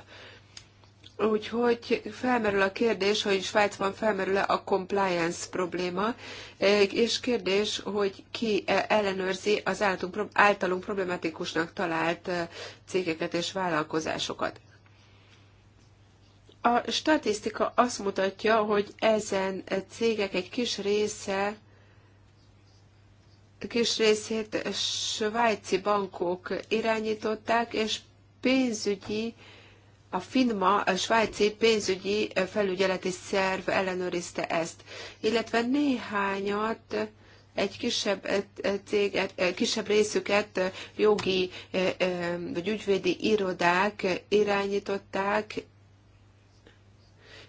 Úgyhogy felmerül a kérdés, hogy Svájcban felmerül-e a compliance probléma, és kérdés, hogy ki ellenőrzi az általunk problematikusnak talált cégeket és vállalkozásokat. A statisztika azt mutatja, hogy ezen cégek egy kis része kis részét svájci bankok irányították, és pénzügyi, a FINMA, a svájci pénzügyi felügyeleti szerv ellenőrizte ezt, illetve néhányat egy kisebb e, céget, e, kisebb részüket jogi e, vagy ügyvédi irodák irányították,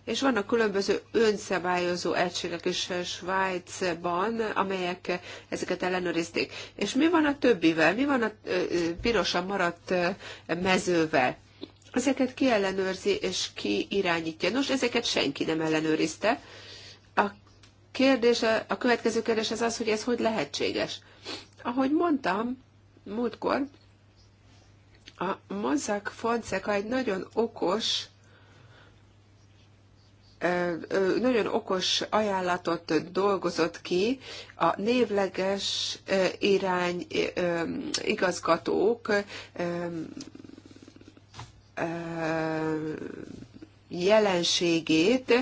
és vannak különböző önszabályozó egységek is Svájcban, amelyek ezeket ellenőrizték. És mi van a többivel? Mi van a pirosan maradt mezővel? Ezeket ki ellenőrzi és ki irányítja? Nos, ezeket senki nem ellenőrizte. A, kérdés, a következő kérdés az az, hogy ez hogy lehetséges. Ahogy mondtam múltkor, a Mozak Fonseca egy nagyon okos nagyon okos ajánlatot dolgozott ki a névleges irány igazgatók jelenségét,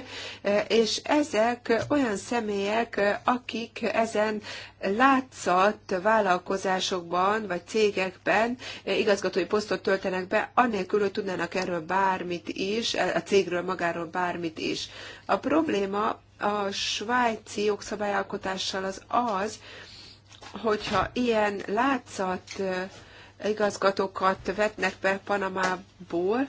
és ezek olyan személyek, akik ezen látszat vállalkozásokban vagy cégekben igazgatói posztot töltenek be, anélkül, hogy tudnának erről bármit is, a cégről magáról bármit is. A probléma a svájci jogszabályalkotással az az, hogyha ilyen látszat igazgatókat vetnek be Panamából,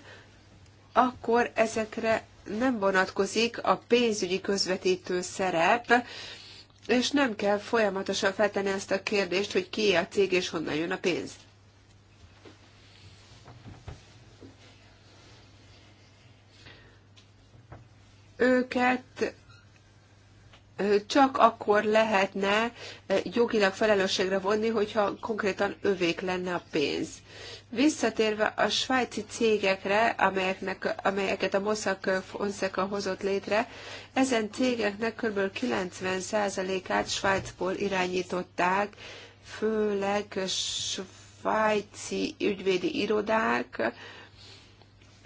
akkor ezekre nem vonatkozik a pénzügyi közvetítő szerep, és nem kell folyamatosan feltenni ezt a kérdést, hogy ki a cég és honnan jön a pénz. Őket csak akkor lehetne jogilag felelősségre vonni, hogyha konkrétan övék lenne a pénz. Visszatérve a svájci cégekre, amelyeknek, amelyeket a Mossack Fonseca hozott létre, ezen cégeknek kb. 90%-át Svájcból irányították, főleg svájci ügyvédi irodák,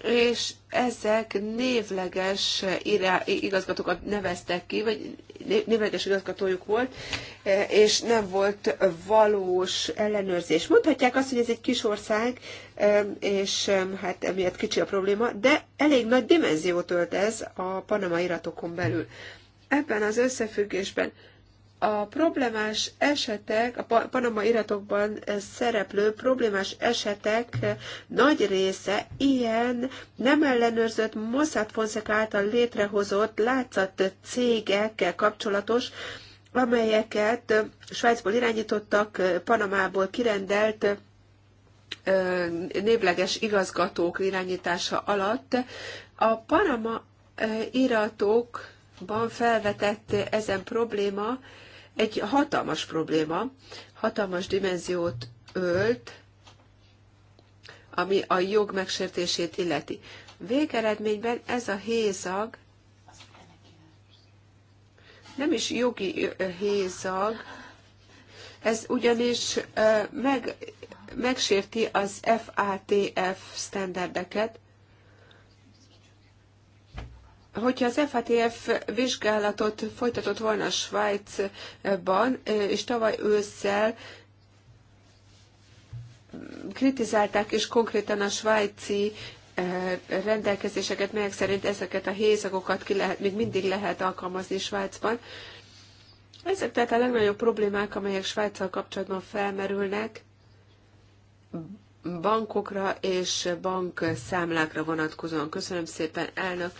és ezek névleges irá, igazgatókat neveztek ki, vagy névleges igazgatójuk volt, e, és nem volt valós ellenőrzés. Mondhatják azt, hogy ez egy kis ország, e, és e, hát emiatt kicsi a probléma, de elég nagy dimenziót ölt ez a panama iratokon belül. Ebben az összefüggésben a problémás esetek, a Panama iratokban szereplő problémás esetek nagy része ilyen nem ellenőrzött Mossad Fonseca által létrehozott látszat cégekkel kapcsolatos, amelyeket Svájcból irányítottak, Panamából kirendelt névleges igazgatók irányítása alatt. A Panama iratokban felvetett ezen probléma, egy hatalmas probléma, hatalmas dimenziót ölt, ami a jog megsértését illeti. Végeredményben ez a hézag nem is jogi hézag, ez ugyanis meg, megsérti az FATF standardeket, Hogyha az FATF vizsgálatot folytatott volna Svájcban, és tavaly ősszel kritizálták, és konkrétan a svájci rendelkezéseket, melyek szerint ezeket a hézagokat ki lehet, még mindig lehet alkalmazni Svájcban. Ezek tehát a legnagyobb problémák, amelyek Svájccal kapcsolatban felmerülnek, bankokra és bankszámlákra vonatkozóan. Köszönöm szépen, elnök!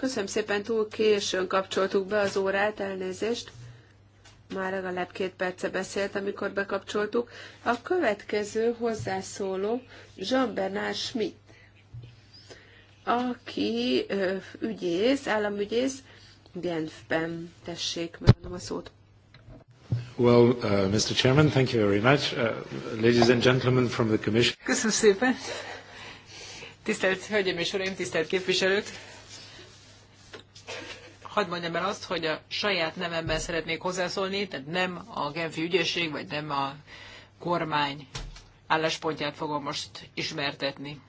Köszönöm szépen, túl későn kapcsoltuk be az órát, elnézést. Már legalább két perce beszélt, amikor bekapcsoltuk. A következő hozzászóló Jean-Bernard Schmidt, aki ügyész, államügyész, Genfben. Tessék, megadom a szót. Well, uh, Mr. Chairman, thank you very much. Uh, ladies and gentlemen from the Commission. Köszönöm szépen. Tisztelt Hölgyeim és Uraim, tisztelt képviselők! hadd mondjam el azt, hogy a saját nevemben szeretnék hozzászólni, tehát nem a Genfi ügyészség, vagy nem a kormány álláspontját fogom most ismertetni.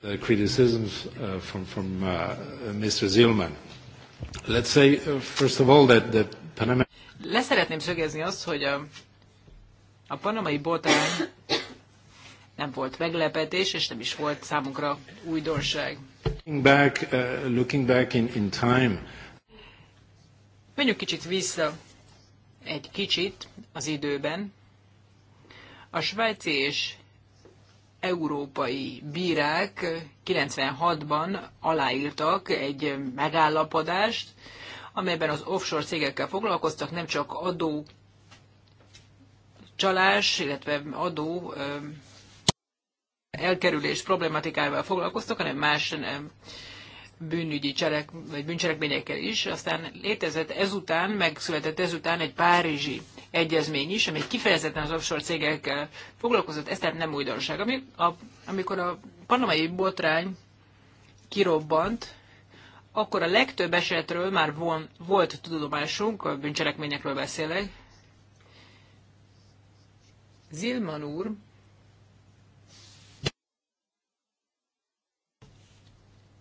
The criticisms uh, from, from uh, Mr. Zilman. Let's say, uh, first of all, that, that Panama... Leszeretném szögezni azt, hogy a, a panamai botán nem volt meglepetés, és nem is volt számunkra újdonság. Looking back, uh, looking back in, in time. Menjünk kicsit vissza, egy kicsit az időben. A svájci és európai bírák 96-ban aláírtak egy megállapodást, amelyben az offshore cégekkel foglalkoztak, nem csak adó csalás, illetve adó elkerülés problematikájával foglalkoztak, hanem más nem bűnügyi cselek, vagy bűncselekményekkel is. Aztán létezett ezután, megszületett ezután egy párizsi egyezmény is, ami kifejezetten az offshore cégekkel foglalkozott, ez tehát nem újdonság. Ami, a, amikor a panamai botrány kirobbant, akkor a legtöbb esetről már von, volt tudomásunk, a bűncselekményekről beszélek. Zilman úr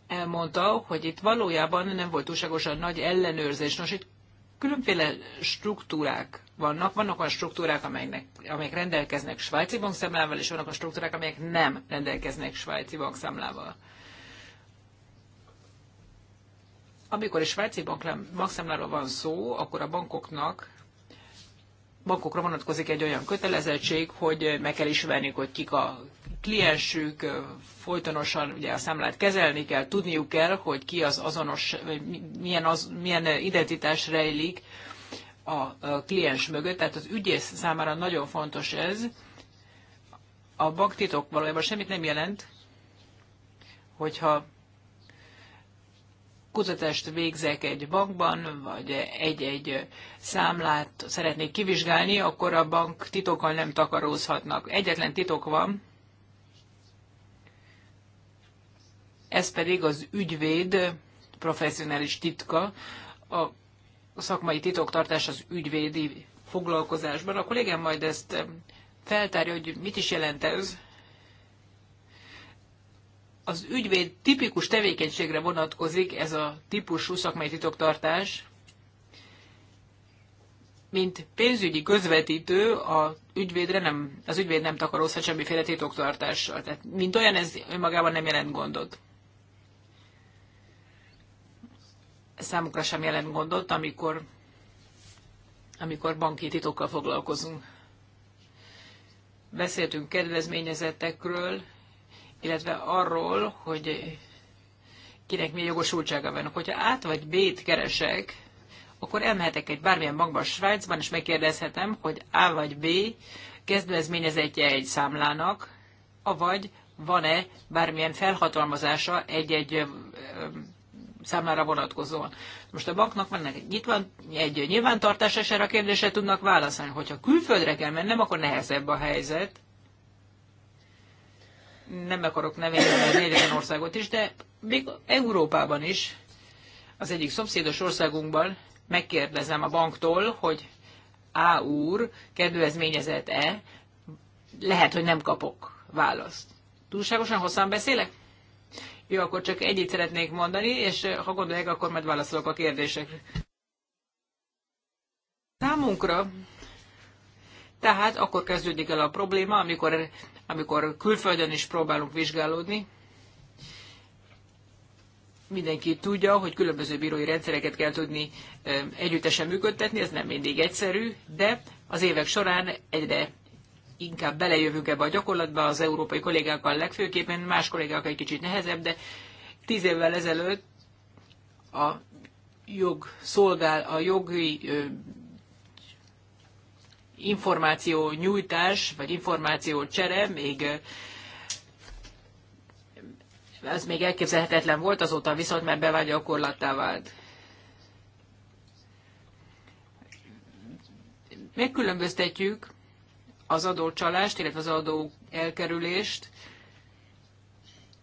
elmondta, hogy itt valójában nem volt túlságosan nagy ellenőrzés. Nos, itt különféle struktúrák vannak. Vannak olyan struktúrák, amelynek, amelyek rendelkeznek svájci bankszámlával, és vannak olyan struktúrák, amelyek nem rendelkeznek svájci bankszámlával. Amikor egy svájci bankszámláról van szó, akkor a bankoknak bankokra vonatkozik egy olyan kötelezettség, hogy meg kell ismerni, hogy kik a kliensük, folytonosan ugye a számlát kezelni kell, tudniuk kell, hogy ki az azonos, vagy milyen, az, milyen identitás rejlik a kliens mögött. Tehát az ügyész számára nagyon fontos ez. A banktitok valójában semmit nem jelent, hogyha kutatást végzek egy bankban, vagy egy-egy számlát szeretnék kivizsgálni, akkor a bank titokkal nem takarózhatnak. Egyetlen titok van, ez pedig az ügyvéd professzionális titka, a szakmai titoktartás az ügyvédi foglalkozásban. A kollégám majd ezt feltárja, hogy mit is jelent ez. Az ügyvéd tipikus tevékenységre vonatkozik ez a típusú szakmai titoktartás, mint pénzügyi közvetítő a ügyvédre nem, az ügyvéd nem takarózhat semmiféle titoktartással. Tehát mint olyan ez önmagában nem jelent gondot. számukra sem jelent gondot, amikor, amikor banki titokkal foglalkozunk. Beszéltünk kedvezményezetekről, illetve arról, hogy kinek milyen jogosultsága van. Hogyha át vagy B-t keresek, akkor elmehetek egy bármilyen bankban Svájcban, és megkérdezhetem, hogy A vagy B kezdvezményezetje egy számlának, avagy van-e bármilyen felhatalmazása egy-egy számára vonatkozóan. Most a banknak mennek egy, nyitvan, egy nyilvántartás, és a kérdésre tudnak válaszolni. Hogyha külföldre kell mennem, akkor nehezebb a helyzet. Nem akarok az egyetlen országot is, de még Európában is, az egyik szomszédos országunkban megkérdezem a banktól, hogy A úr, kedvezményezett-e, lehet, hogy nem kapok választ. Túlságosan hosszan beszélek? Jó, akkor csak egyet szeretnék mondani, és eh, ha gondolják, akkor majd válaszolok a kérdésekre. Számunkra tehát akkor kezdődik el a probléma, amikor, amikor külföldön is próbálunk vizsgálódni. Mindenki tudja, hogy különböző bírói rendszereket kell tudni eh, együttesen működtetni, ez nem mindig egyszerű, de az évek során egyre inkább belejövünk ebbe a gyakorlatba, az európai kollégákkal legfőképpen, más kollégákkal egy kicsit nehezebb, de tíz évvel ezelőtt a jog szolgál, a jogi ö, információ nyújtás, vagy információ csere még ez még elképzelhetetlen volt, azóta viszont már bevágy gyakorlattá vált. Megkülönböztetjük az adócsalást, illetve az adó elkerülést.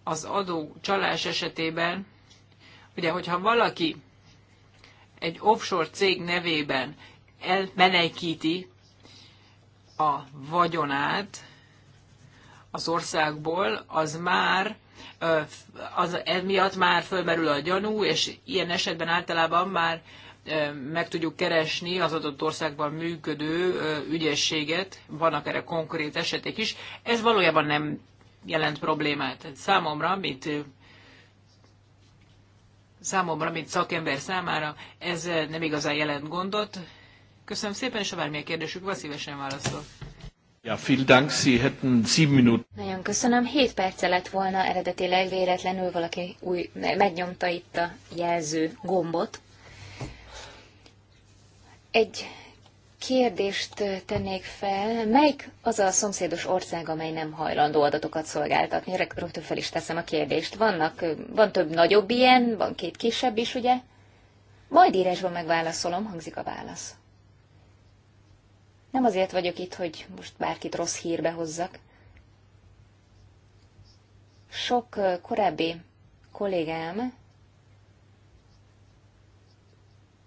Az adócsalás esetében, ugye, hogyha valaki egy offshore cég nevében elmenekíti a vagyonát az országból, az már az, emiatt már fölmerül a gyanú, és ilyen esetben általában már meg tudjuk keresni az adott országban működő ügyességet, vannak erre konkrét esetek is. Ez valójában nem jelent problémát. Számomra, mint számomra, mint szakember számára ez nem igazán jelent gondot. Köszönöm szépen, és ha bármilyen kérdésük van, szívesen válaszol. Ja, vielen Dank, Sie hätten sieben Minuten. Nagyon köszönöm. Hét perce lett volna eredetileg véletlenül valaki új, megnyomta itt a jelző gombot. Egy kérdést tennék fel, melyik az a szomszédos ország, amely nem hajlandó adatokat szolgáltatni? Rögtön fel is teszem a kérdést. Vannak, van több nagyobb ilyen, van két kisebb is, ugye? Majd írásban megválaszolom, hangzik a válasz. Nem azért vagyok itt, hogy most bárkit rossz hírbe hozzak. Sok korábbi kollégám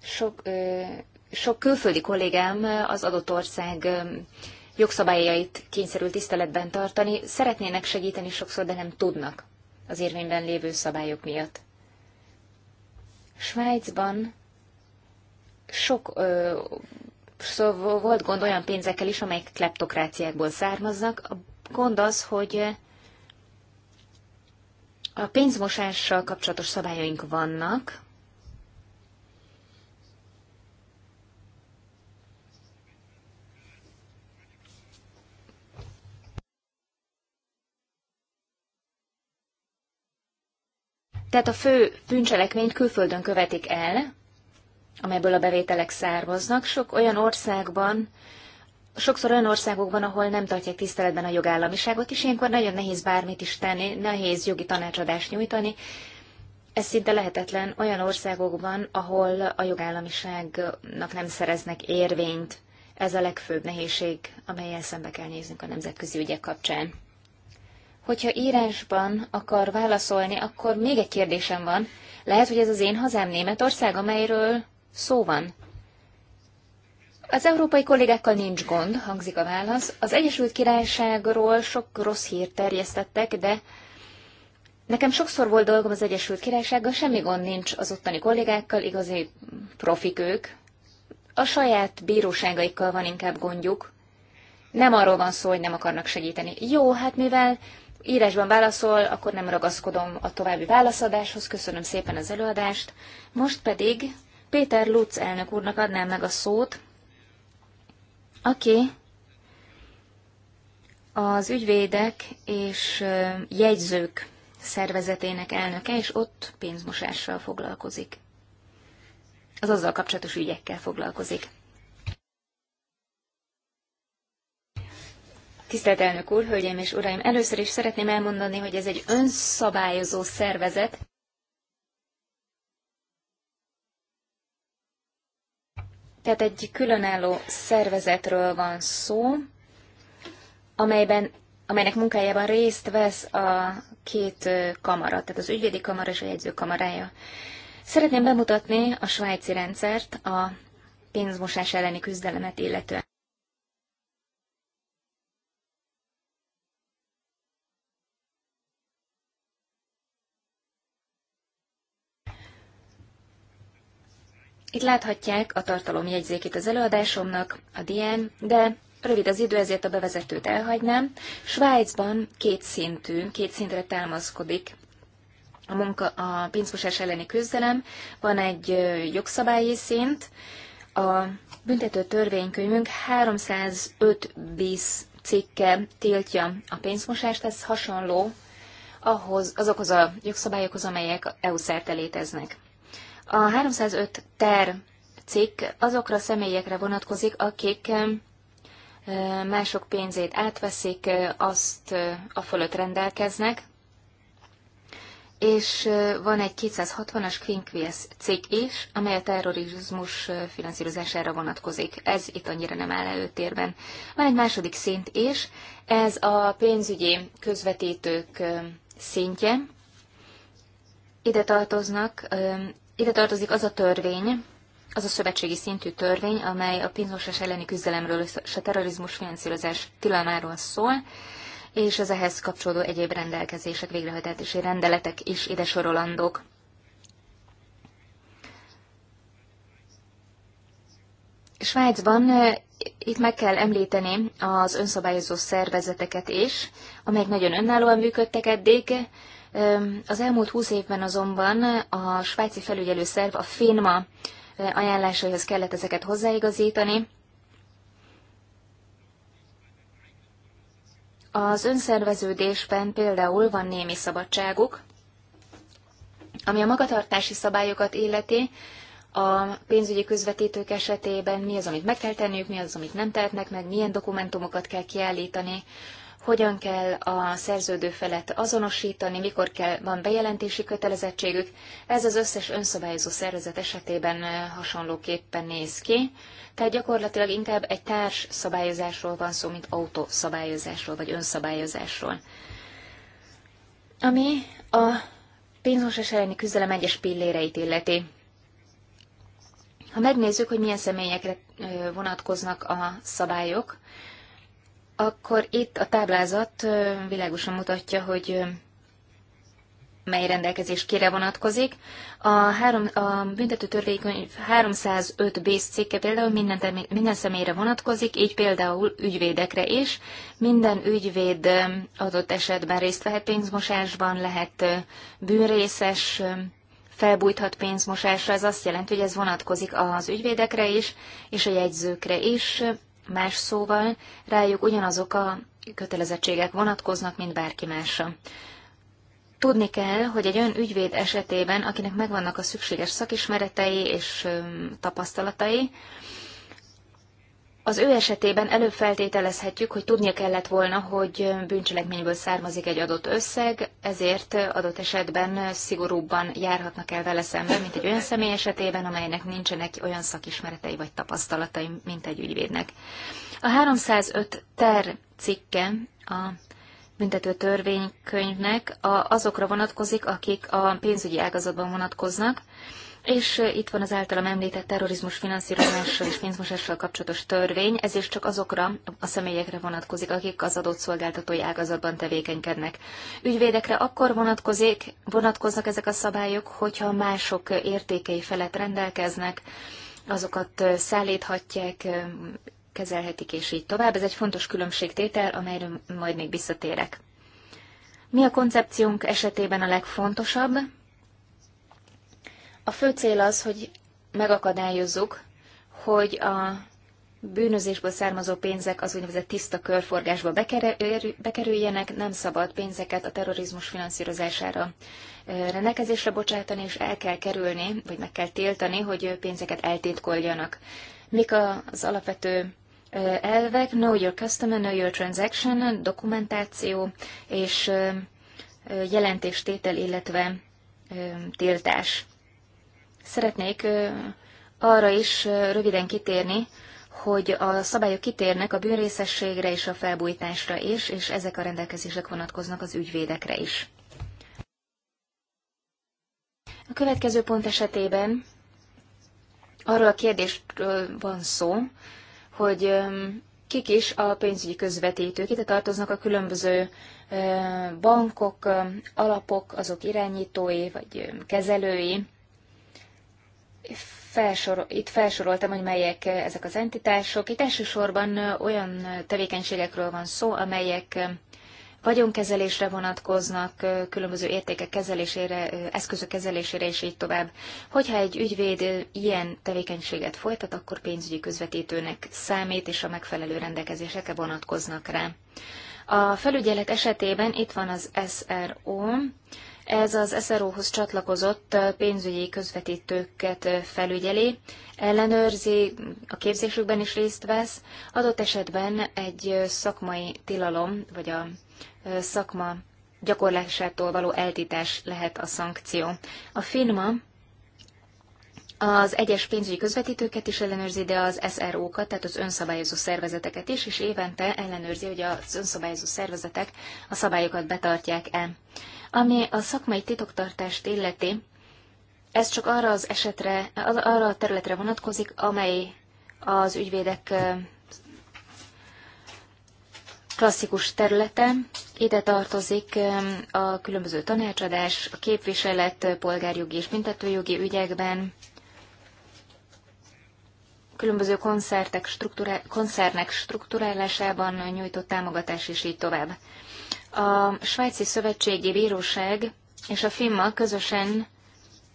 sok, ö, sok külföldi kollégám az adott ország jogszabályait kényszerül tiszteletben tartani, szeretnének segíteni sokszor, de nem tudnak az érvényben lévő szabályok miatt. Svájcban sok ö, szóval volt gond olyan pénzekkel is, amelyek kleptokráciákból származnak. A gond az, hogy a pénzmosással kapcsolatos szabályaink vannak, Tehát a fő bűncselekményt külföldön követik el, amelyből a bevételek származnak. Sok olyan országban, sokszor olyan országokban, ahol nem tartják tiszteletben a jogállamiságot, és ilyenkor nagyon nehéz bármit is tenni, nehéz jogi tanácsadást nyújtani. Ez szinte lehetetlen olyan országokban, ahol a jogállamiságnak nem szereznek érvényt. Ez a legfőbb nehézség, amelyel szembe kell néznünk a nemzetközi ügyek kapcsán hogyha írásban akar válaszolni, akkor még egy kérdésem van. Lehet, hogy ez az én hazám Németország, amelyről szó van. Az európai kollégákkal nincs gond, hangzik a válasz. Az Egyesült Királyságról sok rossz hírt terjesztettek, de nekem sokszor volt dolgom az Egyesült Királysággal, semmi gond nincs az ottani kollégákkal, igazi profik ők. A saját bíróságaikkal van inkább gondjuk. Nem arról van szó, hogy nem akarnak segíteni. Jó, hát mivel írásban válaszol, akkor nem ragaszkodom a további válaszadáshoz. Köszönöm szépen az előadást. Most pedig Péter Lutz elnök úrnak adnám meg a szót, aki az ügyvédek és jegyzők szervezetének elnöke, és ott pénzmosással foglalkozik. Az azzal kapcsolatos ügyekkel foglalkozik. Tisztelt elnök úr, hölgyeim és uraim! Először is szeretném elmondani, hogy ez egy önszabályozó szervezet. Tehát egy különálló szervezetről van szó, amelyben, amelynek munkájában részt vesz a két kamara, tehát az ügyvédi kamara és a jegyzőkamarája. Szeretném bemutatni a svájci rendszert, a pénzmosás elleni küzdelemet illetően. Itt láthatják a tartalomjegyzékét az előadásomnak, a dián, de rövid az idő, ezért a bevezetőt elhagynám. Svájcban két szintű, két szintre támaszkodik a, munka, a pénzmosás elleni küzdelem. Van egy jogszabályi szint, a büntető törvénykönyvünk 305 bis cikke tiltja a pénzmosást, ez hasonló ahhoz, azokhoz a jogszabályokhoz, amelyek EU szerte léteznek. A 305 ter cikk azokra a személyekre vonatkozik, akik mások pénzét átveszik, azt a fölött rendelkeznek, és van egy 260-as Quinquies cikk is, amely a terrorizmus finanszírozására vonatkozik. Ez itt annyira nem áll előtérben. Van egy második szint is, ez a pénzügyi közvetítők szintje. Ide tartoznak ide tartozik az a törvény, az a szövetségi szintű törvény, amely a pénzmosás elleni küzdelemről és a terrorizmus finanszírozás tilalmáról szól, és az ehhez kapcsolódó egyéb rendelkezések, végrehajtási rendeletek is ide sorolandók. Svájcban eh, itt meg kell említeni az önszabályozó szervezeteket is, amelyek nagyon önállóan működtek eddig, az elmúlt húsz évben azonban a svájci felügyelőszerv, a FINMA eh, ajánlásaihoz kellett ezeket hozzáigazítani. Az önszerveződésben például van némi szabadságuk, ami a magatartási szabályokat illeti, a pénzügyi közvetítők esetében mi az, amit meg kell tenniük, mi az, amit nem tehetnek meg, milyen dokumentumokat kell kiállítani, hogyan kell a szerződő felet azonosítani, mikor kell, van bejelentési kötelezettségük. Ez az összes önszabályozó szervezet esetében hasonlóképpen néz ki, tehát gyakorlatilag inkább egy társ szabályozásról van szó, mint szabályozásról vagy önszabályozásról. Ami a pénzmosás elleni küzdelem egyes pilléreit illeti. Ha megnézzük, hogy milyen személyekre vonatkoznak a szabályok, akkor itt a táblázat világosan mutatja, hogy mely rendelkezés kire vonatkozik. A, három, a büntető törvénykönyv 305 B cikke például minden, termi, minden személyre vonatkozik, így például ügyvédekre is. Minden ügyvéd adott esetben részt vehet pénzmosásban, lehet bűnrészes, felbújthat pénzmosásra. Ez azt jelenti, hogy ez vonatkozik az ügyvédekre is, és a jegyzőkre is, Más szóval rájuk ugyanazok a kötelezettségek vonatkoznak, mint bárki másra. Tudni kell, hogy egy olyan ügyvéd esetében, akinek megvannak a szükséges szakismeretei és tapasztalatai, az ő esetében előbb feltételezhetjük, hogy tudnia kellett volna, hogy bűncselekményből származik egy adott összeg, ezért adott esetben szigorúbban járhatnak el vele szemben, mint egy olyan személy esetében, amelynek nincsenek olyan szakismeretei vagy tapasztalatai, mint egy ügyvédnek. A 305 ter cikke a büntető törvénykönyvnek azokra vonatkozik, akik a pénzügyi ágazatban vonatkoznak, és itt van az általam említett terrorizmus finanszírozással és pénzmosással kapcsolatos törvény, ez is csak azokra a személyekre vonatkozik, akik az adott szolgáltatói ágazatban tevékenykednek. Ügyvédekre akkor vonatkozik, vonatkoznak ezek a szabályok, hogyha mások értékei felett rendelkeznek, azokat szállíthatják, kezelhetik, és így tovább. Ez egy fontos különbségtétel, amelyről majd még visszatérek. Mi a koncepciónk esetében a legfontosabb? A fő cél az, hogy megakadályozzuk, hogy a bűnözésből származó pénzek az úgynevezett tiszta körforgásba bekerüljenek, nem szabad pénzeket a terrorizmus finanszírozására rendelkezésre bocsátani, és el kell kerülni, vagy meg kell tiltani, hogy pénzeket eltétkoljanak. Mik az alapvető elvek? Know your customer, know your transaction, dokumentáció és jelentéstétel, illetve tiltás. Szeretnék arra is röviden kitérni, hogy a szabályok kitérnek a bűnrészességre és a felbújtásra is, és ezek a rendelkezések vonatkoznak az ügyvédekre is. A következő pont esetében arról a kérdésről van szó, hogy kik is a pénzügyi közvetítők. Itt tartoznak a különböző bankok, alapok, azok irányítói vagy kezelői, felsorol, itt felsoroltam, hogy melyek eh, ezek az entitások. Itt elsősorban eh, olyan tevékenységekről van szó, amelyek eh, vagyonkezelésre vonatkoznak, különböző értékek kezelésére, eszközök kezelésére, és így tovább. Hogyha egy ügyvéd ilyen tevékenységet folytat, akkor pénzügyi közvetítőnek számít, és a megfelelő rendelkezéseke vonatkoznak rá. A felügyelet esetében itt van az SRO, ez az SRO-hoz csatlakozott pénzügyi közvetítőket felügyeli, ellenőrzi, a képzésükben is részt vesz, adott esetben egy szakmai tilalom, vagy a szakma gyakorlásától való eltítás lehet a szankció. A FINMA az egyes pénzügyi közvetítőket is ellenőrzi, de az SRO-kat, tehát az önszabályozó szervezeteket is, és évente ellenőrzi, hogy az önszabályozó szervezetek a szabályokat betartják-e. Ami a szakmai titoktartást illeti, ez csak arra az esetre, arra a területre vonatkozik, amely az ügyvédek klasszikus területe. Ide tartozik a különböző tanácsadás, a képviselet polgárjogi és büntetőjogi ügyekben, különböző koncertek struktúrá- koncernek struktúrálásában nyújtott támogatás, és így tovább. A Svájci Szövetségi Bíróság és a FIMMA közösen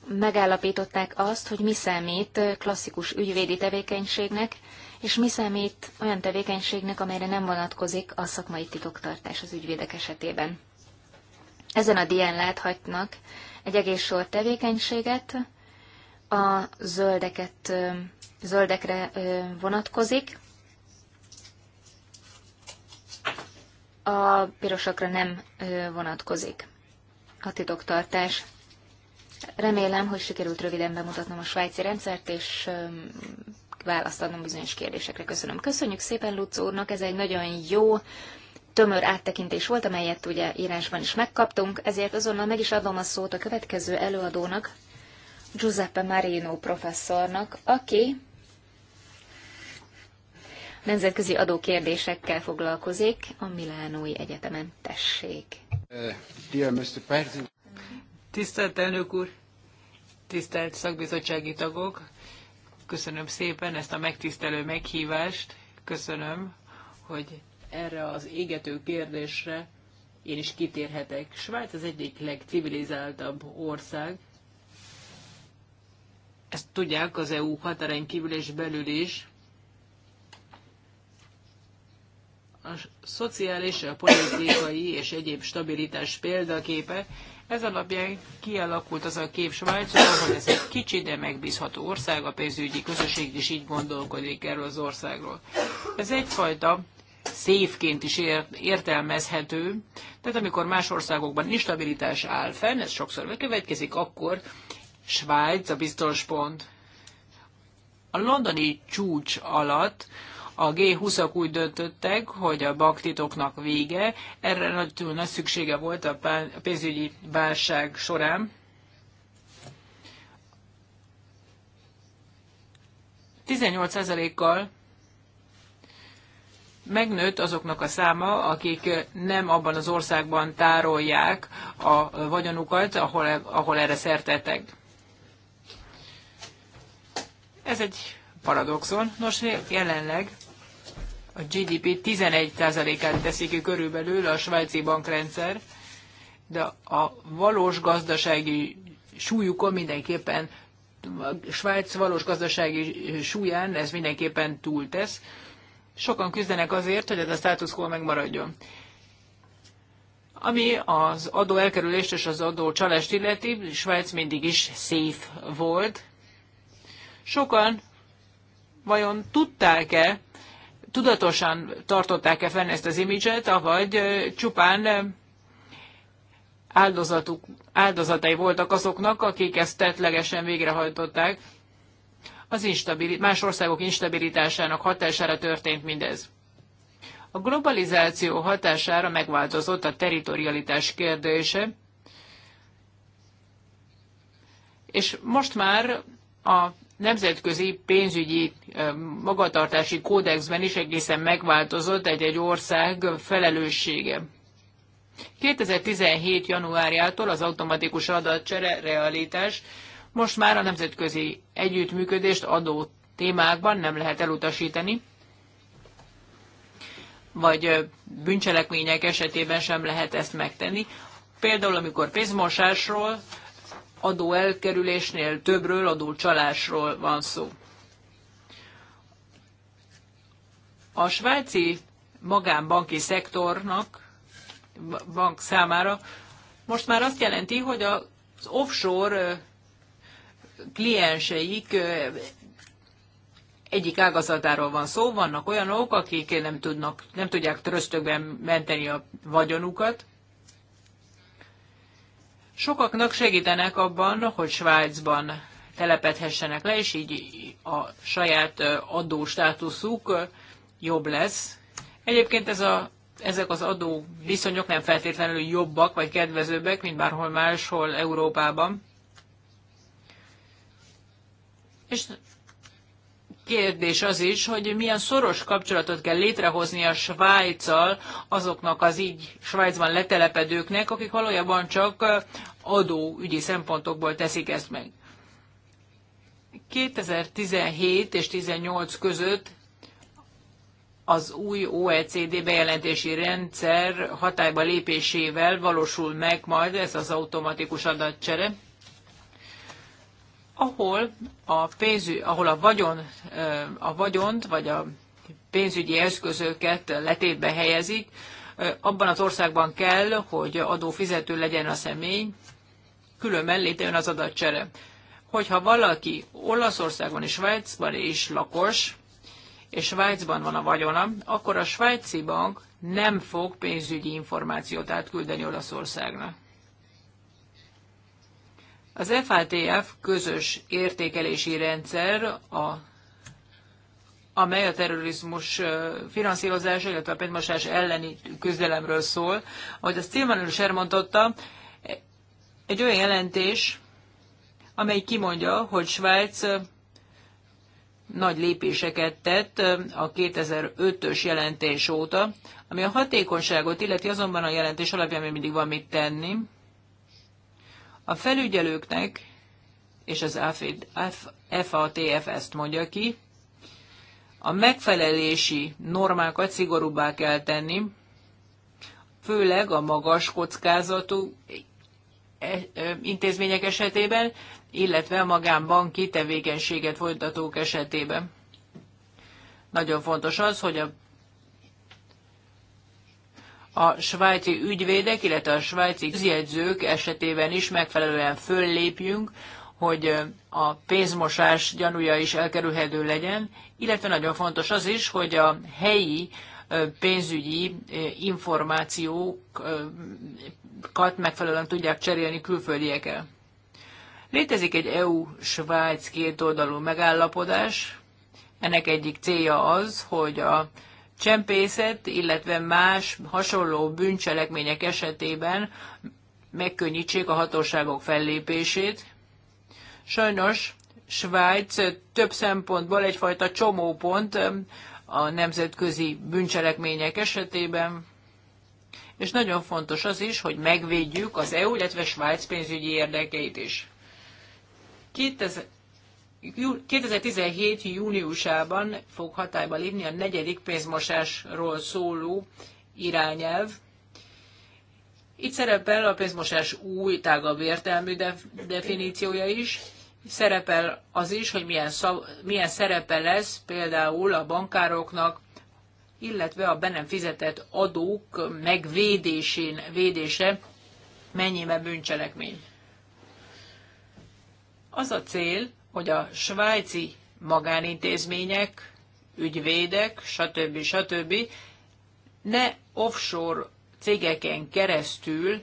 megállapították azt, hogy mi számít klasszikus ügyvédi tevékenységnek, és mi számít olyan tevékenységnek, amelyre nem vonatkozik a szakmai titoktartás az ügyvédek esetében. Ezen a dián láthatnak egy egész sor tevékenységet, a zöldeket, zöldekre vonatkozik, a pirosakra nem vonatkozik a titoktartás. Remélem, hogy sikerült röviden bemutatnom a svájci rendszert, és választ adnom bizonyos kérdésekre. Köszönöm. Köszönjük szépen Lucz úrnak, ez egy nagyon jó, tömör áttekintés volt, amelyet ugye írásban is megkaptunk, ezért azonnal meg is adom a szót a következő előadónak, Giuseppe Marino professzornak, aki nemzetközi adókérdésekkel foglalkozik a Milánói Egyetemen. Tessék! Tisztelt elnök úr! Tisztelt szakbizottsági tagok! Köszönöm szépen ezt a megtisztelő meghívást. Köszönöm, hogy erre az égető kérdésre én is kitérhetek. Svájc az egyik legcivilizáltabb ország. Ezt tudják az EU határain kívül és belül is. a szociális, a politikai és egyéb stabilitás példaképe. Ez alapján kialakult az a kép Svájcban, hogy ez egy kicsi, de megbízható ország, a pénzügyi közösség is így gondolkodik erről az országról. Ez egyfajta szévként is értelmezhető. Tehát amikor más országokban instabilitás áll fenn, ez sokszor bekövetkezik, akkor Svájc a biztos pont. A londoni csúcs alatt a G20-ak úgy döntöttek, hogy a banktitoknak vége. Erre nagyon nagy szüksége volt a pénzügyi válság során. kal megnőtt azoknak a száma, akik nem abban az országban tárolják a vagyonukat, ahol, e- ahol erre szertettek. Ez egy paradoxon. Nos, jelenleg a GDP 11%-át teszi ki körülbelül a svájci bankrendszer, de a valós gazdasági súlyukon mindenképpen, a Svájc valós gazdasági súlyán ez mindenképpen túltesz. Sokan küzdenek azért, hogy ez a status quo megmaradjon. Ami az adó elkerülést és az adó csalást illeti, Svájc mindig is safe volt. Sokan vajon tudták-e, tudatosan tartották-e fenn ezt az imidzset, avagy csupán áldozatuk, áldozatai voltak azoknak, akik ezt tetlegesen végrehajtották. Az más országok instabilitásának hatására történt mindez. A globalizáció hatására megváltozott a teritorialitás kérdése, és most már a nemzetközi pénzügyi magatartási kódexben is egészen megváltozott egy-egy ország felelőssége. 2017. januárjától az automatikus adatcsere realitás, most már a nemzetközi együttműködést adó témákban nem lehet elutasítani, vagy bűncselekmények esetében sem lehet ezt megtenni. Például, amikor pénzmosásról adó elkerülésnél többről, adócsalásról van szó. A svájci magánbanki szektornak, bank számára most már azt jelenti, hogy az offshore klienseik egyik ágazatáról van szó, vannak olyanok, akik nem, tudnak, nem tudják trösztökben menteni a vagyonukat, Sokaknak segítenek abban, hogy Svájcban telepedhessenek le, és így a saját státuszuk jobb lesz. Egyébként ez a, ezek az adó viszonyok nem feltétlenül jobbak vagy kedvezőbbek, mint bárhol máshol Európában. És kérdés az is, hogy milyen szoros kapcsolatot kell létrehozni a Svájccal azoknak az így Svájcban letelepedőknek, akik valójában csak adóügyi szempontokból teszik ezt meg. 2017 és 2018 között az új OECD bejelentési rendszer hatályba lépésével valósul meg majd ez az automatikus adatcsere ahol a pénz, ahol a, vagyon, a vagyont vagy a pénzügyi eszközöket letétbe helyezik, abban az országban kell, hogy adófizető legyen a személy, különben létrejön az adatcsere. Hogyha valaki Olaszországban és Svájcban is lakos, és Svájcban van a vagyona, akkor a svájci bank nem fog pénzügyi információt átküldeni Olaszországnak. Az FATF közös értékelési rendszer, a, amely a terrorizmus finanszírozása, illetve a pénzmosás elleni küzdelemről szól. Ahogy azt Tilman is elmondotta, egy olyan jelentés, amely kimondja, hogy Svájc nagy lépéseket tett a 2005-ös jelentés óta, ami a hatékonyságot illeti, azonban a jelentés alapján még mindig van mit tenni. A felügyelőknek, és az FATF ezt mondja ki, a megfelelési normákat szigorúbbá kell tenni, főleg a magas kockázatú e, e, intézmények esetében, illetve a magánbanki tevékenységet folytatók esetében. Nagyon fontos az, hogy a a svájci ügyvédek, illetve a svájci közjegyzők esetében is megfelelően föllépjünk, hogy a pénzmosás gyanúja is elkerülhető legyen, illetve nagyon fontos az is, hogy a helyi pénzügyi információkat megfelelően tudják cserélni külföldiekkel. Létezik egy EU-Svájc kétoldalú megállapodás. Ennek egyik célja az, hogy a csempészet, illetve más hasonló bűncselekmények esetében megkönnyítsék a hatóságok fellépését. Sajnos Svájc több szempontból egyfajta csomópont a nemzetközi bűncselekmények esetében, és nagyon fontos az is, hogy megvédjük az EU, illetve Svájc pénzügyi érdekeit is. 2000, 2017. júniusában fog hatályba lépni a negyedik pénzmosásról szóló irányelv. Itt szerepel a pénzmosás új, tágabb értelmű definíciója is. Szerepel az is, hogy milyen, szav- milyen szerepe lesz például a bankároknak, illetve a be nem fizetett adók megvédésén védése mennyiben bűncselekmény. Az a cél, hogy a svájci magánintézmények, ügyvédek, stb. stb. ne offshore cégeken keresztül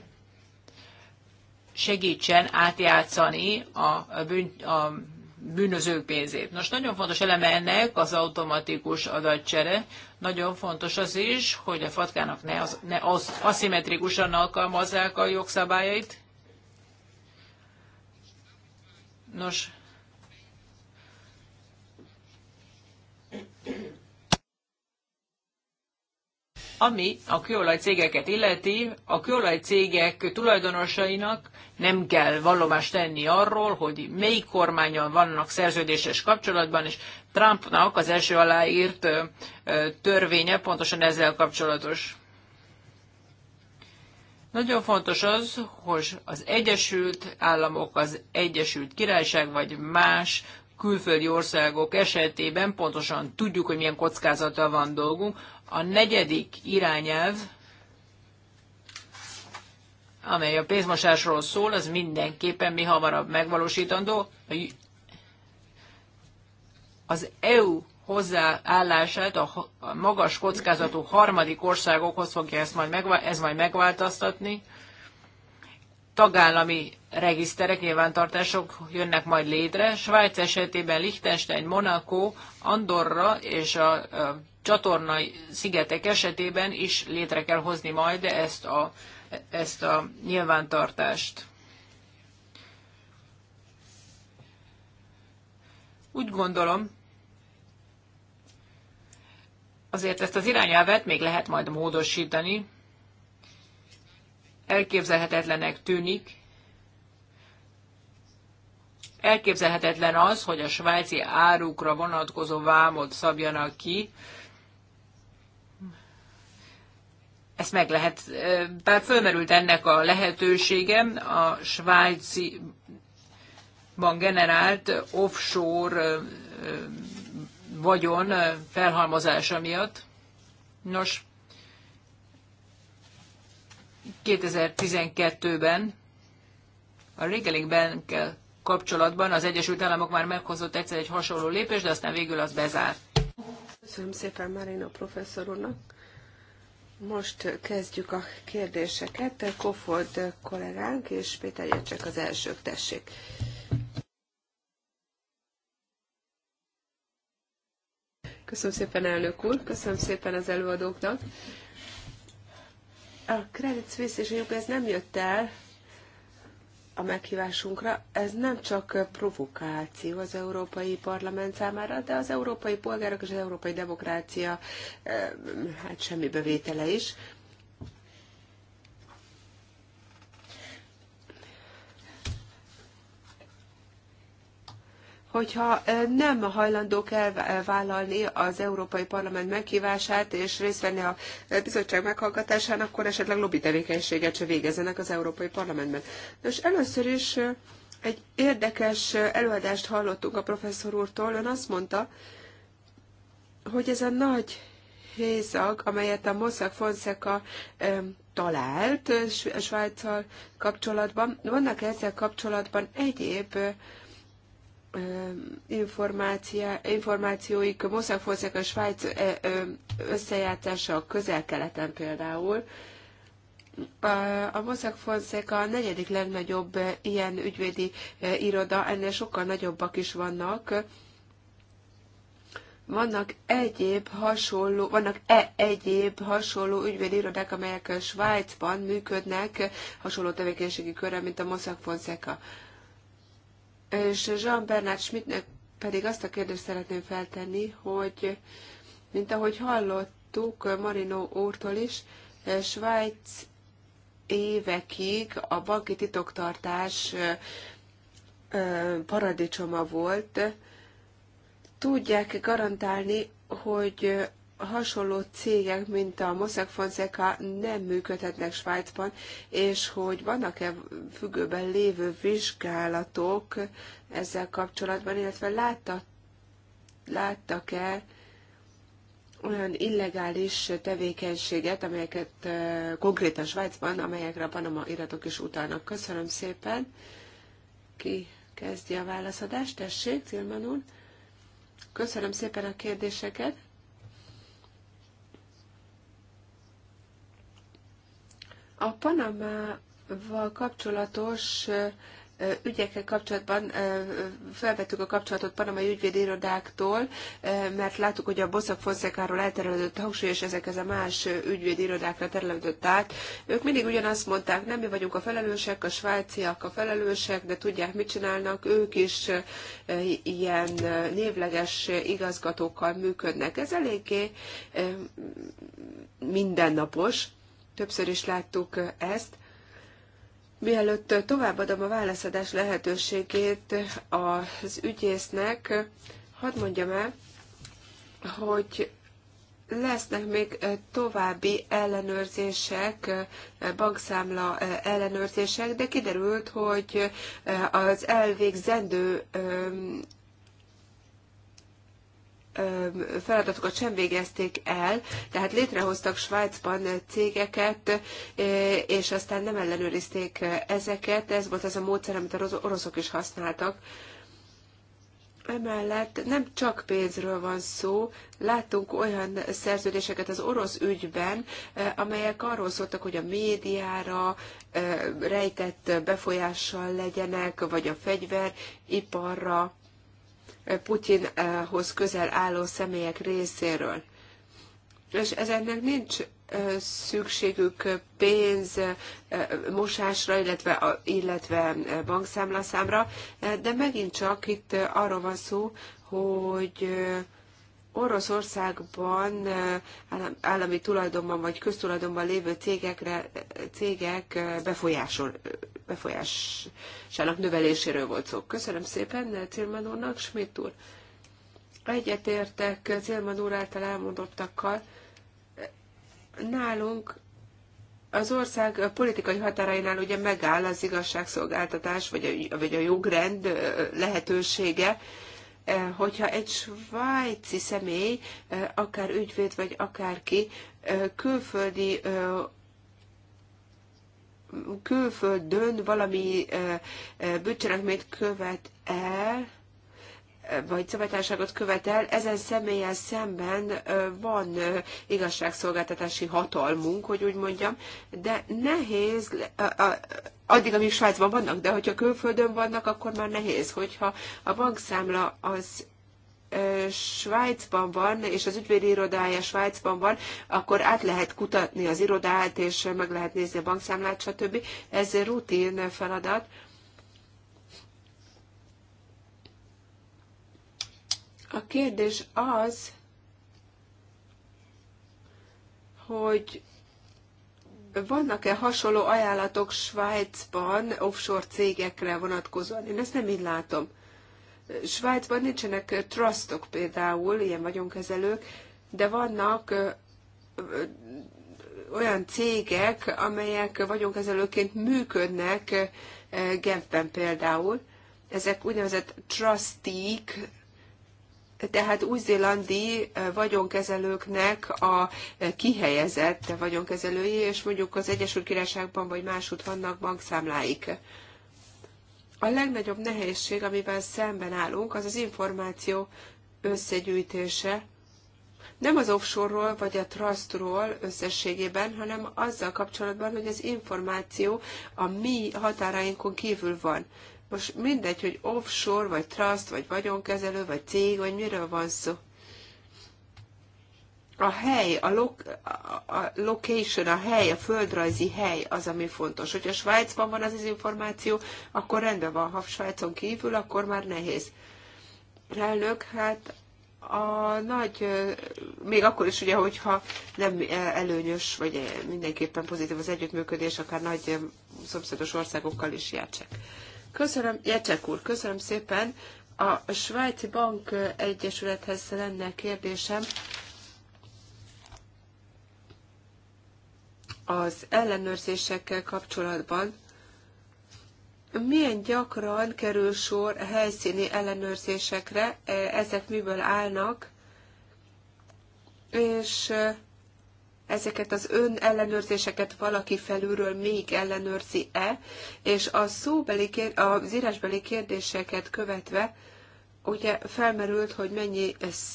segítsen átjátszani a, bűn, a bűnözők pénzét. Nos, nagyon fontos eleme ennek az automatikus adatcsere. Nagyon fontos az is, hogy a fatkának ne, az, ne az, aszimetrikusan alkalmazzák a jogszabályait. Nos, Ami a kőolaj cégeket illeti, a kőolaj cégek tulajdonosainak nem kell vallomást tenni arról, hogy melyik kormányon vannak szerződéses kapcsolatban, és Trumpnak az első aláírt törvénye pontosan ezzel kapcsolatos. Nagyon fontos az, hogy az Egyesült Államok, az Egyesült Királyság vagy más külföldi országok esetében pontosan tudjuk, hogy milyen kockázata van dolgunk. A negyedik irányelv, amely a pénzmosásról szól, az mindenképpen mi hamarabb megvalósítandó. Az EU hozzáállását a magas kockázatú harmadik országokhoz fogja ezt majd, megvá- ez majd megváltoztatni. Tagállami regiszterek, nyilvántartások jönnek majd létre. Svájc esetében Liechtenstein, Monaco, Andorra és a, a csatorna szigetek esetében is létre kell hozni majd ezt a, ezt a nyilvántartást. Úgy gondolom, azért ezt az irányelvet még lehet majd módosítani. Elképzelhetetlenek tűnik. Elképzelhetetlen az, hogy a svájci árukra vonatkozó vámot szabjanak ki, ezt meg lehet, bár fölmerült ennek a lehetősége, a svájci generált offshore vagyon felhalmozása miatt. Nos, 2012-ben a Regaling bank kapcsolatban az Egyesült Államok már meghozott egyszer egy hasonló lépést, de aztán végül az bezárt. Köszönöm szépen Marina professzor úrnak. Most kezdjük a kérdéseket. Kofod kollégánk és Péter Jecsek az elsők, tessék. Köszönöm szépen, elnök úr, köszönöm szépen az előadóknak. A Credit Suisse és a Juk, ez nem jött el, a meghívásunkra. Ez nem csak provokáció az Európai Parlament számára, de az európai polgárok és az európai demokrácia eh, hát semmi bevétele is. hogyha nem hajlandók elvállalni az Európai Parlament meghívását és részt venni a bizottság meghallgatásán, akkor esetleg lobby tevékenységet se végezzenek az Európai Parlamentben. Nos, először is egy érdekes előadást hallottunk a professzor úrtól. Ön azt mondta, hogy ez a nagy hézag, amelyet a Mossack Fonseca talált Svájccal kapcsolatban, vannak ezzel kapcsolatban egyéb információik, Mossack a Svájc összejátszása a közel-keleten például. A Mossack Fonseca a negyedik legnagyobb ilyen ügyvédi iroda, ennél sokkal nagyobbak is vannak. Vannak egyéb hasonló, vannak e egyéb hasonló ügyvédi irodák, amelyek Svájcban működnek hasonló tevékenységi körre, mint a Mossack Fonseca. És Jean Bernard Schmidtnek pedig azt a kérdést szeretném feltenni, hogy mint ahogy hallottuk Marino úrtól is, Svájc évekig a banki titoktartás paradicsoma volt. Tudják garantálni, hogy hasonló cégek, mint a Mossack Fonseca nem működhetnek Svájcban, és hogy vannak-e függőben lévő vizsgálatok ezzel kapcsolatban, illetve látta, láttak-e olyan illegális tevékenységet, amelyeket konkrétan Svájcban, amelyekre a Panama iratok is utalnak. Köszönöm szépen. Ki kezdi a válaszadást? Tessék, Zilman úr. Köszönöm szépen a kérdéseket. A Panamával kapcsolatos ügyekkel kapcsolatban felvettük a kapcsolatot panamai ügyvédirodáktól, mert láttuk, hogy a Boszak Fonszekáról elterelődött hangsúly, és ezek ez a más ügyvédirodákra terelődött át. Ők mindig ugyanazt mondták, nem mi vagyunk a felelősek, a svájciak a felelősek, de tudják, mit csinálnak, ők is ilyen névleges igazgatókkal működnek. Ez eléggé mindennapos Többször is láttuk ezt. Mielőtt továbbadom a válaszadás lehetőségét az ügyésznek, hadd mondjam el, hogy lesznek még további ellenőrzések, bankszámla ellenőrzések, de kiderült, hogy az elvégzendő feladatokat sem végezték el, tehát létrehoztak Svájcban cégeket, és aztán nem ellenőrizték ezeket. Ez volt az a módszer, amit az oroszok is használtak. Emellett nem csak pénzről van szó, láttunk olyan szerződéseket az orosz ügyben, amelyek arról szóltak, hogy a médiára rejtett befolyással legyenek, vagy a fegyveriparra Putyinhoz közel álló személyek részéről. És ezeknek nincs szükségük pénz mosásra, illetve, illetve bankszámlaszámra, de megint csak itt arról van szó, hogy Oroszországban állami tulajdonban vagy köztulajdonban lévő cégekre, cégek befolyásol, befolyásának növeléséről volt szó. Köszönöm szépen Célman úrnak, Schmidt úr. Egyetértek Célman úr által elmondottakkal. Nálunk az ország politikai határainál ugye megáll az igazságszolgáltatás, vagy a, vagy a jogrend lehetősége, Eh, hogyha egy svájci személy, eh, akár ügyvéd vagy akárki, eh, külföldi külföldön valami bűncselekményt követ el, vagy szabálytárságot követel, ezen személlyel szemben van igazságszolgáltatási hatalmunk, hogy úgy mondjam, de nehéz, addig, amíg Svájcban vannak, de hogyha külföldön vannak, akkor már nehéz, hogyha a bankszámla az Svájcban van, és az ügyvédi irodája Svájcban van, akkor át lehet kutatni az irodát, és meg lehet nézni a bankszámlát, stb. Ez rutin feladat A kérdés az, hogy vannak-e hasonló ajánlatok Svájcban offshore cégekre vonatkozóan? Én ezt nem így látom. Svájcban nincsenek trustok például, ilyen vagyonkezelők, de vannak olyan cégek, amelyek vagyonkezelőként működnek, Genfben például. Ezek úgynevezett trustik tehát új-zélandi eh, vagyonkezelőknek a eh, kihelyezett vagyonkezelői, és mondjuk az Egyesült Királyságban vagy máshogy vannak bankszámláik. A legnagyobb nehézség, amivel szemben állunk, az az információ összegyűjtése, nem az offshore-ról vagy a trustról összességében, hanem azzal kapcsolatban, hogy az információ a mi határainkon kívül van. Most mindegy, hogy offshore, vagy trust, vagy vagyonkezelő, vagy cég, vagy miről van szó. A hely, a, lo- a location, a hely, a földrajzi hely az, ami fontos. Hogyha Svájcban van az az információ, akkor rendben van. Ha Svájcon kívül, akkor már nehéz. Elnök, hát a nagy, még akkor is ugye, hogyha nem előnyös, vagy mindenképpen pozitív az együttműködés, akár nagy szomszédos országokkal is jártsák. Köszönöm, Jecsek úr, köszönöm szépen. A Svájci Bank Egyesülethez lenne kérdésem. Az ellenőrzésekkel kapcsolatban milyen gyakran kerül sor helyszíni ellenőrzésekre, ezek miből állnak, és ezeket az ön ellenőrzéseket valaki felülről még ellenőrzi-e, és a szóbeli, az írásbeli kérdéseket követve, ugye felmerült, hogy mennyi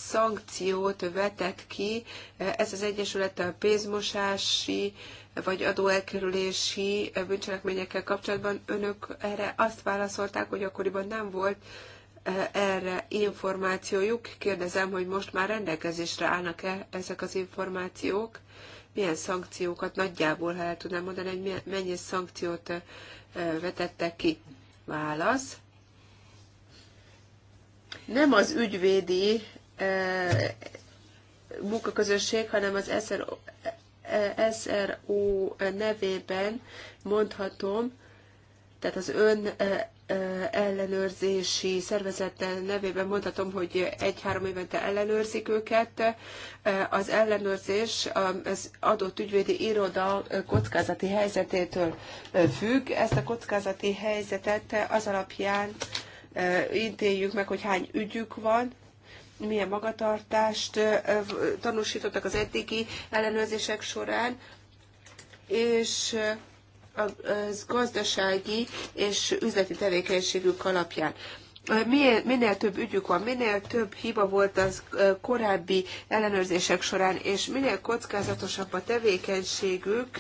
szankciót vetett ki ez az Egyesület a pénzmosási vagy adóelkerülési bűncselekményekkel kapcsolatban. Önök erre azt válaszolták, hogy akkoriban nem volt e, erre információjuk. Kérdezem, hogy most már rendelkezésre állnak-e ezek az információk, milyen szankciókat, nagyjából, ha el tudnám mondani, hogy mennyi szankciót vetettek ki. Válasz. Nem az ügyvédi munkaközösség, hanem az SRO, SRO nevében mondhatom, tehát az ön ellenőrzési szervezettel nevében mondhatom, hogy egy-három évente ellenőrzik őket. Az ellenőrzés az adott ügyvédi iroda kockázati helyzetétől függ. Ezt a kockázati helyzetet az alapján ítéljük meg, hogy hány ügyük van, milyen magatartást tanúsítottak az eddigi ellenőrzések során, és a gazdasági és üzleti tevékenységük alapján. Minél több ügyük van, minél több hiba volt az korábbi ellenőrzések során, és minél kockázatosabb a tevékenységük,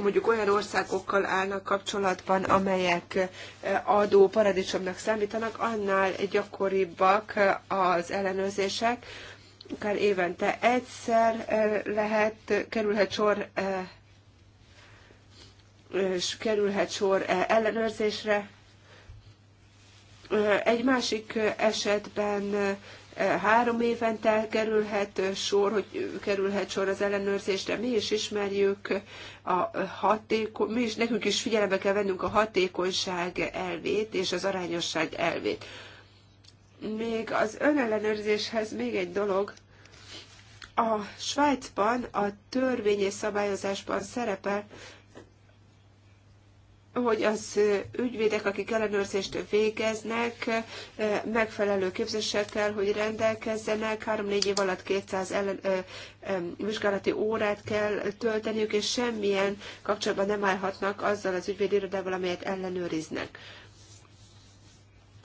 mondjuk olyan országokkal állnak kapcsolatban, amelyek adó paradicsomnak számítanak, annál gyakoribbak az ellenőrzések, akár évente egyszer lehet, kerülhet sor kerülhet sor e ellenőrzésre. Egy másik esetben három évente kerülhet sor, hogy kerülhet sor az ellenőrzésre. Mi is ismerjük a hatékony, mi is, nekünk is figyelembe kell vennünk a hatékonyság elvét és az arányosság elvét. Még az önellenőrzéshez még egy dolog. A Svájcban a törvény és szabályozásban szerepel, hogy az ügyvédek, akik ellenőrzést végeznek, megfelelő képzéssel kell, hogy rendelkezzenek, 3-4 év alatt 200 ellen, ö, ö, vizsgálati órát kell tölteniük, és semmilyen kapcsolatban nem állhatnak azzal az ügyvédirodával, amelyet ellenőriznek.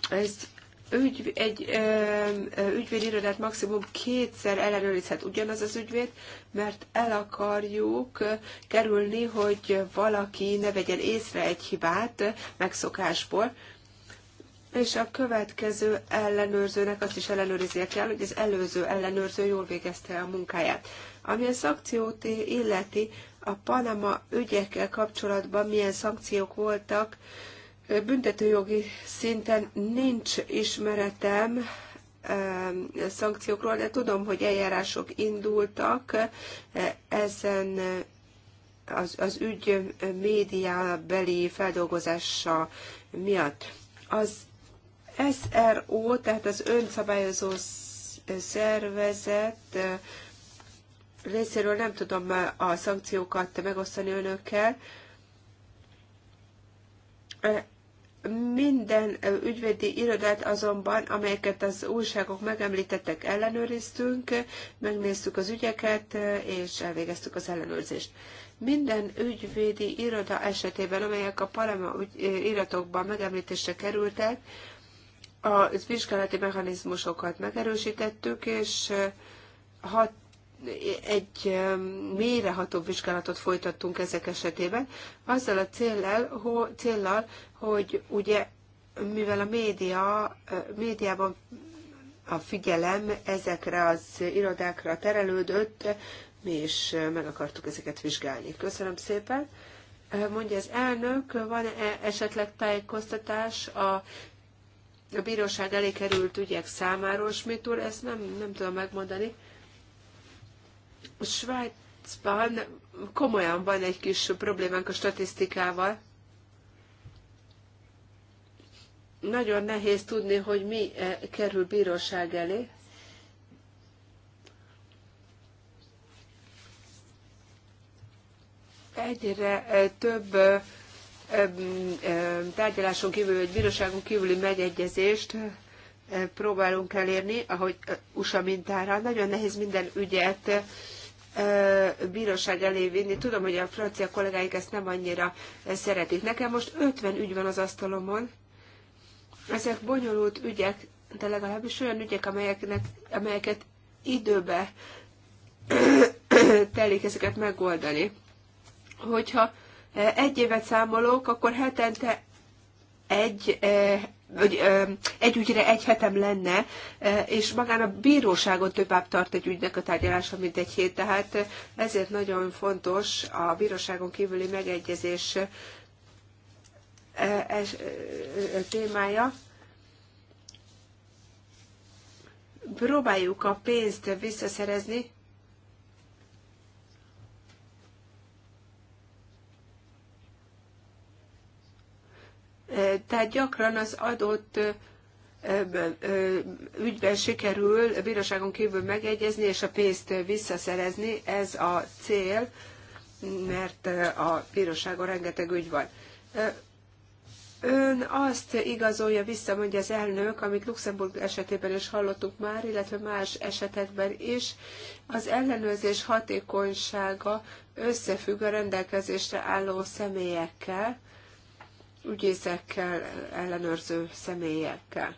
Ez ügy, egy ö, ügyvédirodát maximum kétszer ellenőrizhet ugyanaz az ügyvéd, mert el akarjuk kerülni, hogy valaki ne vegyen észre egy hibát megszokásból, és a következő ellenőrzőnek azt is ellenőriznie kell, hogy az előző ellenőrző jól végezte a munkáját. Ami a szankciót illeti, a Panama ügyekkel kapcsolatban milyen szankciók voltak, Büntetőjogi szinten nincs ismeretem szankciókról, de tudom, hogy eljárások indultak eh, ezen eh, az, az ügy médiábeli feldolgozása miatt. Az SRO, tehát az önszabályozó szervezet eh, részéről nem tudom a szankciókat megosztani önökkel. Minden ügyvédi irodát azonban, amelyeket az újságok megemlítettek, ellenőriztünk, megnéztük az ügyeket, és elvégeztük az ellenőrzést. Minden ügyvédi iroda esetében, amelyek a Palema iratokban megemlítésre kerültek, a vizsgálati mechanizmusokat megerősítettük, és hat, egy mélyreható vizsgálatot folytattunk ezek esetében, azzal a céllal, hogy, céllal, hogy ugye, mivel a média, médiában a figyelem ezekre az irodákra terelődött, mi is meg akartuk ezeket vizsgálni. Köszönöm szépen. Mondja az elnök, van -e esetleg tájékoztatás a a bíróság elé került ügyek számáról, Schmidt úr, ezt nem, nem tudom megmondani. A Svájcban komolyan van egy kis problémánk a statisztikával. nagyon nehéz tudni, hogy mi eh, kerül bíróság elé. Egyre eh, több eh, tárgyaláson kívül, vagy bíróságon kívüli megegyezést próbálunk elérni, ahogy USA mintára. Nagyon nehéz minden ügyet bíróság elé vinni. Tudom, hogy a francia kollégáik ezt nem annyira szeretik. Nekem most 50 ügy van az asztalomon, ezek bonyolult ügyek, de legalábbis olyan ügyek, amelyeknek, amelyeket időbe telik ezeket megoldani. Hogyha e, egy évet számolok, akkor hetente egy, e, vagy e, egy ügyre egy hetem lenne, és magán a bíróságon többább tart egy ügynek a tárgyalása, mint egy hét. Tehát ezért nagyon fontos a bíróságon kívüli megegyezés E, es, e, témája. Próbáljuk a pénzt visszaszerezni, e, Tehát gyakran az adott ügyben sikerül a bíróságon kívül megegyezni és a pénzt visszaszerezni. Ez a cél, mert a bíróságon rengeteg ügy van. Ön azt igazolja vissza, mondja az elnök, amit Luxemburg esetében is hallottuk már, illetve más esetekben is, az ellenőrzés hatékonysága összefügg a rendelkezésre álló személyekkel, ügyészekkel, ellenőrző személyekkel.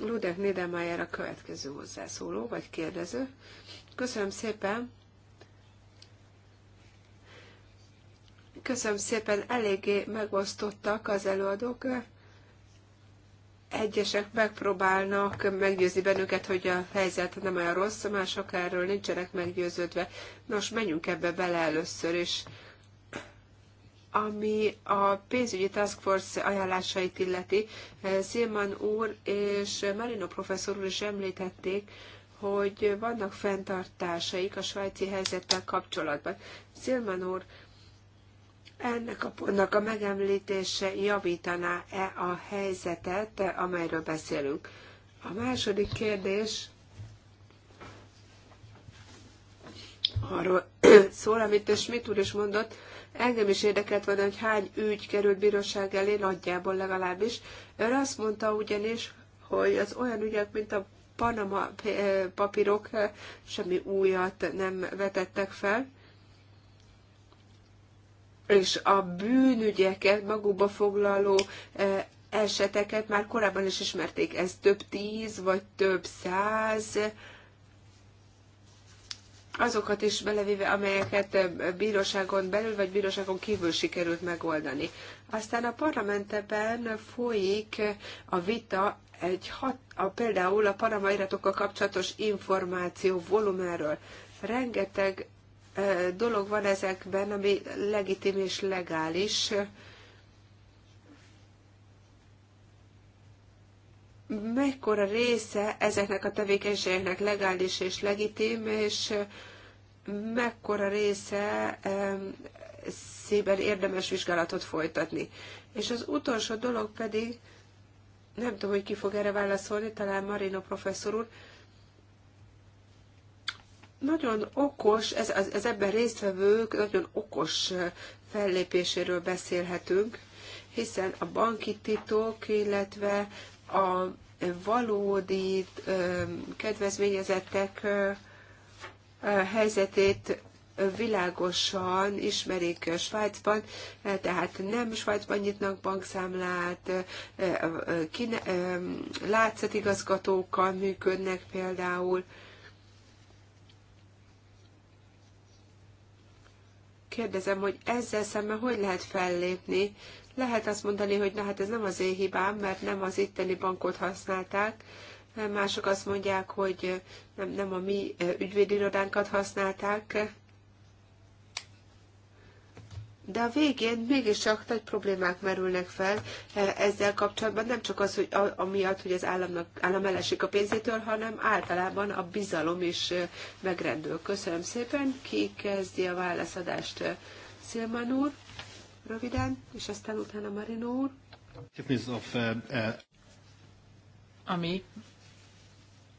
Ludek Niedermayer a következő hozzászóló, vagy kérdező. Köszönöm szépen! Köszönöm szépen, eléggé megosztottak az előadók. Egyesek megpróbálnak meggyőzni bennünket, hogy a helyzet nem olyan rossz, mások erről nincsenek meggyőződve. Nos, menjünk ebbe bele először is. Ami a pénzügyi task force ajánlásait illeti, Szilman úr és Marino professzor úr is említették, hogy vannak fenntartásaik a svájci helyzettel kapcsolatban. Szilman úr, ennek a pontnak a megemlítése javítaná-e a helyzetet, amelyről beszélünk? A második kérdés arról szól, amit Smit úr is mondott, engem is érdekelt volna, hogy hány ügy került bíróság elé, nagyjából legalábbis. Ön azt mondta ugyanis, hogy az olyan ügyek, mint a Panama eh, papírok eh, semmi újat nem vetettek fel és a bűnügyeket magukba foglaló e, eseteket már korábban is ismerték. Ez több tíz, vagy több száz, azokat is belevéve, amelyeket e, bíróságon belül vagy bíróságon kívül sikerült megoldani. Aztán a parlamentben folyik a vita egy hat, a, például a paramairatokkal kapcsolatos információ volumáról. Rengeteg dolog van ezekben, ami legitim és legális. Mekkora része ezeknek a tevékenységeknek legális és legitim, és mekkora része szépen érdemes vizsgálatot folytatni. És az utolsó dolog pedig, nem tudom, hogy ki fog erre válaszolni, talán Marino professzor úr, nagyon okos, ez, az, az ebben résztvevők nagyon okos fellépéséről beszélhetünk, hiszen a banki titok, illetve a valódi kedvezményezettek helyzetét világosan ismerik Svájcban, tehát nem Svájcban nyitnak bankszámlát, látszatigazgatókkal működnek például, kérdezem, hogy ezzel szemben hogy lehet fellépni? Lehet azt mondani, hogy na hát ez nem az én hibám, mert nem az itteni bankot használták, mások azt mondják, hogy nem, nem a mi eh, ügyvédirodánkat használták, de a végén mégiscsak nagy problémák merülnek fel e, ezzel kapcsolatban, nem csak az, hogy a, amiatt, hogy az államnak, állam elesik a pénzétől, hanem általában a bizalom is e, megrendül. Köszönöm szépen. Ki kezdi a válaszadást? E, Szilman úr, röviden, és aztán utána Marino úr. Ami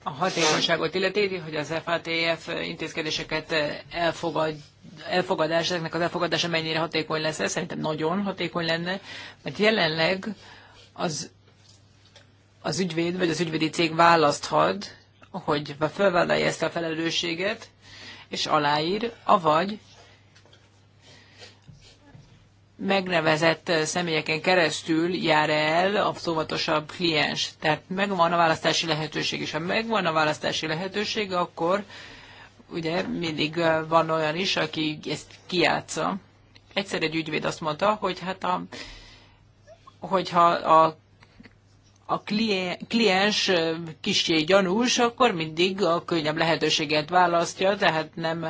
a hatékonyságot illeti, hogy az FATF intézkedéseket elfogad, elfogadás, ezeknek az elfogadása mennyire hatékony lesz, ez szerintem nagyon hatékony lenne, mert jelenleg az, az ügyvéd vagy az ügyvédi cég választhat, hogy felvállalja ezt a felelősséget, és aláír, avagy megnevezett személyeken keresztül jár el a szóvatosabb kliens. Tehát megvan a választási lehetőség, és ha megvan a választási lehetőség, akkor ugye mindig van olyan is, aki ezt kiátsza. Egyszer egy ügyvéd azt mondta, hogy hát a, hogyha a a kliens kicsi gyanús, akkor mindig a könnyebb lehetőséget választja, tehát nem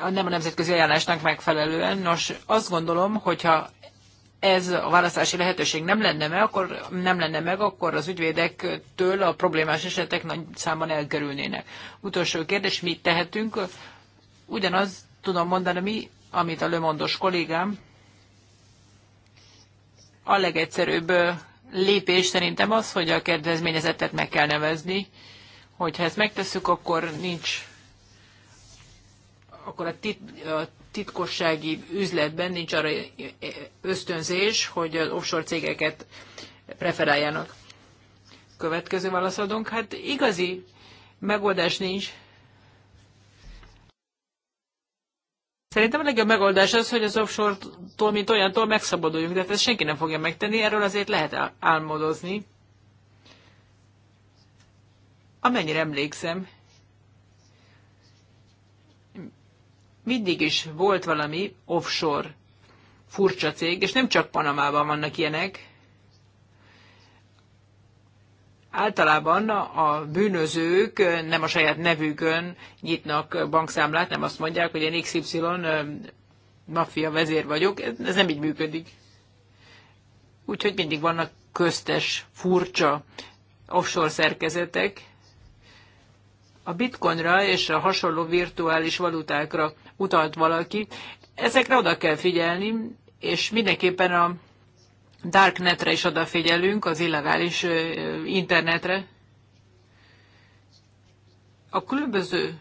nem a nemzetközi ajánlásnak megfelelően. Nos, azt gondolom, hogyha ez a választási lehetőség nem lenne meg, akkor, nem lenne meg, akkor az ügyvédektől a problémás esetek nagy számban elkerülnének. Utolsó kérdés, mit tehetünk? Ugyanaz tudom mondani mi, amit a lömondos kollégám. A legegyszerűbb lépés szerintem az, hogy a kedvezményezetet meg kell nevezni. Hogyha ezt megtesszük, akkor nincs akkor a, tit, a titkossági üzletben nincs arra ösztönzés, hogy az offshore cégeket preferáljanak. Következő válaszadónk, hát igazi megoldás nincs. Szerintem a legjobb megoldás az, hogy az offshore-tól, mint olyantól megszabaduljunk, de ezt senki nem fogja megtenni, erről azért lehet álmodozni. Amennyire emlékszem, mindig is volt valami offshore furcsa cég, és nem csak Panamában vannak ilyenek. Általában a bűnözők nem a saját nevükön nyitnak bankszámlát, nem azt mondják, hogy én XY maffia vezér vagyok. Ez nem így működik. Úgyhogy mindig vannak köztes, furcsa offshore szerkezetek. A bitcoinra és a hasonló virtuális valutákra utalt valaki. Ezekre oda kell figyelni, és mindenképpen a darknetre is odafigyelünk, az illegális internetre. A különböző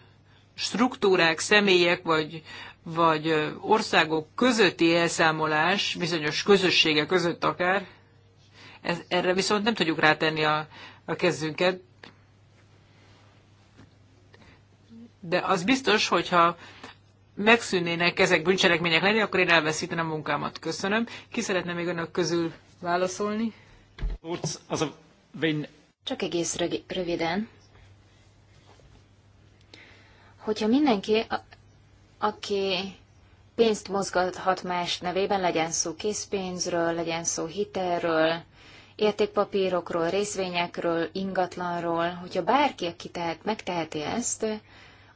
struktúrák, személyek vagy, vagy országok közötti elszámolás, bizonyos közössége között akár, ez, erre viszont nem tudjuk rátenni a, a kezünket. De az biztos, hogyha megszűnnének ezek bűncselekmények lenni, akkor én elveszítenem munkámat. Köszönöm. Ki szeretne még önök közül válaszolni? Csak egész röviden. Hogyha mindenki, aki pénzt mozgathat más nevében, legyen szó készpénzről, legyen szó hitelről, értékpapírokról, részvényekről, ingatlanról, hogyha bárki, aki tehet, megteheti ezt,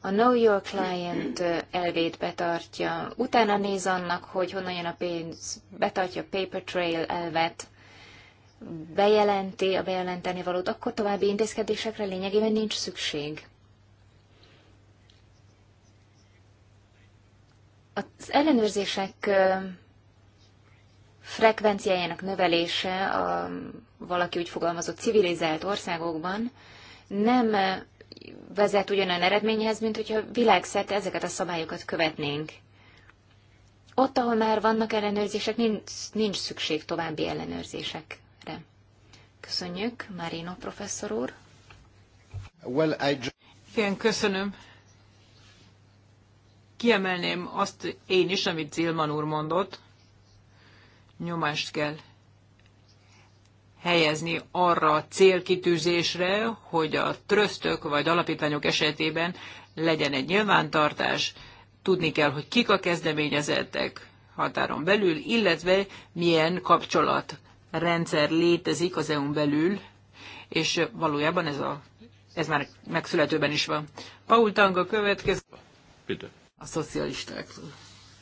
a Know Your Client elvét betartja, utána néz annak, hogy honnan jön a pénz, betartja a paper trail elvet, bejelenti a bejelenteni valót, akkor további intézkedésekre lényegében nincs szükség. Az ellenőrzések frekvenciájának növelése a, valaki úgy fogalmazott civilizált országokban nem vezet ugyanolyan eredményhez, mint hogyha világszerte ezeket a szabályokat követnénk. Ott, ahol már vannak ellenőrzések, nincs, nincs szükség további ellenőrzésekre. Köszönjük, Marino professzor úr. Well, I... Igen, köszönöm. Kiemelném azt én is, amit Zilman úr mondott. Nyomást kell helyezni arra a célkitűzésre, hogy a trösztök vagy alapítványok esetében legyen egy nyilvántartás, tudni kell, hogy kik a kezdeményezettek határon belül, illetve milyen kapcsolatrendszer létezik az EU-n belül, és valójában ez, a, ez már megszületőben is van. Paul Tanga következő. Bitte. A szocialisták.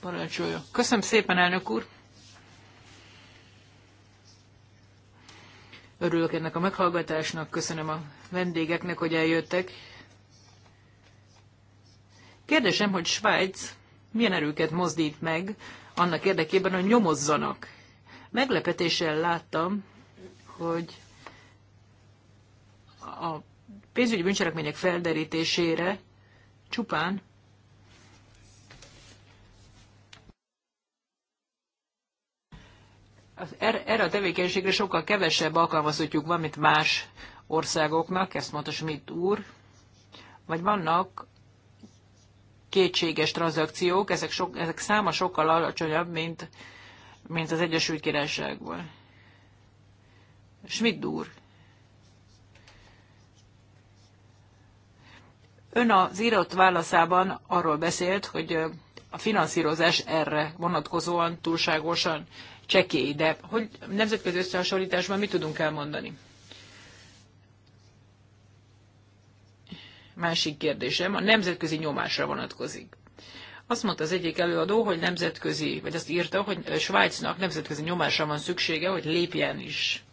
Parancsolja. Köszönöm szépen, elnök úr! Örülök ennek a meghallgatásnak, köszönöm a vendégeknek, hogy eljöttek. Kérdésem, hogy Svájc milyen erőket mozdít meg annak érdekében, hogy nyomozzanak. Meglepetéssel láttam, hogy a pénzügyi bűncselekmények felderítésére csupán az er, erre a tevékenységre sokkal kevesebb alkalmazottjuk van, mint más országoknak, ezt mondta Schmidt úr, vagy vannak kétséges tranzakciók, ezek, sok, ezek száma sokkal alacsonyabb, mint, mint az Egyesült Királyságban. Schmidt úr, ön az írott válaszában arról beszélt, hogy a finanszírozás erre vonatkozóan túlságosan csekély, de hogy nemzetközi összehasonlításban mit tudunk elmondani? Másik kérdésem a nemzetközi nyomásra vonatkozik. Azt mondta az egyik előadó, hogy nemzetközi, vagy azt írta, hogy Svájcnak nemzetközi nyomásra van szüksége, hogy lépjen is.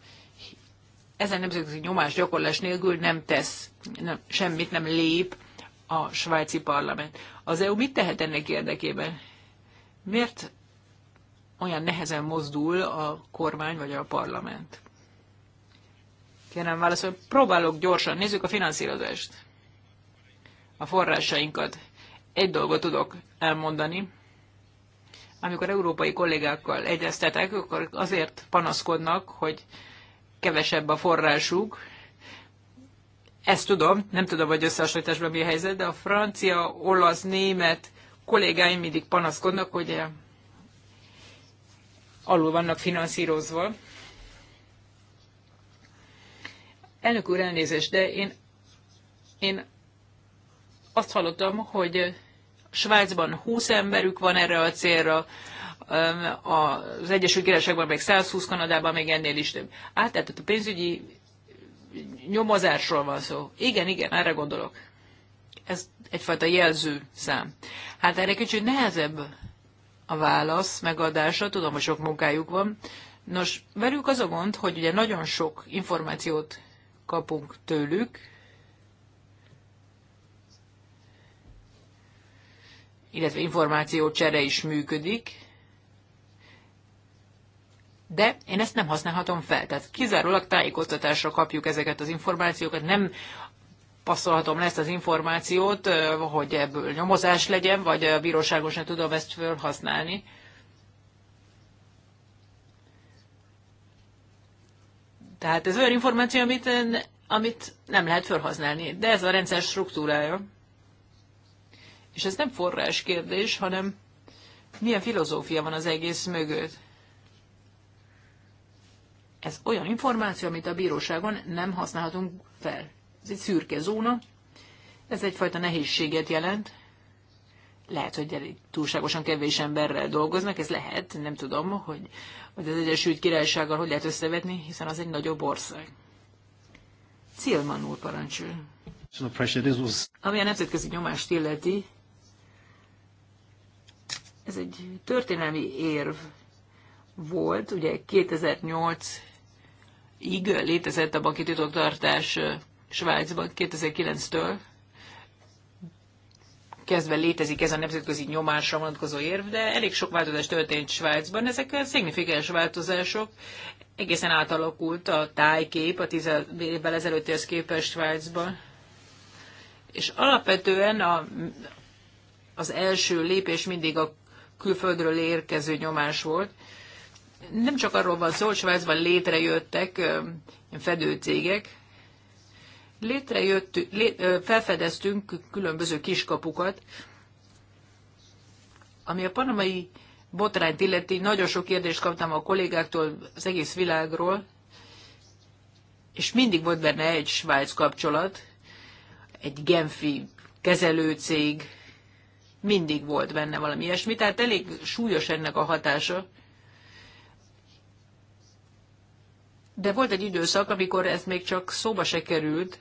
Ezen nemzetközi nyomás gyakorlás nélkül nem tesz, nem, semmit nem lép a svájci parlament. Az EU mit tehet ennek érdekében? Miért olyan nehezen mozdul a kormány vagy a parlament? Kérem válaszol, próbálok gyorsan, nézzük a finanszírozást, a forrásainkat. Egy dolgot tudok elmondani, amikor európai kollégákkal egyeztetek, akkor azért panaszkodnak, hogy kevesebb a forrásuk. Ezt tudom, nem tudom, hogy összehasonlításban mi a helyzet, de a francia, olasz, német kollégáim mindig panaszkodnak, hogy alul vannak finanszírozva. Elnök úr, elnézést, de én, én azt hallottam, hogy Svájcban 20 emberük van erre a célra, az Egyesült Királyságban meg 120, Kanadában még ennél is több. Á, tehát a pénzügyi nyomozásról van szó. Igen, igen, erre gondolok. Ez egyfajta jelző szám. Hát erre kicsit nehezebb a válasz megadása. Tudom, hogy sok munkájuk van. Nos, velük az a gond, hogy ugye nagyon sok információt kapunk tőlük, illetve csere is működik, de én ezt nem használhatom fel. Tehát kizárólag tájékoztatásra kapjuk ezeket az információkat, nem passzolhatom le ezt az információt, hogy ebből nyomozás legyen, vagy a bíróságosan tudom ezt felhasználni. Tehát ez olyan információ, amit, amit nem lehet felhasználni, de ez a rendszer struktúrája. És ez nem forrás kérdés, hanem milyen filozófia van az egész mögött. Ez olyan információ, amit a bíróságon nem használhatunk fel. Ez egy szürke zóna, ez egyfajta nehézséget jelent. Lehet, hogy túlságosan kevés emberrel dolgoznak, ez lehet, nem tudom, hogy, hogy az Egyesült Királysággal hogy lehet összevetni, hiszen az egy nagyobb ország. Célman úr parancsol. Ami a nemzetközi nyomást illeti, ez egy történelmi érv volt, ugye 2008-ig létezett a banki titoktartás Svájcban 2009-től kezdve létezik ez a nemzetközi nyomásra vonatkozó érv, de elég sok változás történt Svájcban. Ezek szignifikáns változások. Egészen átalakult a tájkép a 10 évvel ezelőttihez képest Svájcban. És alapvetően a, az első lépés mindig a külföldről érkező nyomás volt. Nem csak arról van szó, hogy Svájcban létrejöttek fedőcégek, Létrejött, lé, felfedeztünk különböző kiskapukat, ami a panamai botrányt illeti, nagyon sok kérdést kaptam a kollégáktól az egész világról, és mindig volt benne egy Svájc kapcsolat, egy genfi kezelőcég, mindig volt benne valami ilyesmi, tehát elég súlyos ennek a hatása. De volt egy időszak, amikor ez még csak szóba se került,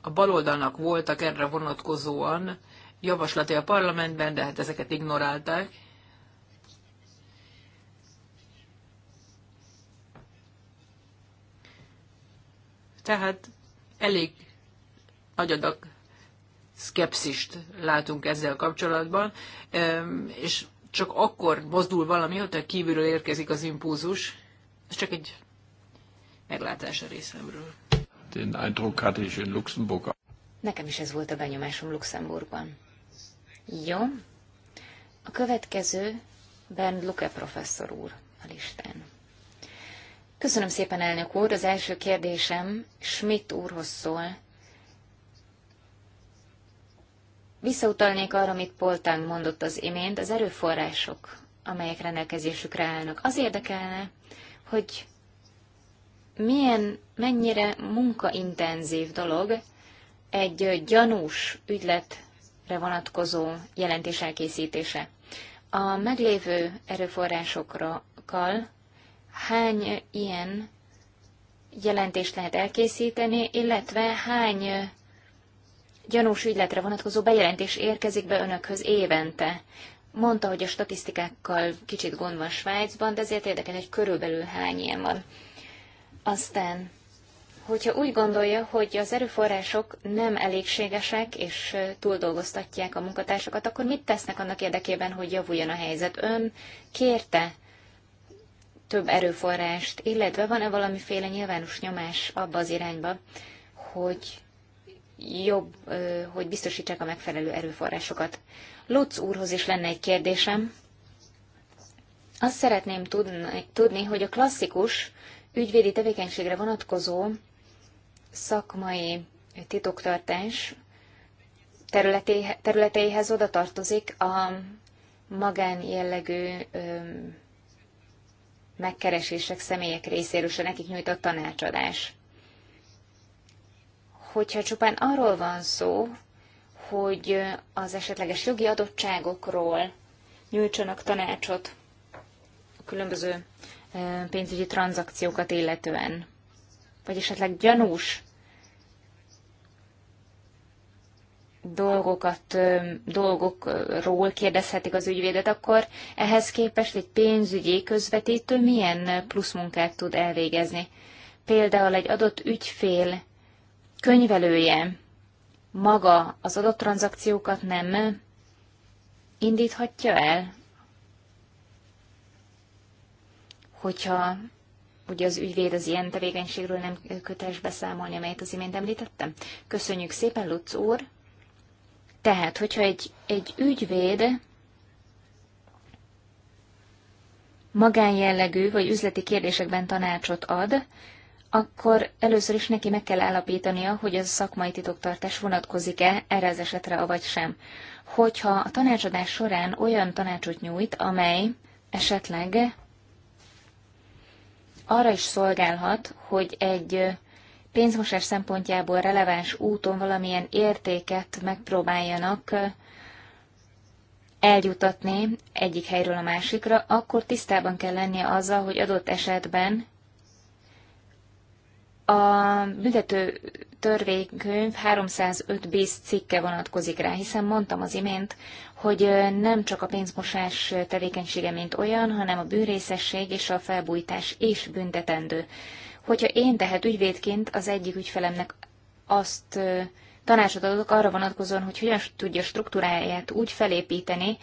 a baloldalnak voltak erre vonatkozóan javaslati a parlamentben, de hát ezeket ignorálták. Tehát elég nagy adag szkepszist látunk ezzel kapcsolatban, és csak akkor mozdul valami, ha kívülről érkezik az impulzus. Ez csak egy meglátás a részemről. Den Eindruck hatte ich in Luxemburg. Nekem is ez volt a benyomásom Luxemburgban. Jó. A következő Bernd Luke professzor úr a listán. Köszönöm szépen, elnök úr. Az első kérdésem Schmidt úrhoz szól. Visszautalnék arra, amit Poltán mondott az imént, az erőforrások, amelyek rendelkezésükre állnak. Az érdekelne, hogy milyen, mennyire munkaintenzív dolog egy gyanús ügyletre vonatkozó jelentés elkészítése. A meglévő erőforrásokkal hány ilyen jelentést lehet elkészíteni, illetve hány gyanús ügyletre vonatkozó bejelentés érkezik be önökhöz évente. Mondta, hogy a statisztikákkal kicsit gond van Svájcban, de ezért érdekel, hogy körülbelül hány ilyen van. Aztán, hogyha úgy gondolja, hogy az erőforrások nem elégségesek, és túldolgoztatják a munkatársakat, akkor mit tesznek annak érdekében, hogy javuljon a helyzet? Ön kérte több erőforrást, illetve van-e valamiféle nyilvános nyomás abba az irányba, hogy jobb, hogy biztosítsák a megfelelő erőforrásokat. Lutz úrhoz is lenne egy kérdésem. Azt szeretném tudni, hogy a klasszikus ügyvédi tevékenységre vonatkozó szakmai titoktartás területeihez oda tartozik a magánjellegű megkeresések személyek részéről se nekik nyújtott tanácsadás. Hogyha csupán arról van szó, hogy az esetleges jogi adottságokról nyújtsanak tanácsot a különböző pénzügyi tranzakciókat illetően, vagy esetleg gyanús dolgokat, dolgokról kérdezhetik az ügyvédet, akkor ehhez képest egy pénzügyi közvetítő milyen plusz munkát tud elvégezni? Például egy adott ügyfél könyvelője maga az adott tranzakciókat nem indíthatja el, hogyha ugye az ügyvéd az ilyen tevékenységről nem köteles beszámolni, amelyet az imént említettem. Köszönjük szépen, Lutz úr! Tehát, hogyha egy, egy ügyvéd magánjellegű vagy üzleti kérdésekben tanácsot ad, akkor először is neki meg kell állapítania, hogy ez a szakmai titoktartás vonatkozik-e erre az esetre, avagy sem. Hogyha a tanácsadás során olyan tanácsot nyújt, amely esetleg arra is szolgálhat, hogy egy pénzmosás szempontjából releváns úton valamilyen értéket megpróbáljanak eljutatni egyik helyről a másikra, akkor tisztában kell lennie azzal, hogy adott esetben a büntető törvénykönyv 305 bis cikke vonatkozik rá, hiszen mondtam az imént, hogy nem csak a pénzmosás tevékenysége mint olyan, hanem a bűnrészesség és a felbújtás is büntetendő. Hogyha én tehát ügyvédként az egyik ügyfelemnek azt tanácsot adok arra vonatkozóan, hogy hogyan tudja struktúráját úgy felépíteni,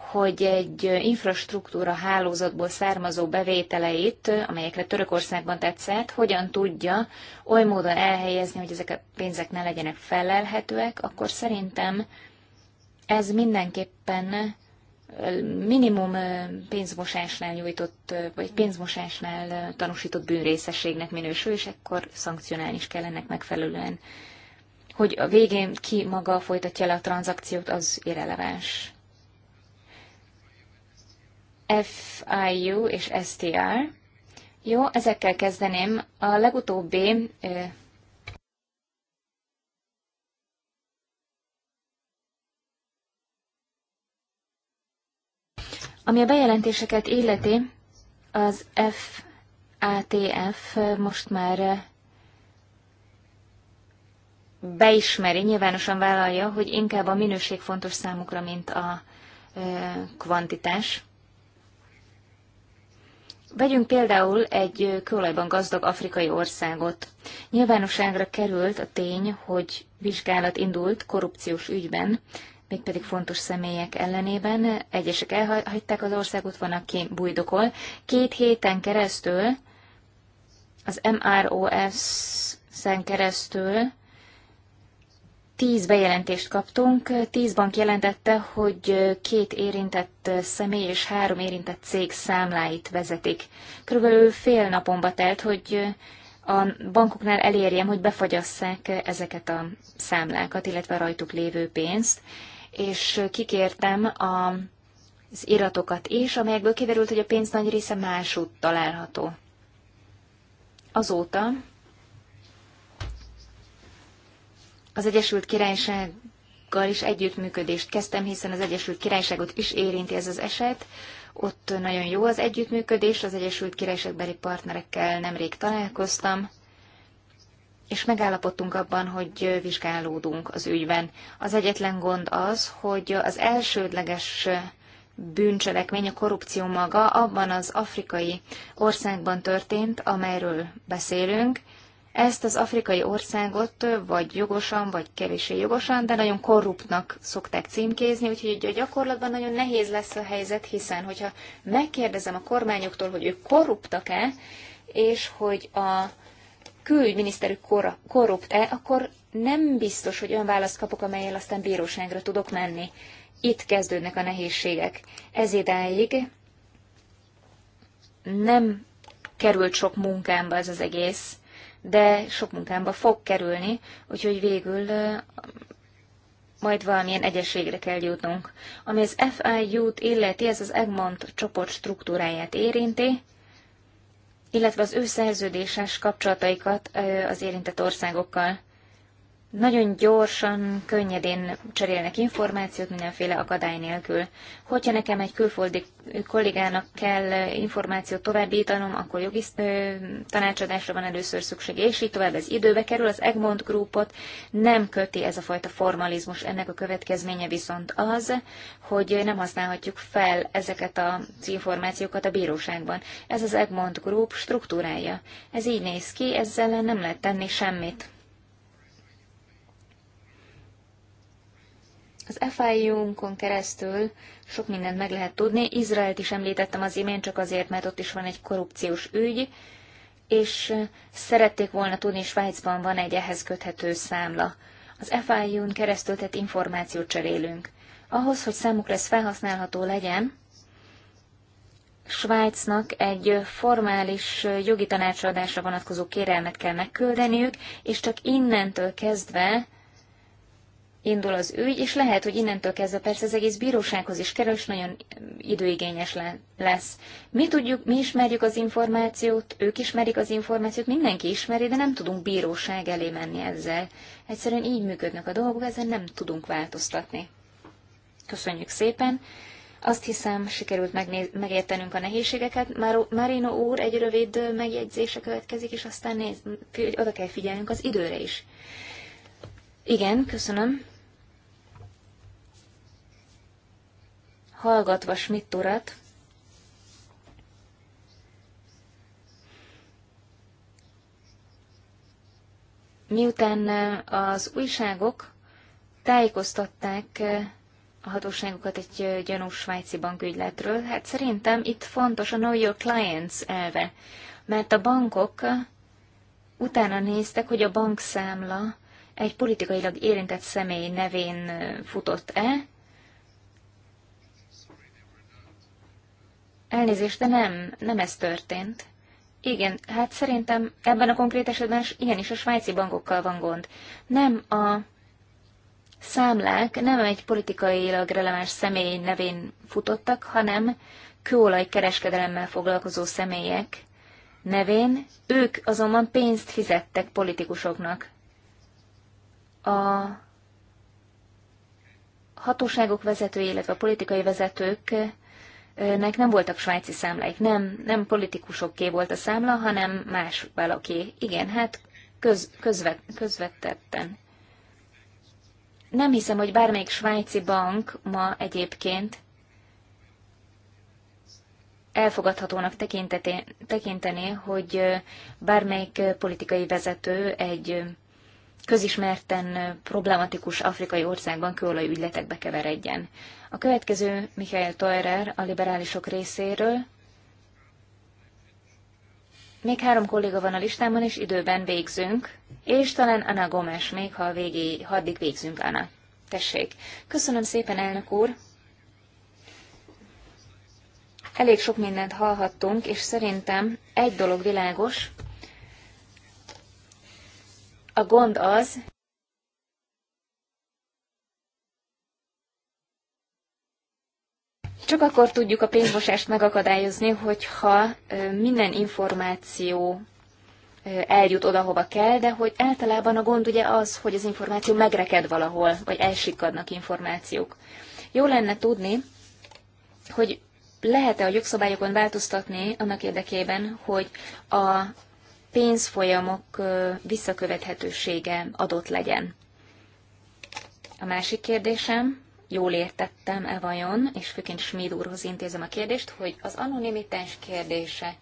hogy egy infrastruktúra hálózatból származó bevételeit, amelyekre Törökországban tetszett, hogyan tudja oly módon elhelyezni, hogy ezek a pénzek ne legyenek felelhetőek, akkor szerintem ez mindenképpen minimum pénzmosásnál nyújtott, vagy pénzmosásnál tanúsított bűnrészességnek minősül, és ekkor szankcionálni is kell ennek megfelelően. Hogy a végén ki maga folytatja le a tranzakciót, az irreleváns. FIU és STR. Jó, ezekkel kezdeném. A legutóbbi Ami a bejelentéseket illeti, az FATF most már beismeri, nyilvánosan vállalja, hogy inkább a minőség fontos számukra, mint a kvantitás. Vegyünk például egy kőolajban gazdag afrikai országot. Nyilvánosságra került a tény, hogy vizsgálat indult korrupciós ügyben, mégpedig fontos személyek ellenében. Egyesek elhagyták az országot, van, aki bujdokol. Két héten keresztül az MROS-en keresztül Tíz bejelentést kaptunk, tíz bank jelentette, hogy két érintett személy és három érintett cég számláit vezetik. Körülbelül fél napomba telt, hogy a bankoknál elérjem, hogy befagyasszák ezeket a számlákat, illetve a rajtuk lévő pénzt, és kikértem a az iratokat is, amelyekből kiderült, hogy a pénz nagy része másút található. Azóta az Egyesült Királysággal is együttműködést kezdtem, hiszen az Egyesült Királyságot is érinti ez az eset. Ott nagyon jó az együttműködés, az Egyesült Királyságbeli partnerekkel nemrég találkoztam, és megállapodtunk abban, hogy vizsgálódunk az ügyben. Az egyetlen gond az, hogy az elsődleges bűncselekmény, a korrupció maga abban az afrikai országban történt, amelyről beszélünk, ezt az afrikai országot vagy jogosan, vagy kevéssé jogosan, de nagyon korruptnak szokták címkézni, úgyhogy a gyakorlatban nagyon nehéz lesz a helyzet, hiszen hogyha megkérdezem a kormányoktól, hogy ők korruptak-e, és hogy a külügyminiszterük korrupt-e, akkor nem biztos, hogy olyan választ kapok, amelyel aztán bíróságra tudok menni. Itt kezdődnek a nehézségek. Ez idáig nem került sok munkámba ez az egész de sok munkámba fog kerülni, úgyhogy végül majd valamilyen egyességre kell jutnunk. Ami az FIU-t illeti, ez az Egmont csoport struktúráját érinti, illetve az ő szerződéses kapcsolataikat az érintett országokkal nagyon gyorsan, könnyedén cserélnek információt mindenféle akadály nélkül. Hogyha nekem egy külföldi kollégának kell információt továbbítanom, akkor jogi tanácsadásra van először szükség, és így tovább ez időbe kerül. Az Egmont Groupot nem köti ez a fajta formalizmus. Ennek a következménye viszont az, hogy nem használhatjuk fel ezeket az információkat a bíróságban. Ez az Egmont Group struktúrája. Ez így néz ki, ezzel nem lehet tenni semmit. Az FIU-nkon keresztül sok mindent meg lehet tudni. Izraelt is említettem az imént csak azért, mert ott is van egy korrupciós ügy, és szerették volna tudni, Svájcban van egy ehhez köthető számla. Az FIU-n keresztül tett információt cserélünk. Ahhoz, hogy számukra ez felhasználható legyen, Svájcnak egy formális jogi tanácsadásra vonatkozó kérelmet kell megküldeniük, és csak innentől kezdve indul az ügy, és lehet, hogy innentől kezdve persze az egész bírósághoz is kerül, és nagyon időigényes le- lesz. Mi tudjuk, mi ismerjük az információt, ők ismerik az információt, mindenki ismeri, de nem tudunk bíróság elé menni ezzel. Egyszerűen így működnek a dolgok, ezen nem tudunk változtatni. Köszönjük szépen! Azt hiszem, sikerült megnéz- megértenünk a nehézségeket. Már- Marino úr egy rövid megjegyzése következik, és aztán néz- oda kell figyelnünk az időre is. Igen, köszönöm. hallgatva Schmidt urat, miután az újságok tájékoztatták a hatóságokat egy gyanús svájci bankügyletről, hát szerintem itt fontos a know your clients elve, mert a bankok utána néztek, hogy a bankszámla egy politikailag érintett személy nevén futott-e, Elnézést, de nem, nem ez történt. Igen, hát szerintem ebben a konkrét esetben igenis a svájci bankokkal van gond. Nem a számlák nem egy politikailag releváns személy nevén futottak, hanem kőolaj kereskedelemmel foglalkozó személyek nevén, ők azonban pénzt fizettek politikusoknak. A hatóságok vezetői, illetve a politikai vezetők nek nem voltak svájci számláik, nem, nem politikusokké volt a számla, hanem más valaki. Igen, hát köz, közvet, közvetetten. Nem hiszem, hogy bármelyik svájci bank ma egyébként elfogadhatónak tekinteni, hogy bármelyik politikai vezető egy közismerten problematikus afrikai országban kőolaj ügyletekbe keveredjen. A következő Michael Teurer a liberálisok részéről. Még három kolléga van a listámon, és időben végzünk. És talán Anna Gomes még, ha a végé, ha addig végzünk, Anna. Tessék. Köszönöm szépen, elnök úr. Elég sok mindent hallhattunk, és szerintem egy dolog világos. A gond az, Csak akkor tudjuk a pénzmosást megakadályozni, hogyha minden információ eljut oda, hova kell, de hogy általában a gond ugye az, hogy az információ megreked valahol, vagy elsikadnak információk. Jó lenne tudni, hogy lehet-e a jogszabályokon változtatni annak érdekében, hogy a pénzfolyamok visszakövethetősége adott legyen. A másik kérdésem, jól értettem-e vajon, és főként Smid úrhoz intézem a kérdést, hogy az anonimitás kérdése,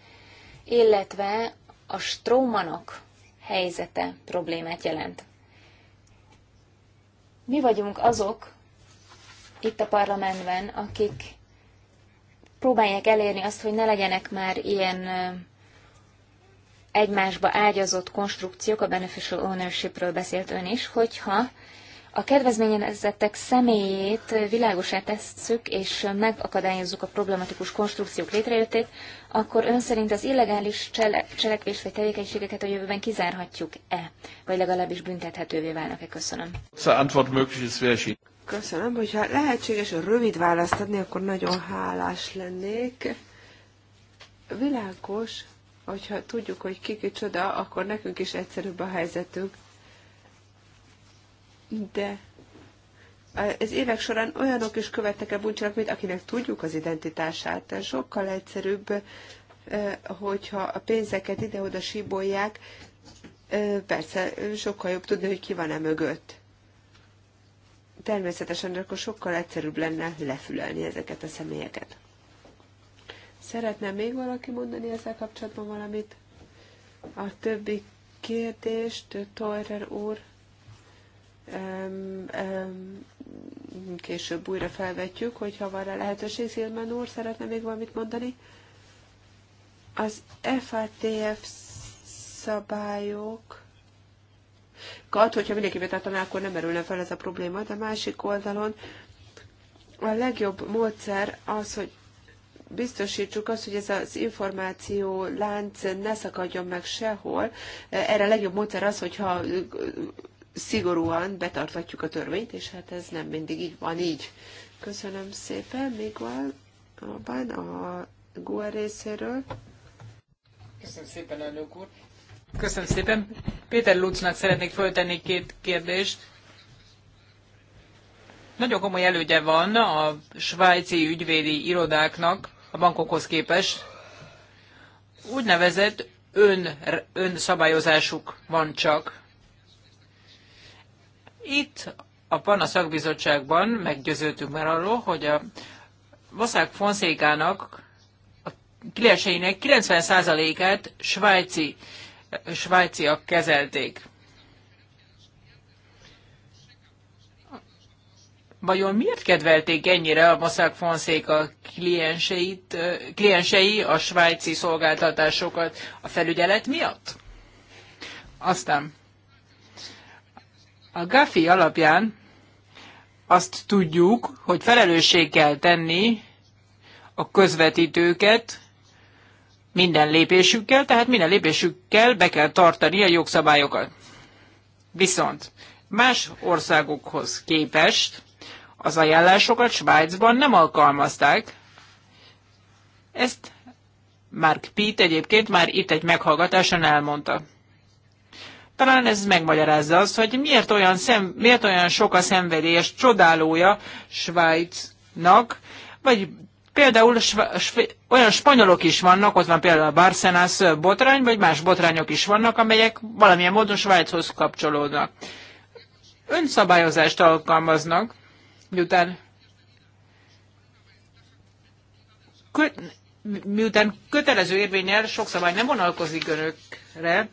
illetve a strómanok helyzete problémát jelent. Mi vagyunk azok itt a parlamentben, akik próbálják elérni azt, hogy ne legyenek már ilyen egymásba ágyazott konstrukciók, a beneficial ownership-ről beszélt ön is, hogyha a kedvezményezettek személyét világosá tesszük, és megakadályozzuk a problematikus konstrukciók létrejöttét, akkor ön szerint az illegális csele- cselekvés vagy tevékenységeket a jövőben kizárhatjuk-e, vagy legalábbis büntethetővé válnak-e? Köszönöm. Köszönöm, hogyha lehetséges rövid választ adni, akkor nagyon hálás lennék. Világos, hogyha tudjuk, hogy ki kicsoda, akkor nekünk is egyszerűbb a helyzetünk de ez évek során olyanok is követtek el Buncsinak, mint akinek tudjuk az identitását. Sokkal egyszerűbb, hogyha a pénzeket ide-oda síbolják, persze sokkal jobb tudni, hogy ki van-e mögött. Természetesen akkor sokkal egyszerűbb lenne lefülelni ezeket a személyeket. Szeretne még valaki mondani ezzel kapcsolatban valamit? A többi kérdést, Torer úr később újra felvetjük, hogyha van rá lehetőség. Szilmen úr, szeretne még valamit mondani? Az FATF szabályok kat, hogyha mindenki betartaná, akkor nem merülne fel ez a probléma, de másik oldalon a legjobb módszer az, hogy biztosítsuk azt, hogy ez az információ lánc ne szakadjon meg sehol. Erre a legjobb módszer az, hogyha szigorúan betartatjuk a törvényt, és hát ez nem mindig így van így. Köszönöm szépen, még van abban a GUA e részéről. Köszönöm szépen, elnök úr. Köszönöm szépen. Péter Lucnak szeretnék föltenni két kérdést. Nagyon komoly elődje van a svájci ügyvédi irodáknak a bankokhoz képest. Úgynevezett ön, önszabályozásuk van csak. Itt a PANA szakbizottságban meggyőződtünk már arról, hogy a Vaszák Fonszékának a kileseinek 90%-át svájci, svájciak kezelték. Vajon miért kedvelték ennyire a Mossack Fonseca klienseit, kliensei a svájci szolgáltatásokat a felügyelet miatt? Aztán a GAFI alapján azt tudjuk, hogy felelősség kell tenni a közvetítőket minden lépésükkel, tehát minden lépésükkel be kell tartani a jogszabályokat. Viszont más országokhoz képest az ajánlásokat Svájcban nem alkalmazták. Ezt Mark Pitt egyébként már itt egy meghallgatáson elmondta. Talán ez megmagyarázza azt, hogy miért olyan, szem, miért olyan sok a szenvedélyes csodálója Svájcnak, vagy például olyan spanyolok is vannak, ott van például a Barcenas botrány, vagy más botrányok is vannak, amelyek valamilyen módon Svájchoz kapcsolódnak. Önszabályozást alkalmaznak, miután kö, miután kötelező érvényel sok szabály nem vonalkozik önökre,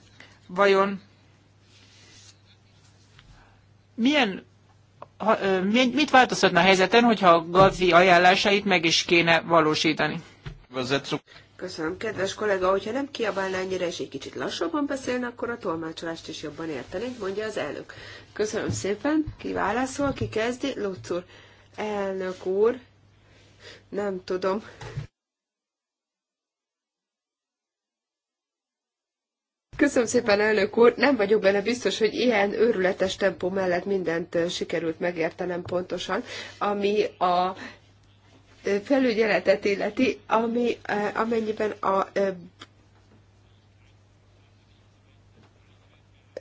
vajon milyen, ha, mit változtatna a helyzeten, hogyha a Gavi ajánlásait meg is kéne valósítani? Köszönöm, kedves kollega, hogyha nem kiabálná ennyire, és egy kicsit lassabban beszélne, akkor a tolmácsolást is jobban értenénk, mondja az elnök. Köszönöm szépen, ki válaszol, ki kezdi? Lutz úr. Elnök úr, nem tudom. Köszönöm szépen, elnök úr. Nem vagyok benne biztos, hogy ilyen őrületes tempó mellett mindent sikerült megértenem pontosan, ami a felügyeletet illeti, ami, amennyiben a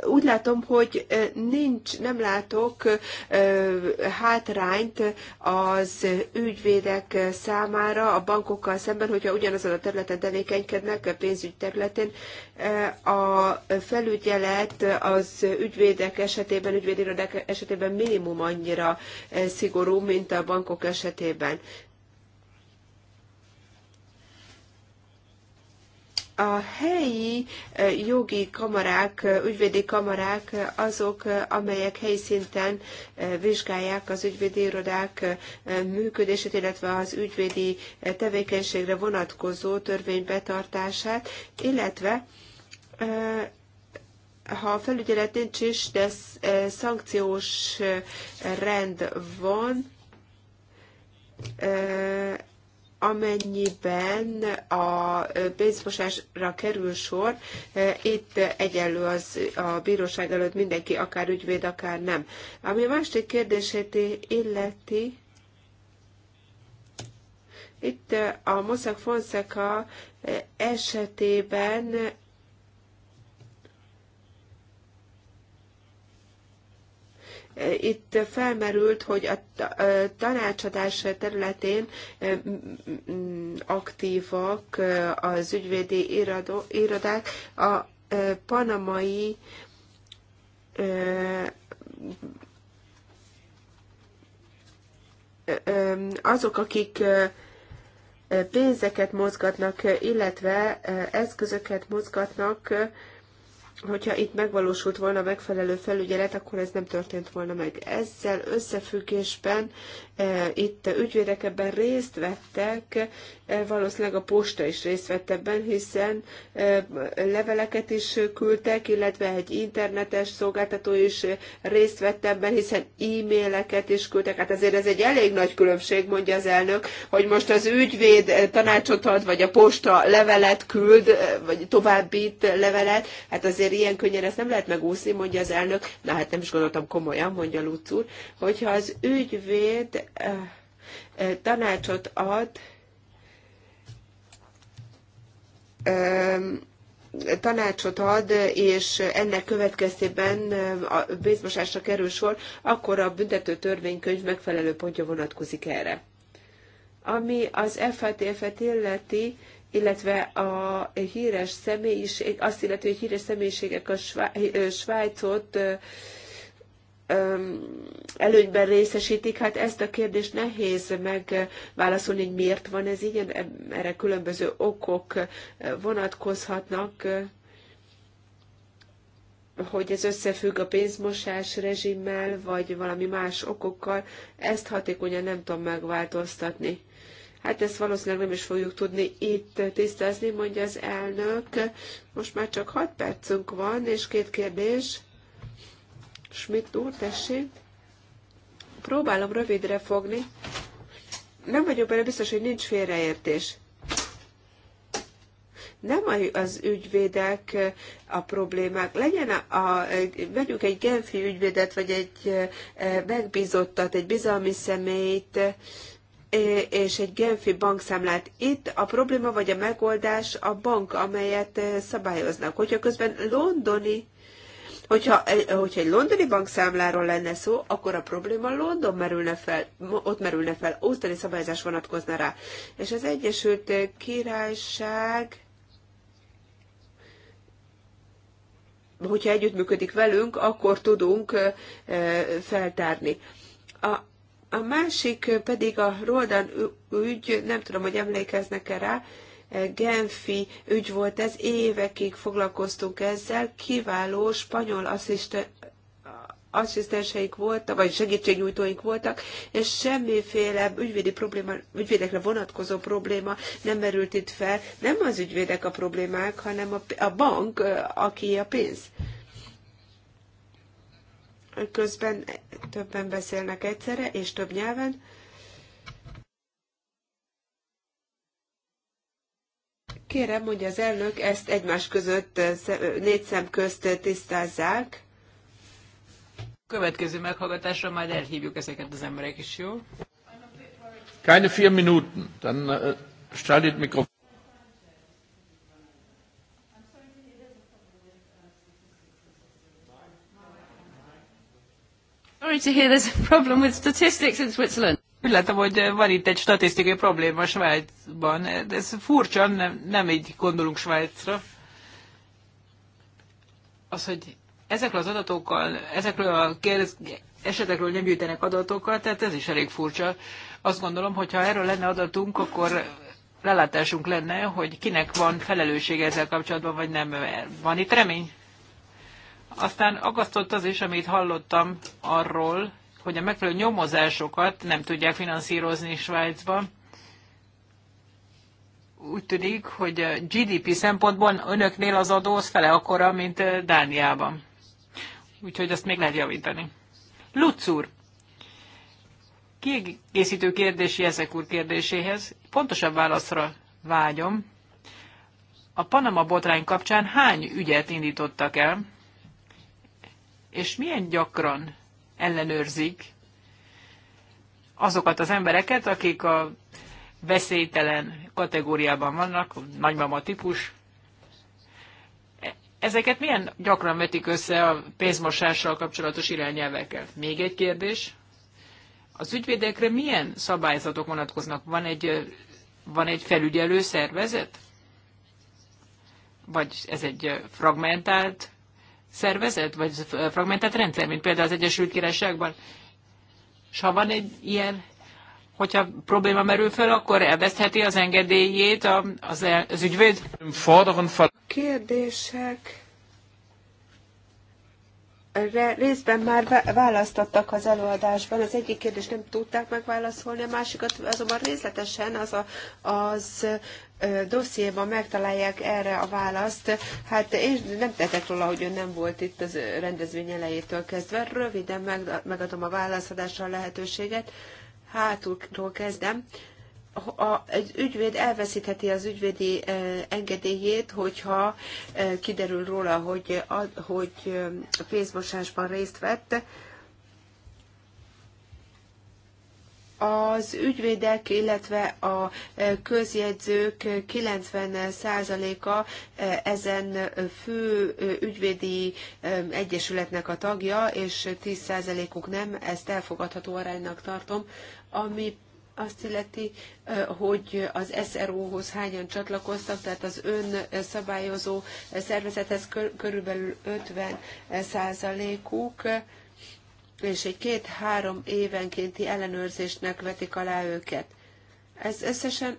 úgy látom, hogy nincs, nem látok hátrányt az ügyvédek számára a bankokkal szemben, hogyha ugyanazon a területen tevékenykednek, a pénzügy területén. A felügyelet az ügyvédek esetében, ügyvédirodák esetében minimum annyira szigorú, mint a bankok esetében. a helyi eh, jogi kamarák, eh, ügyvédi kamarák eh, azok, amelyek helyi szinten vizsgálják az ügyvédi irodák működését, illetve az ügyvédi tevékenységre vonatkozó törvény betartását, illetve ha a felügyelet nincs is, de szankciós rend van, amennyiben a pénzmosásra kerül sor, eh, itt egyenlő az a bíróság előtt mindenki, akár ügyvéd, akár nem. Ami a másik kérdését illeti, itt a Mossack Fonseca eh, esetében Itt felmerült, hogy a tanácsadás területén aktívak az ügyvédi irodák, a panamai azok, akik pénzeket mozgatnak, illetve eszközöket mozgatnak, hogyha itt megvalósult volna megfelelő felügyelet, akkor ez nem történt volna meg. Ezzel összefüggésben E, itt ügyvédek ebben részt vettek, e, valószínűleg a posta is részt vett ebben, hiszen e, leveleket is küldtek, illetve egy internetes szolgáltató is részt vett ebben, hiszen e-maileket is küldtek. Hát azért ez egy elég nagy különbség, mondja az elnök, hogy most az ügyvéd tanácsot ad, vagy a posta levelet küld, vagy továbbít levelet. Hát azért ilyen könnyen ezt nem lehet megúszni, mondja az elnök. Na hát nem is gondoltam komolyan, mondja Lutz úr, hogyha az ügyvéd tanácsot ad, tanácsot ad, és ennek következtében a pénzmosásra kerül sor, akkor a büntető törvénykönyv megfelelő pontja vonatkozik erre. Ami az FATF-et e illeti, illetve a híres személyiség, azt illeti, hogy híres személyiségek a Svájcot előnyben részesítik, hát ezt a kérdést nehéz megválaszolni, hogy miért van ez így, erre különböző okok vonatkozhatnak, hogy ez összefügg a pénzmosás rezsimmel, vagy valami más okokkal, ezt hatékonyan nem tudom megváltoztatni. Hát ezt valószínűleg nem is fogjuk tudni itt tisztázni, mondja az elnök. Most már csak 6 percünk van, és két kérdés. Schmidt úr, tessék. Próbálom rövidre fogni. Nem vagyok benne biztos, hogy nincs félreértés. Nem az ügyvédek a problémák. Legyen a, a, vegyünk egy genfi ügyvédet, vagy egy megbízottat, egy bizalmi személyt, és egy Genfi bankszámlát. Itt a probléma vagy a megoldás a bank, amelyet szabályoznak. Hogyha közben londoni Hogyha, hogyha egy londoni bankszámláról lenne szó, akkor a probléma London merülne fel, ott merülne fel, ottani szabályozás vonatkozna rá. És az Egyesült Királyság hogyha együttműködik velünk, akkor tudunk feltárni. A, a másik pedig a Roldan ügy, nem tudom, hogy emlékeznek-e rá, Genfi ügy volt ez, évekig foglalkoztunk ezzel, kiváló spanyol asszisten, asszisztenseik voltak, vagy segítségnyújtóink voltak, és semmiféle ügyvédi probléma, ügyvédekre vonatkozó probléma nem merült itt fel. Nem az ügyvédek a problémák, hanem a, a bank, aki a pénz. Közben többen beszélnek egyszerre, és több nyelven. Kérem, hogy az elnök ezt egymás között, eh, eh, négy szem közt eh, tisztázzák. Következő meghallgatásra majd elhívjuk ezeket az emberek is, jó? Keine vier Minuten, dann uh, schaltet Mikrofon. Sorry to hear there's a problem with statistics in Switzerland. Úgy látom, hogy eh, van itt egy statisztikai probléma Svájcban. Eh, ez furcsa, nem, nem így gondolunk Svájcra. Az, hogy ezekről az adatokkal, ezekről a kérdez, esetekről nem gyűjtenek adatokat, tehát ez is elég furcsa. Azt gondolom, hogy ha erről lenne adatunk, akkor lelátásunk lenne, hogy kinek van felelősség ezzel kapcsolatban, vagy nem. Van itt remény? Aztán agasztott az is, amit hallottam arról, hogy a megfelelő nyomozásokat nem tudják finanszírozni Svájcban. Úgy tűnik, hogy a GDP szempontból önöknél az adó az fele akkora, mint Dániában. Úgyhogy ezt még lehet javítani. Lutz úr, kiegészítő kérdési ezek úr kérdéséhez. Pontosabb válaszra vágyom. A Panama botrány kapcsán hány ügyet indítottak el, és milyen gyakran ellenőrzik azokat az embereket, akik a veszélytelen kategóriában vannak, nagymama típus. Ezeket milyen gyakran vetik össze a pénzmosással kapcsolatos irányelvekkel? Még egy kérdés. Az ügyvédekre milyen szabályzatok vonatkoznak? Van egy, van egy felügyelő szervezet? Vagy ez egy fragmentált szervezet, vagy fragmentált rendszer, mint például az Egyesült Királyságban. És ha van egy ilyen, hogyha probléma merül fel, akkor elvesztheti az engedélyét az, el, az ügyvéd. kérdések részben már választottak az előadásban. Az egyik kérdést nem tudták megválaszolni, a másikat azonban részletesen az, a, az dossziéban megtalálják erre a választ. Hát én nem tettek róla, hogy ön nem volt itt az rendezvény elejétől kezdve. Röviden megadom a válaszadásra a lehetőséget. Hátulról kezdem a, egy ügyvéd elveszítheti az ügyvédi eh, engedélyét, hogyha eh, kiderül róla, hogy, a, hogy eh, pénzmosásban részt vett. az ügyvédek, illetve a e, közjegyzők 90%-a e, ezen fő e, ügyvédi egyesületnek a tagja, és 10%-uk nem, ezt elfogadható aránynak tartom, ami azt illeti, hogy az SRO-hoz hányan csatlakoztak, tehát az ön szabályozó szervezethez körülbelül 50 százalékuk, és egy két-három évenkénti ellenőrzésnek vetik alá őket. Ez összesen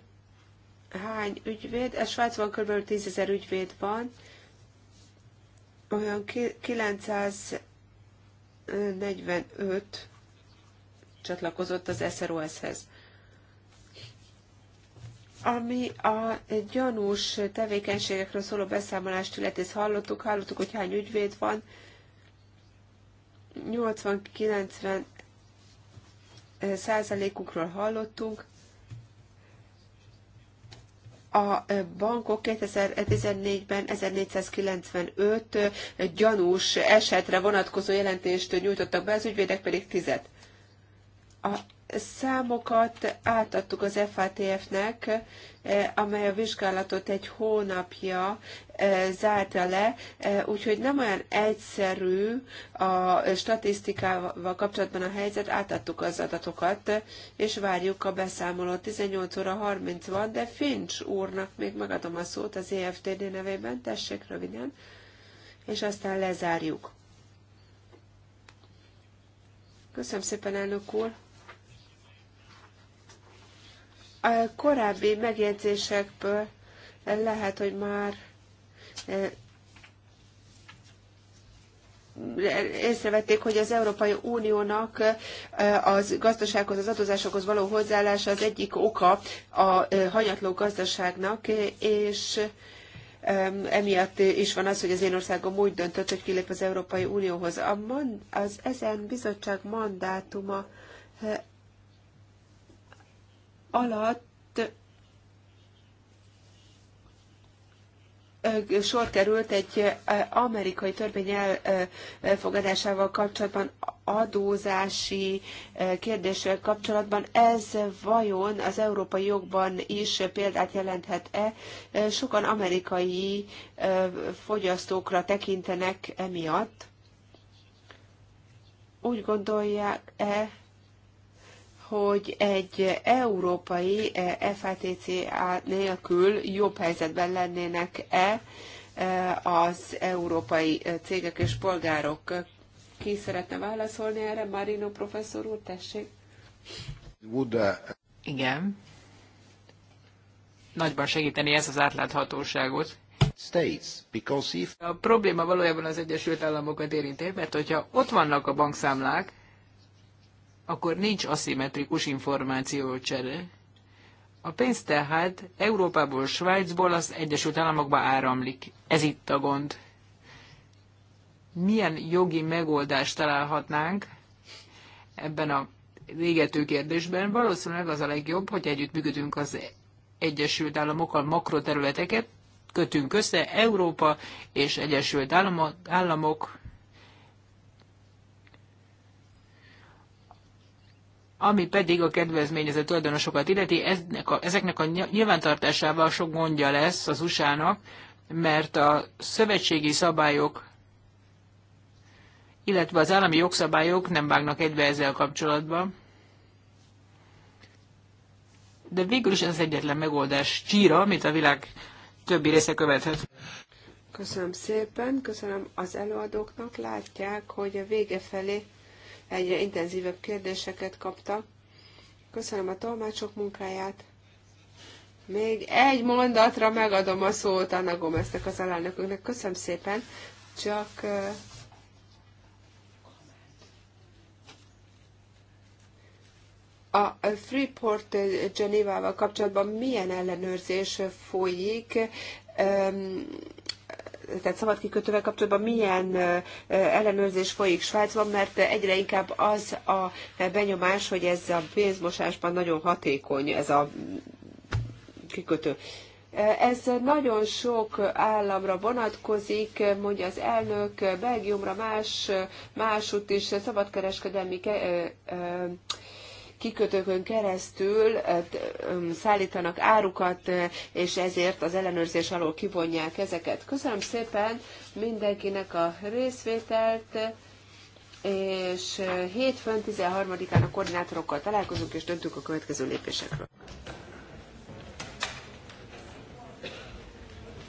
hány ügyvéd? A Svájcban kb. 10 ezer ügyvéd van, olyan 945 csatlakozott az SROS-hez. Ami a gyanús tevékenységekről szóló beszámolást illeti, hallottuk, hallottuk, hogy hány ügyvéd van, 80-90 százalékukról hallottunk. A bankok 2014-ben 1495 gyanús esetre vonatkozó jelentést nyújtottak be, az ügyvédek pedig 10 A számokat átadtuk az FATF-nek, eh, amely a vizsgálatot egy hónapja eh, zárta le, eh, úgyhogy nem olyan egyszerű a statisztikával kapcsolatban a helyzet, átadtuk az adatokat, és várjuk a beszámolót. 18 óra 30 van, de Finch úrnak még megadom a szót az EFTD nevében, tessék röviden, és aztán lezárjuk. Köszönöm szépen, elnök úr! A korábbi megjegyzésekből lehet, hogy már e, észrevették, hogy az Európai Uniónak e, az gazdasághoz, az adózásokhoz való hozzáállása az egyik oka a e, hanyatló gazdaságnak, és emiatt is van az, hogy az én országom úgy döntött, hogy kilép az Európai Unióhoz. A man, az ezen bizottság mandátuma alatt sor került egy amerikai törvény elfogadásával kapcsolatban adózási kérdéssel kapcsolatban. Ez vajon az európai jogban is példát jelenthet-e? Sokan amerikai fogyasztókra tekintenek emiatt. Úgy gondolják-e, hogy egy európai eh, FATCA nélkül jobb helyzetben lennének-e eh, az európai eh, cégek és polgárok. Ki szeretne válaszolni erre? Marino professzor úr, tessék. Igen. Nagyban segíteni ez az átláthatóságot. States, because if... A probléma valójában az Egyesült Államokat érinti, mert hogyha ott vannak a bankszámlák, akkor nincs aszimmetrikus információcsere. A pénz tehát Európából, Svájcból az Egyesült Államokba áramlik. Ez itt a gond. Milyen jogi megoldást találhatnánk ebben a végető kérdésben? Valószínűleg az a legjobb, hogy együttműködünk az Egyesült Államokkal makroterületeket, kötünk össze Európa és Egyesült Államok, államok Ami pedig a kedvezményezett tulajdonosokat illeti, eznek a, ezeknek a nyilvántartásával sok gondja lesz az USA-nak, mert a szövetségi szabályok, illetve az állami jogszabályok nem vágnak egybe ezzel kapcsolatban. De végül is ez egyetlen megoldás csíra, amit a világ többi része követhet. Köszönöm szépen, köszönöm az előadóknak. Látják, hogy a vége felé egyre intenzívebb kérdéseket kapta Köszönöm a tolmácsok munkáját. Még egy mondatra megadom a szót Anna Gomeznek az alelnökünknek. Köszönöm szépen, csak a Freeport Genevával kapcsolatban milyen ellenőrzés folyik, tehát szabad kikötővel kapcsolatban milyen ellenőrzés folyik Svájcban, mert egyre inkább az a benyomás, hogy ez a pénzmosásban nagyon hatékony ez a kikötő. Ez nagyon sok államra vonatkozik, mondja az elnök, Belgiumra más, másút is szabadkereskedelmi kikötőkön keresztül szállítanak árukat, és ezért az ellenőrzés alól kivonják ezeket. Köszönöm szépen mindenkinek a részvételt, és hétfőn 13-án a koordinátorokkal találkozunk, és döntünk a következő lépésekről.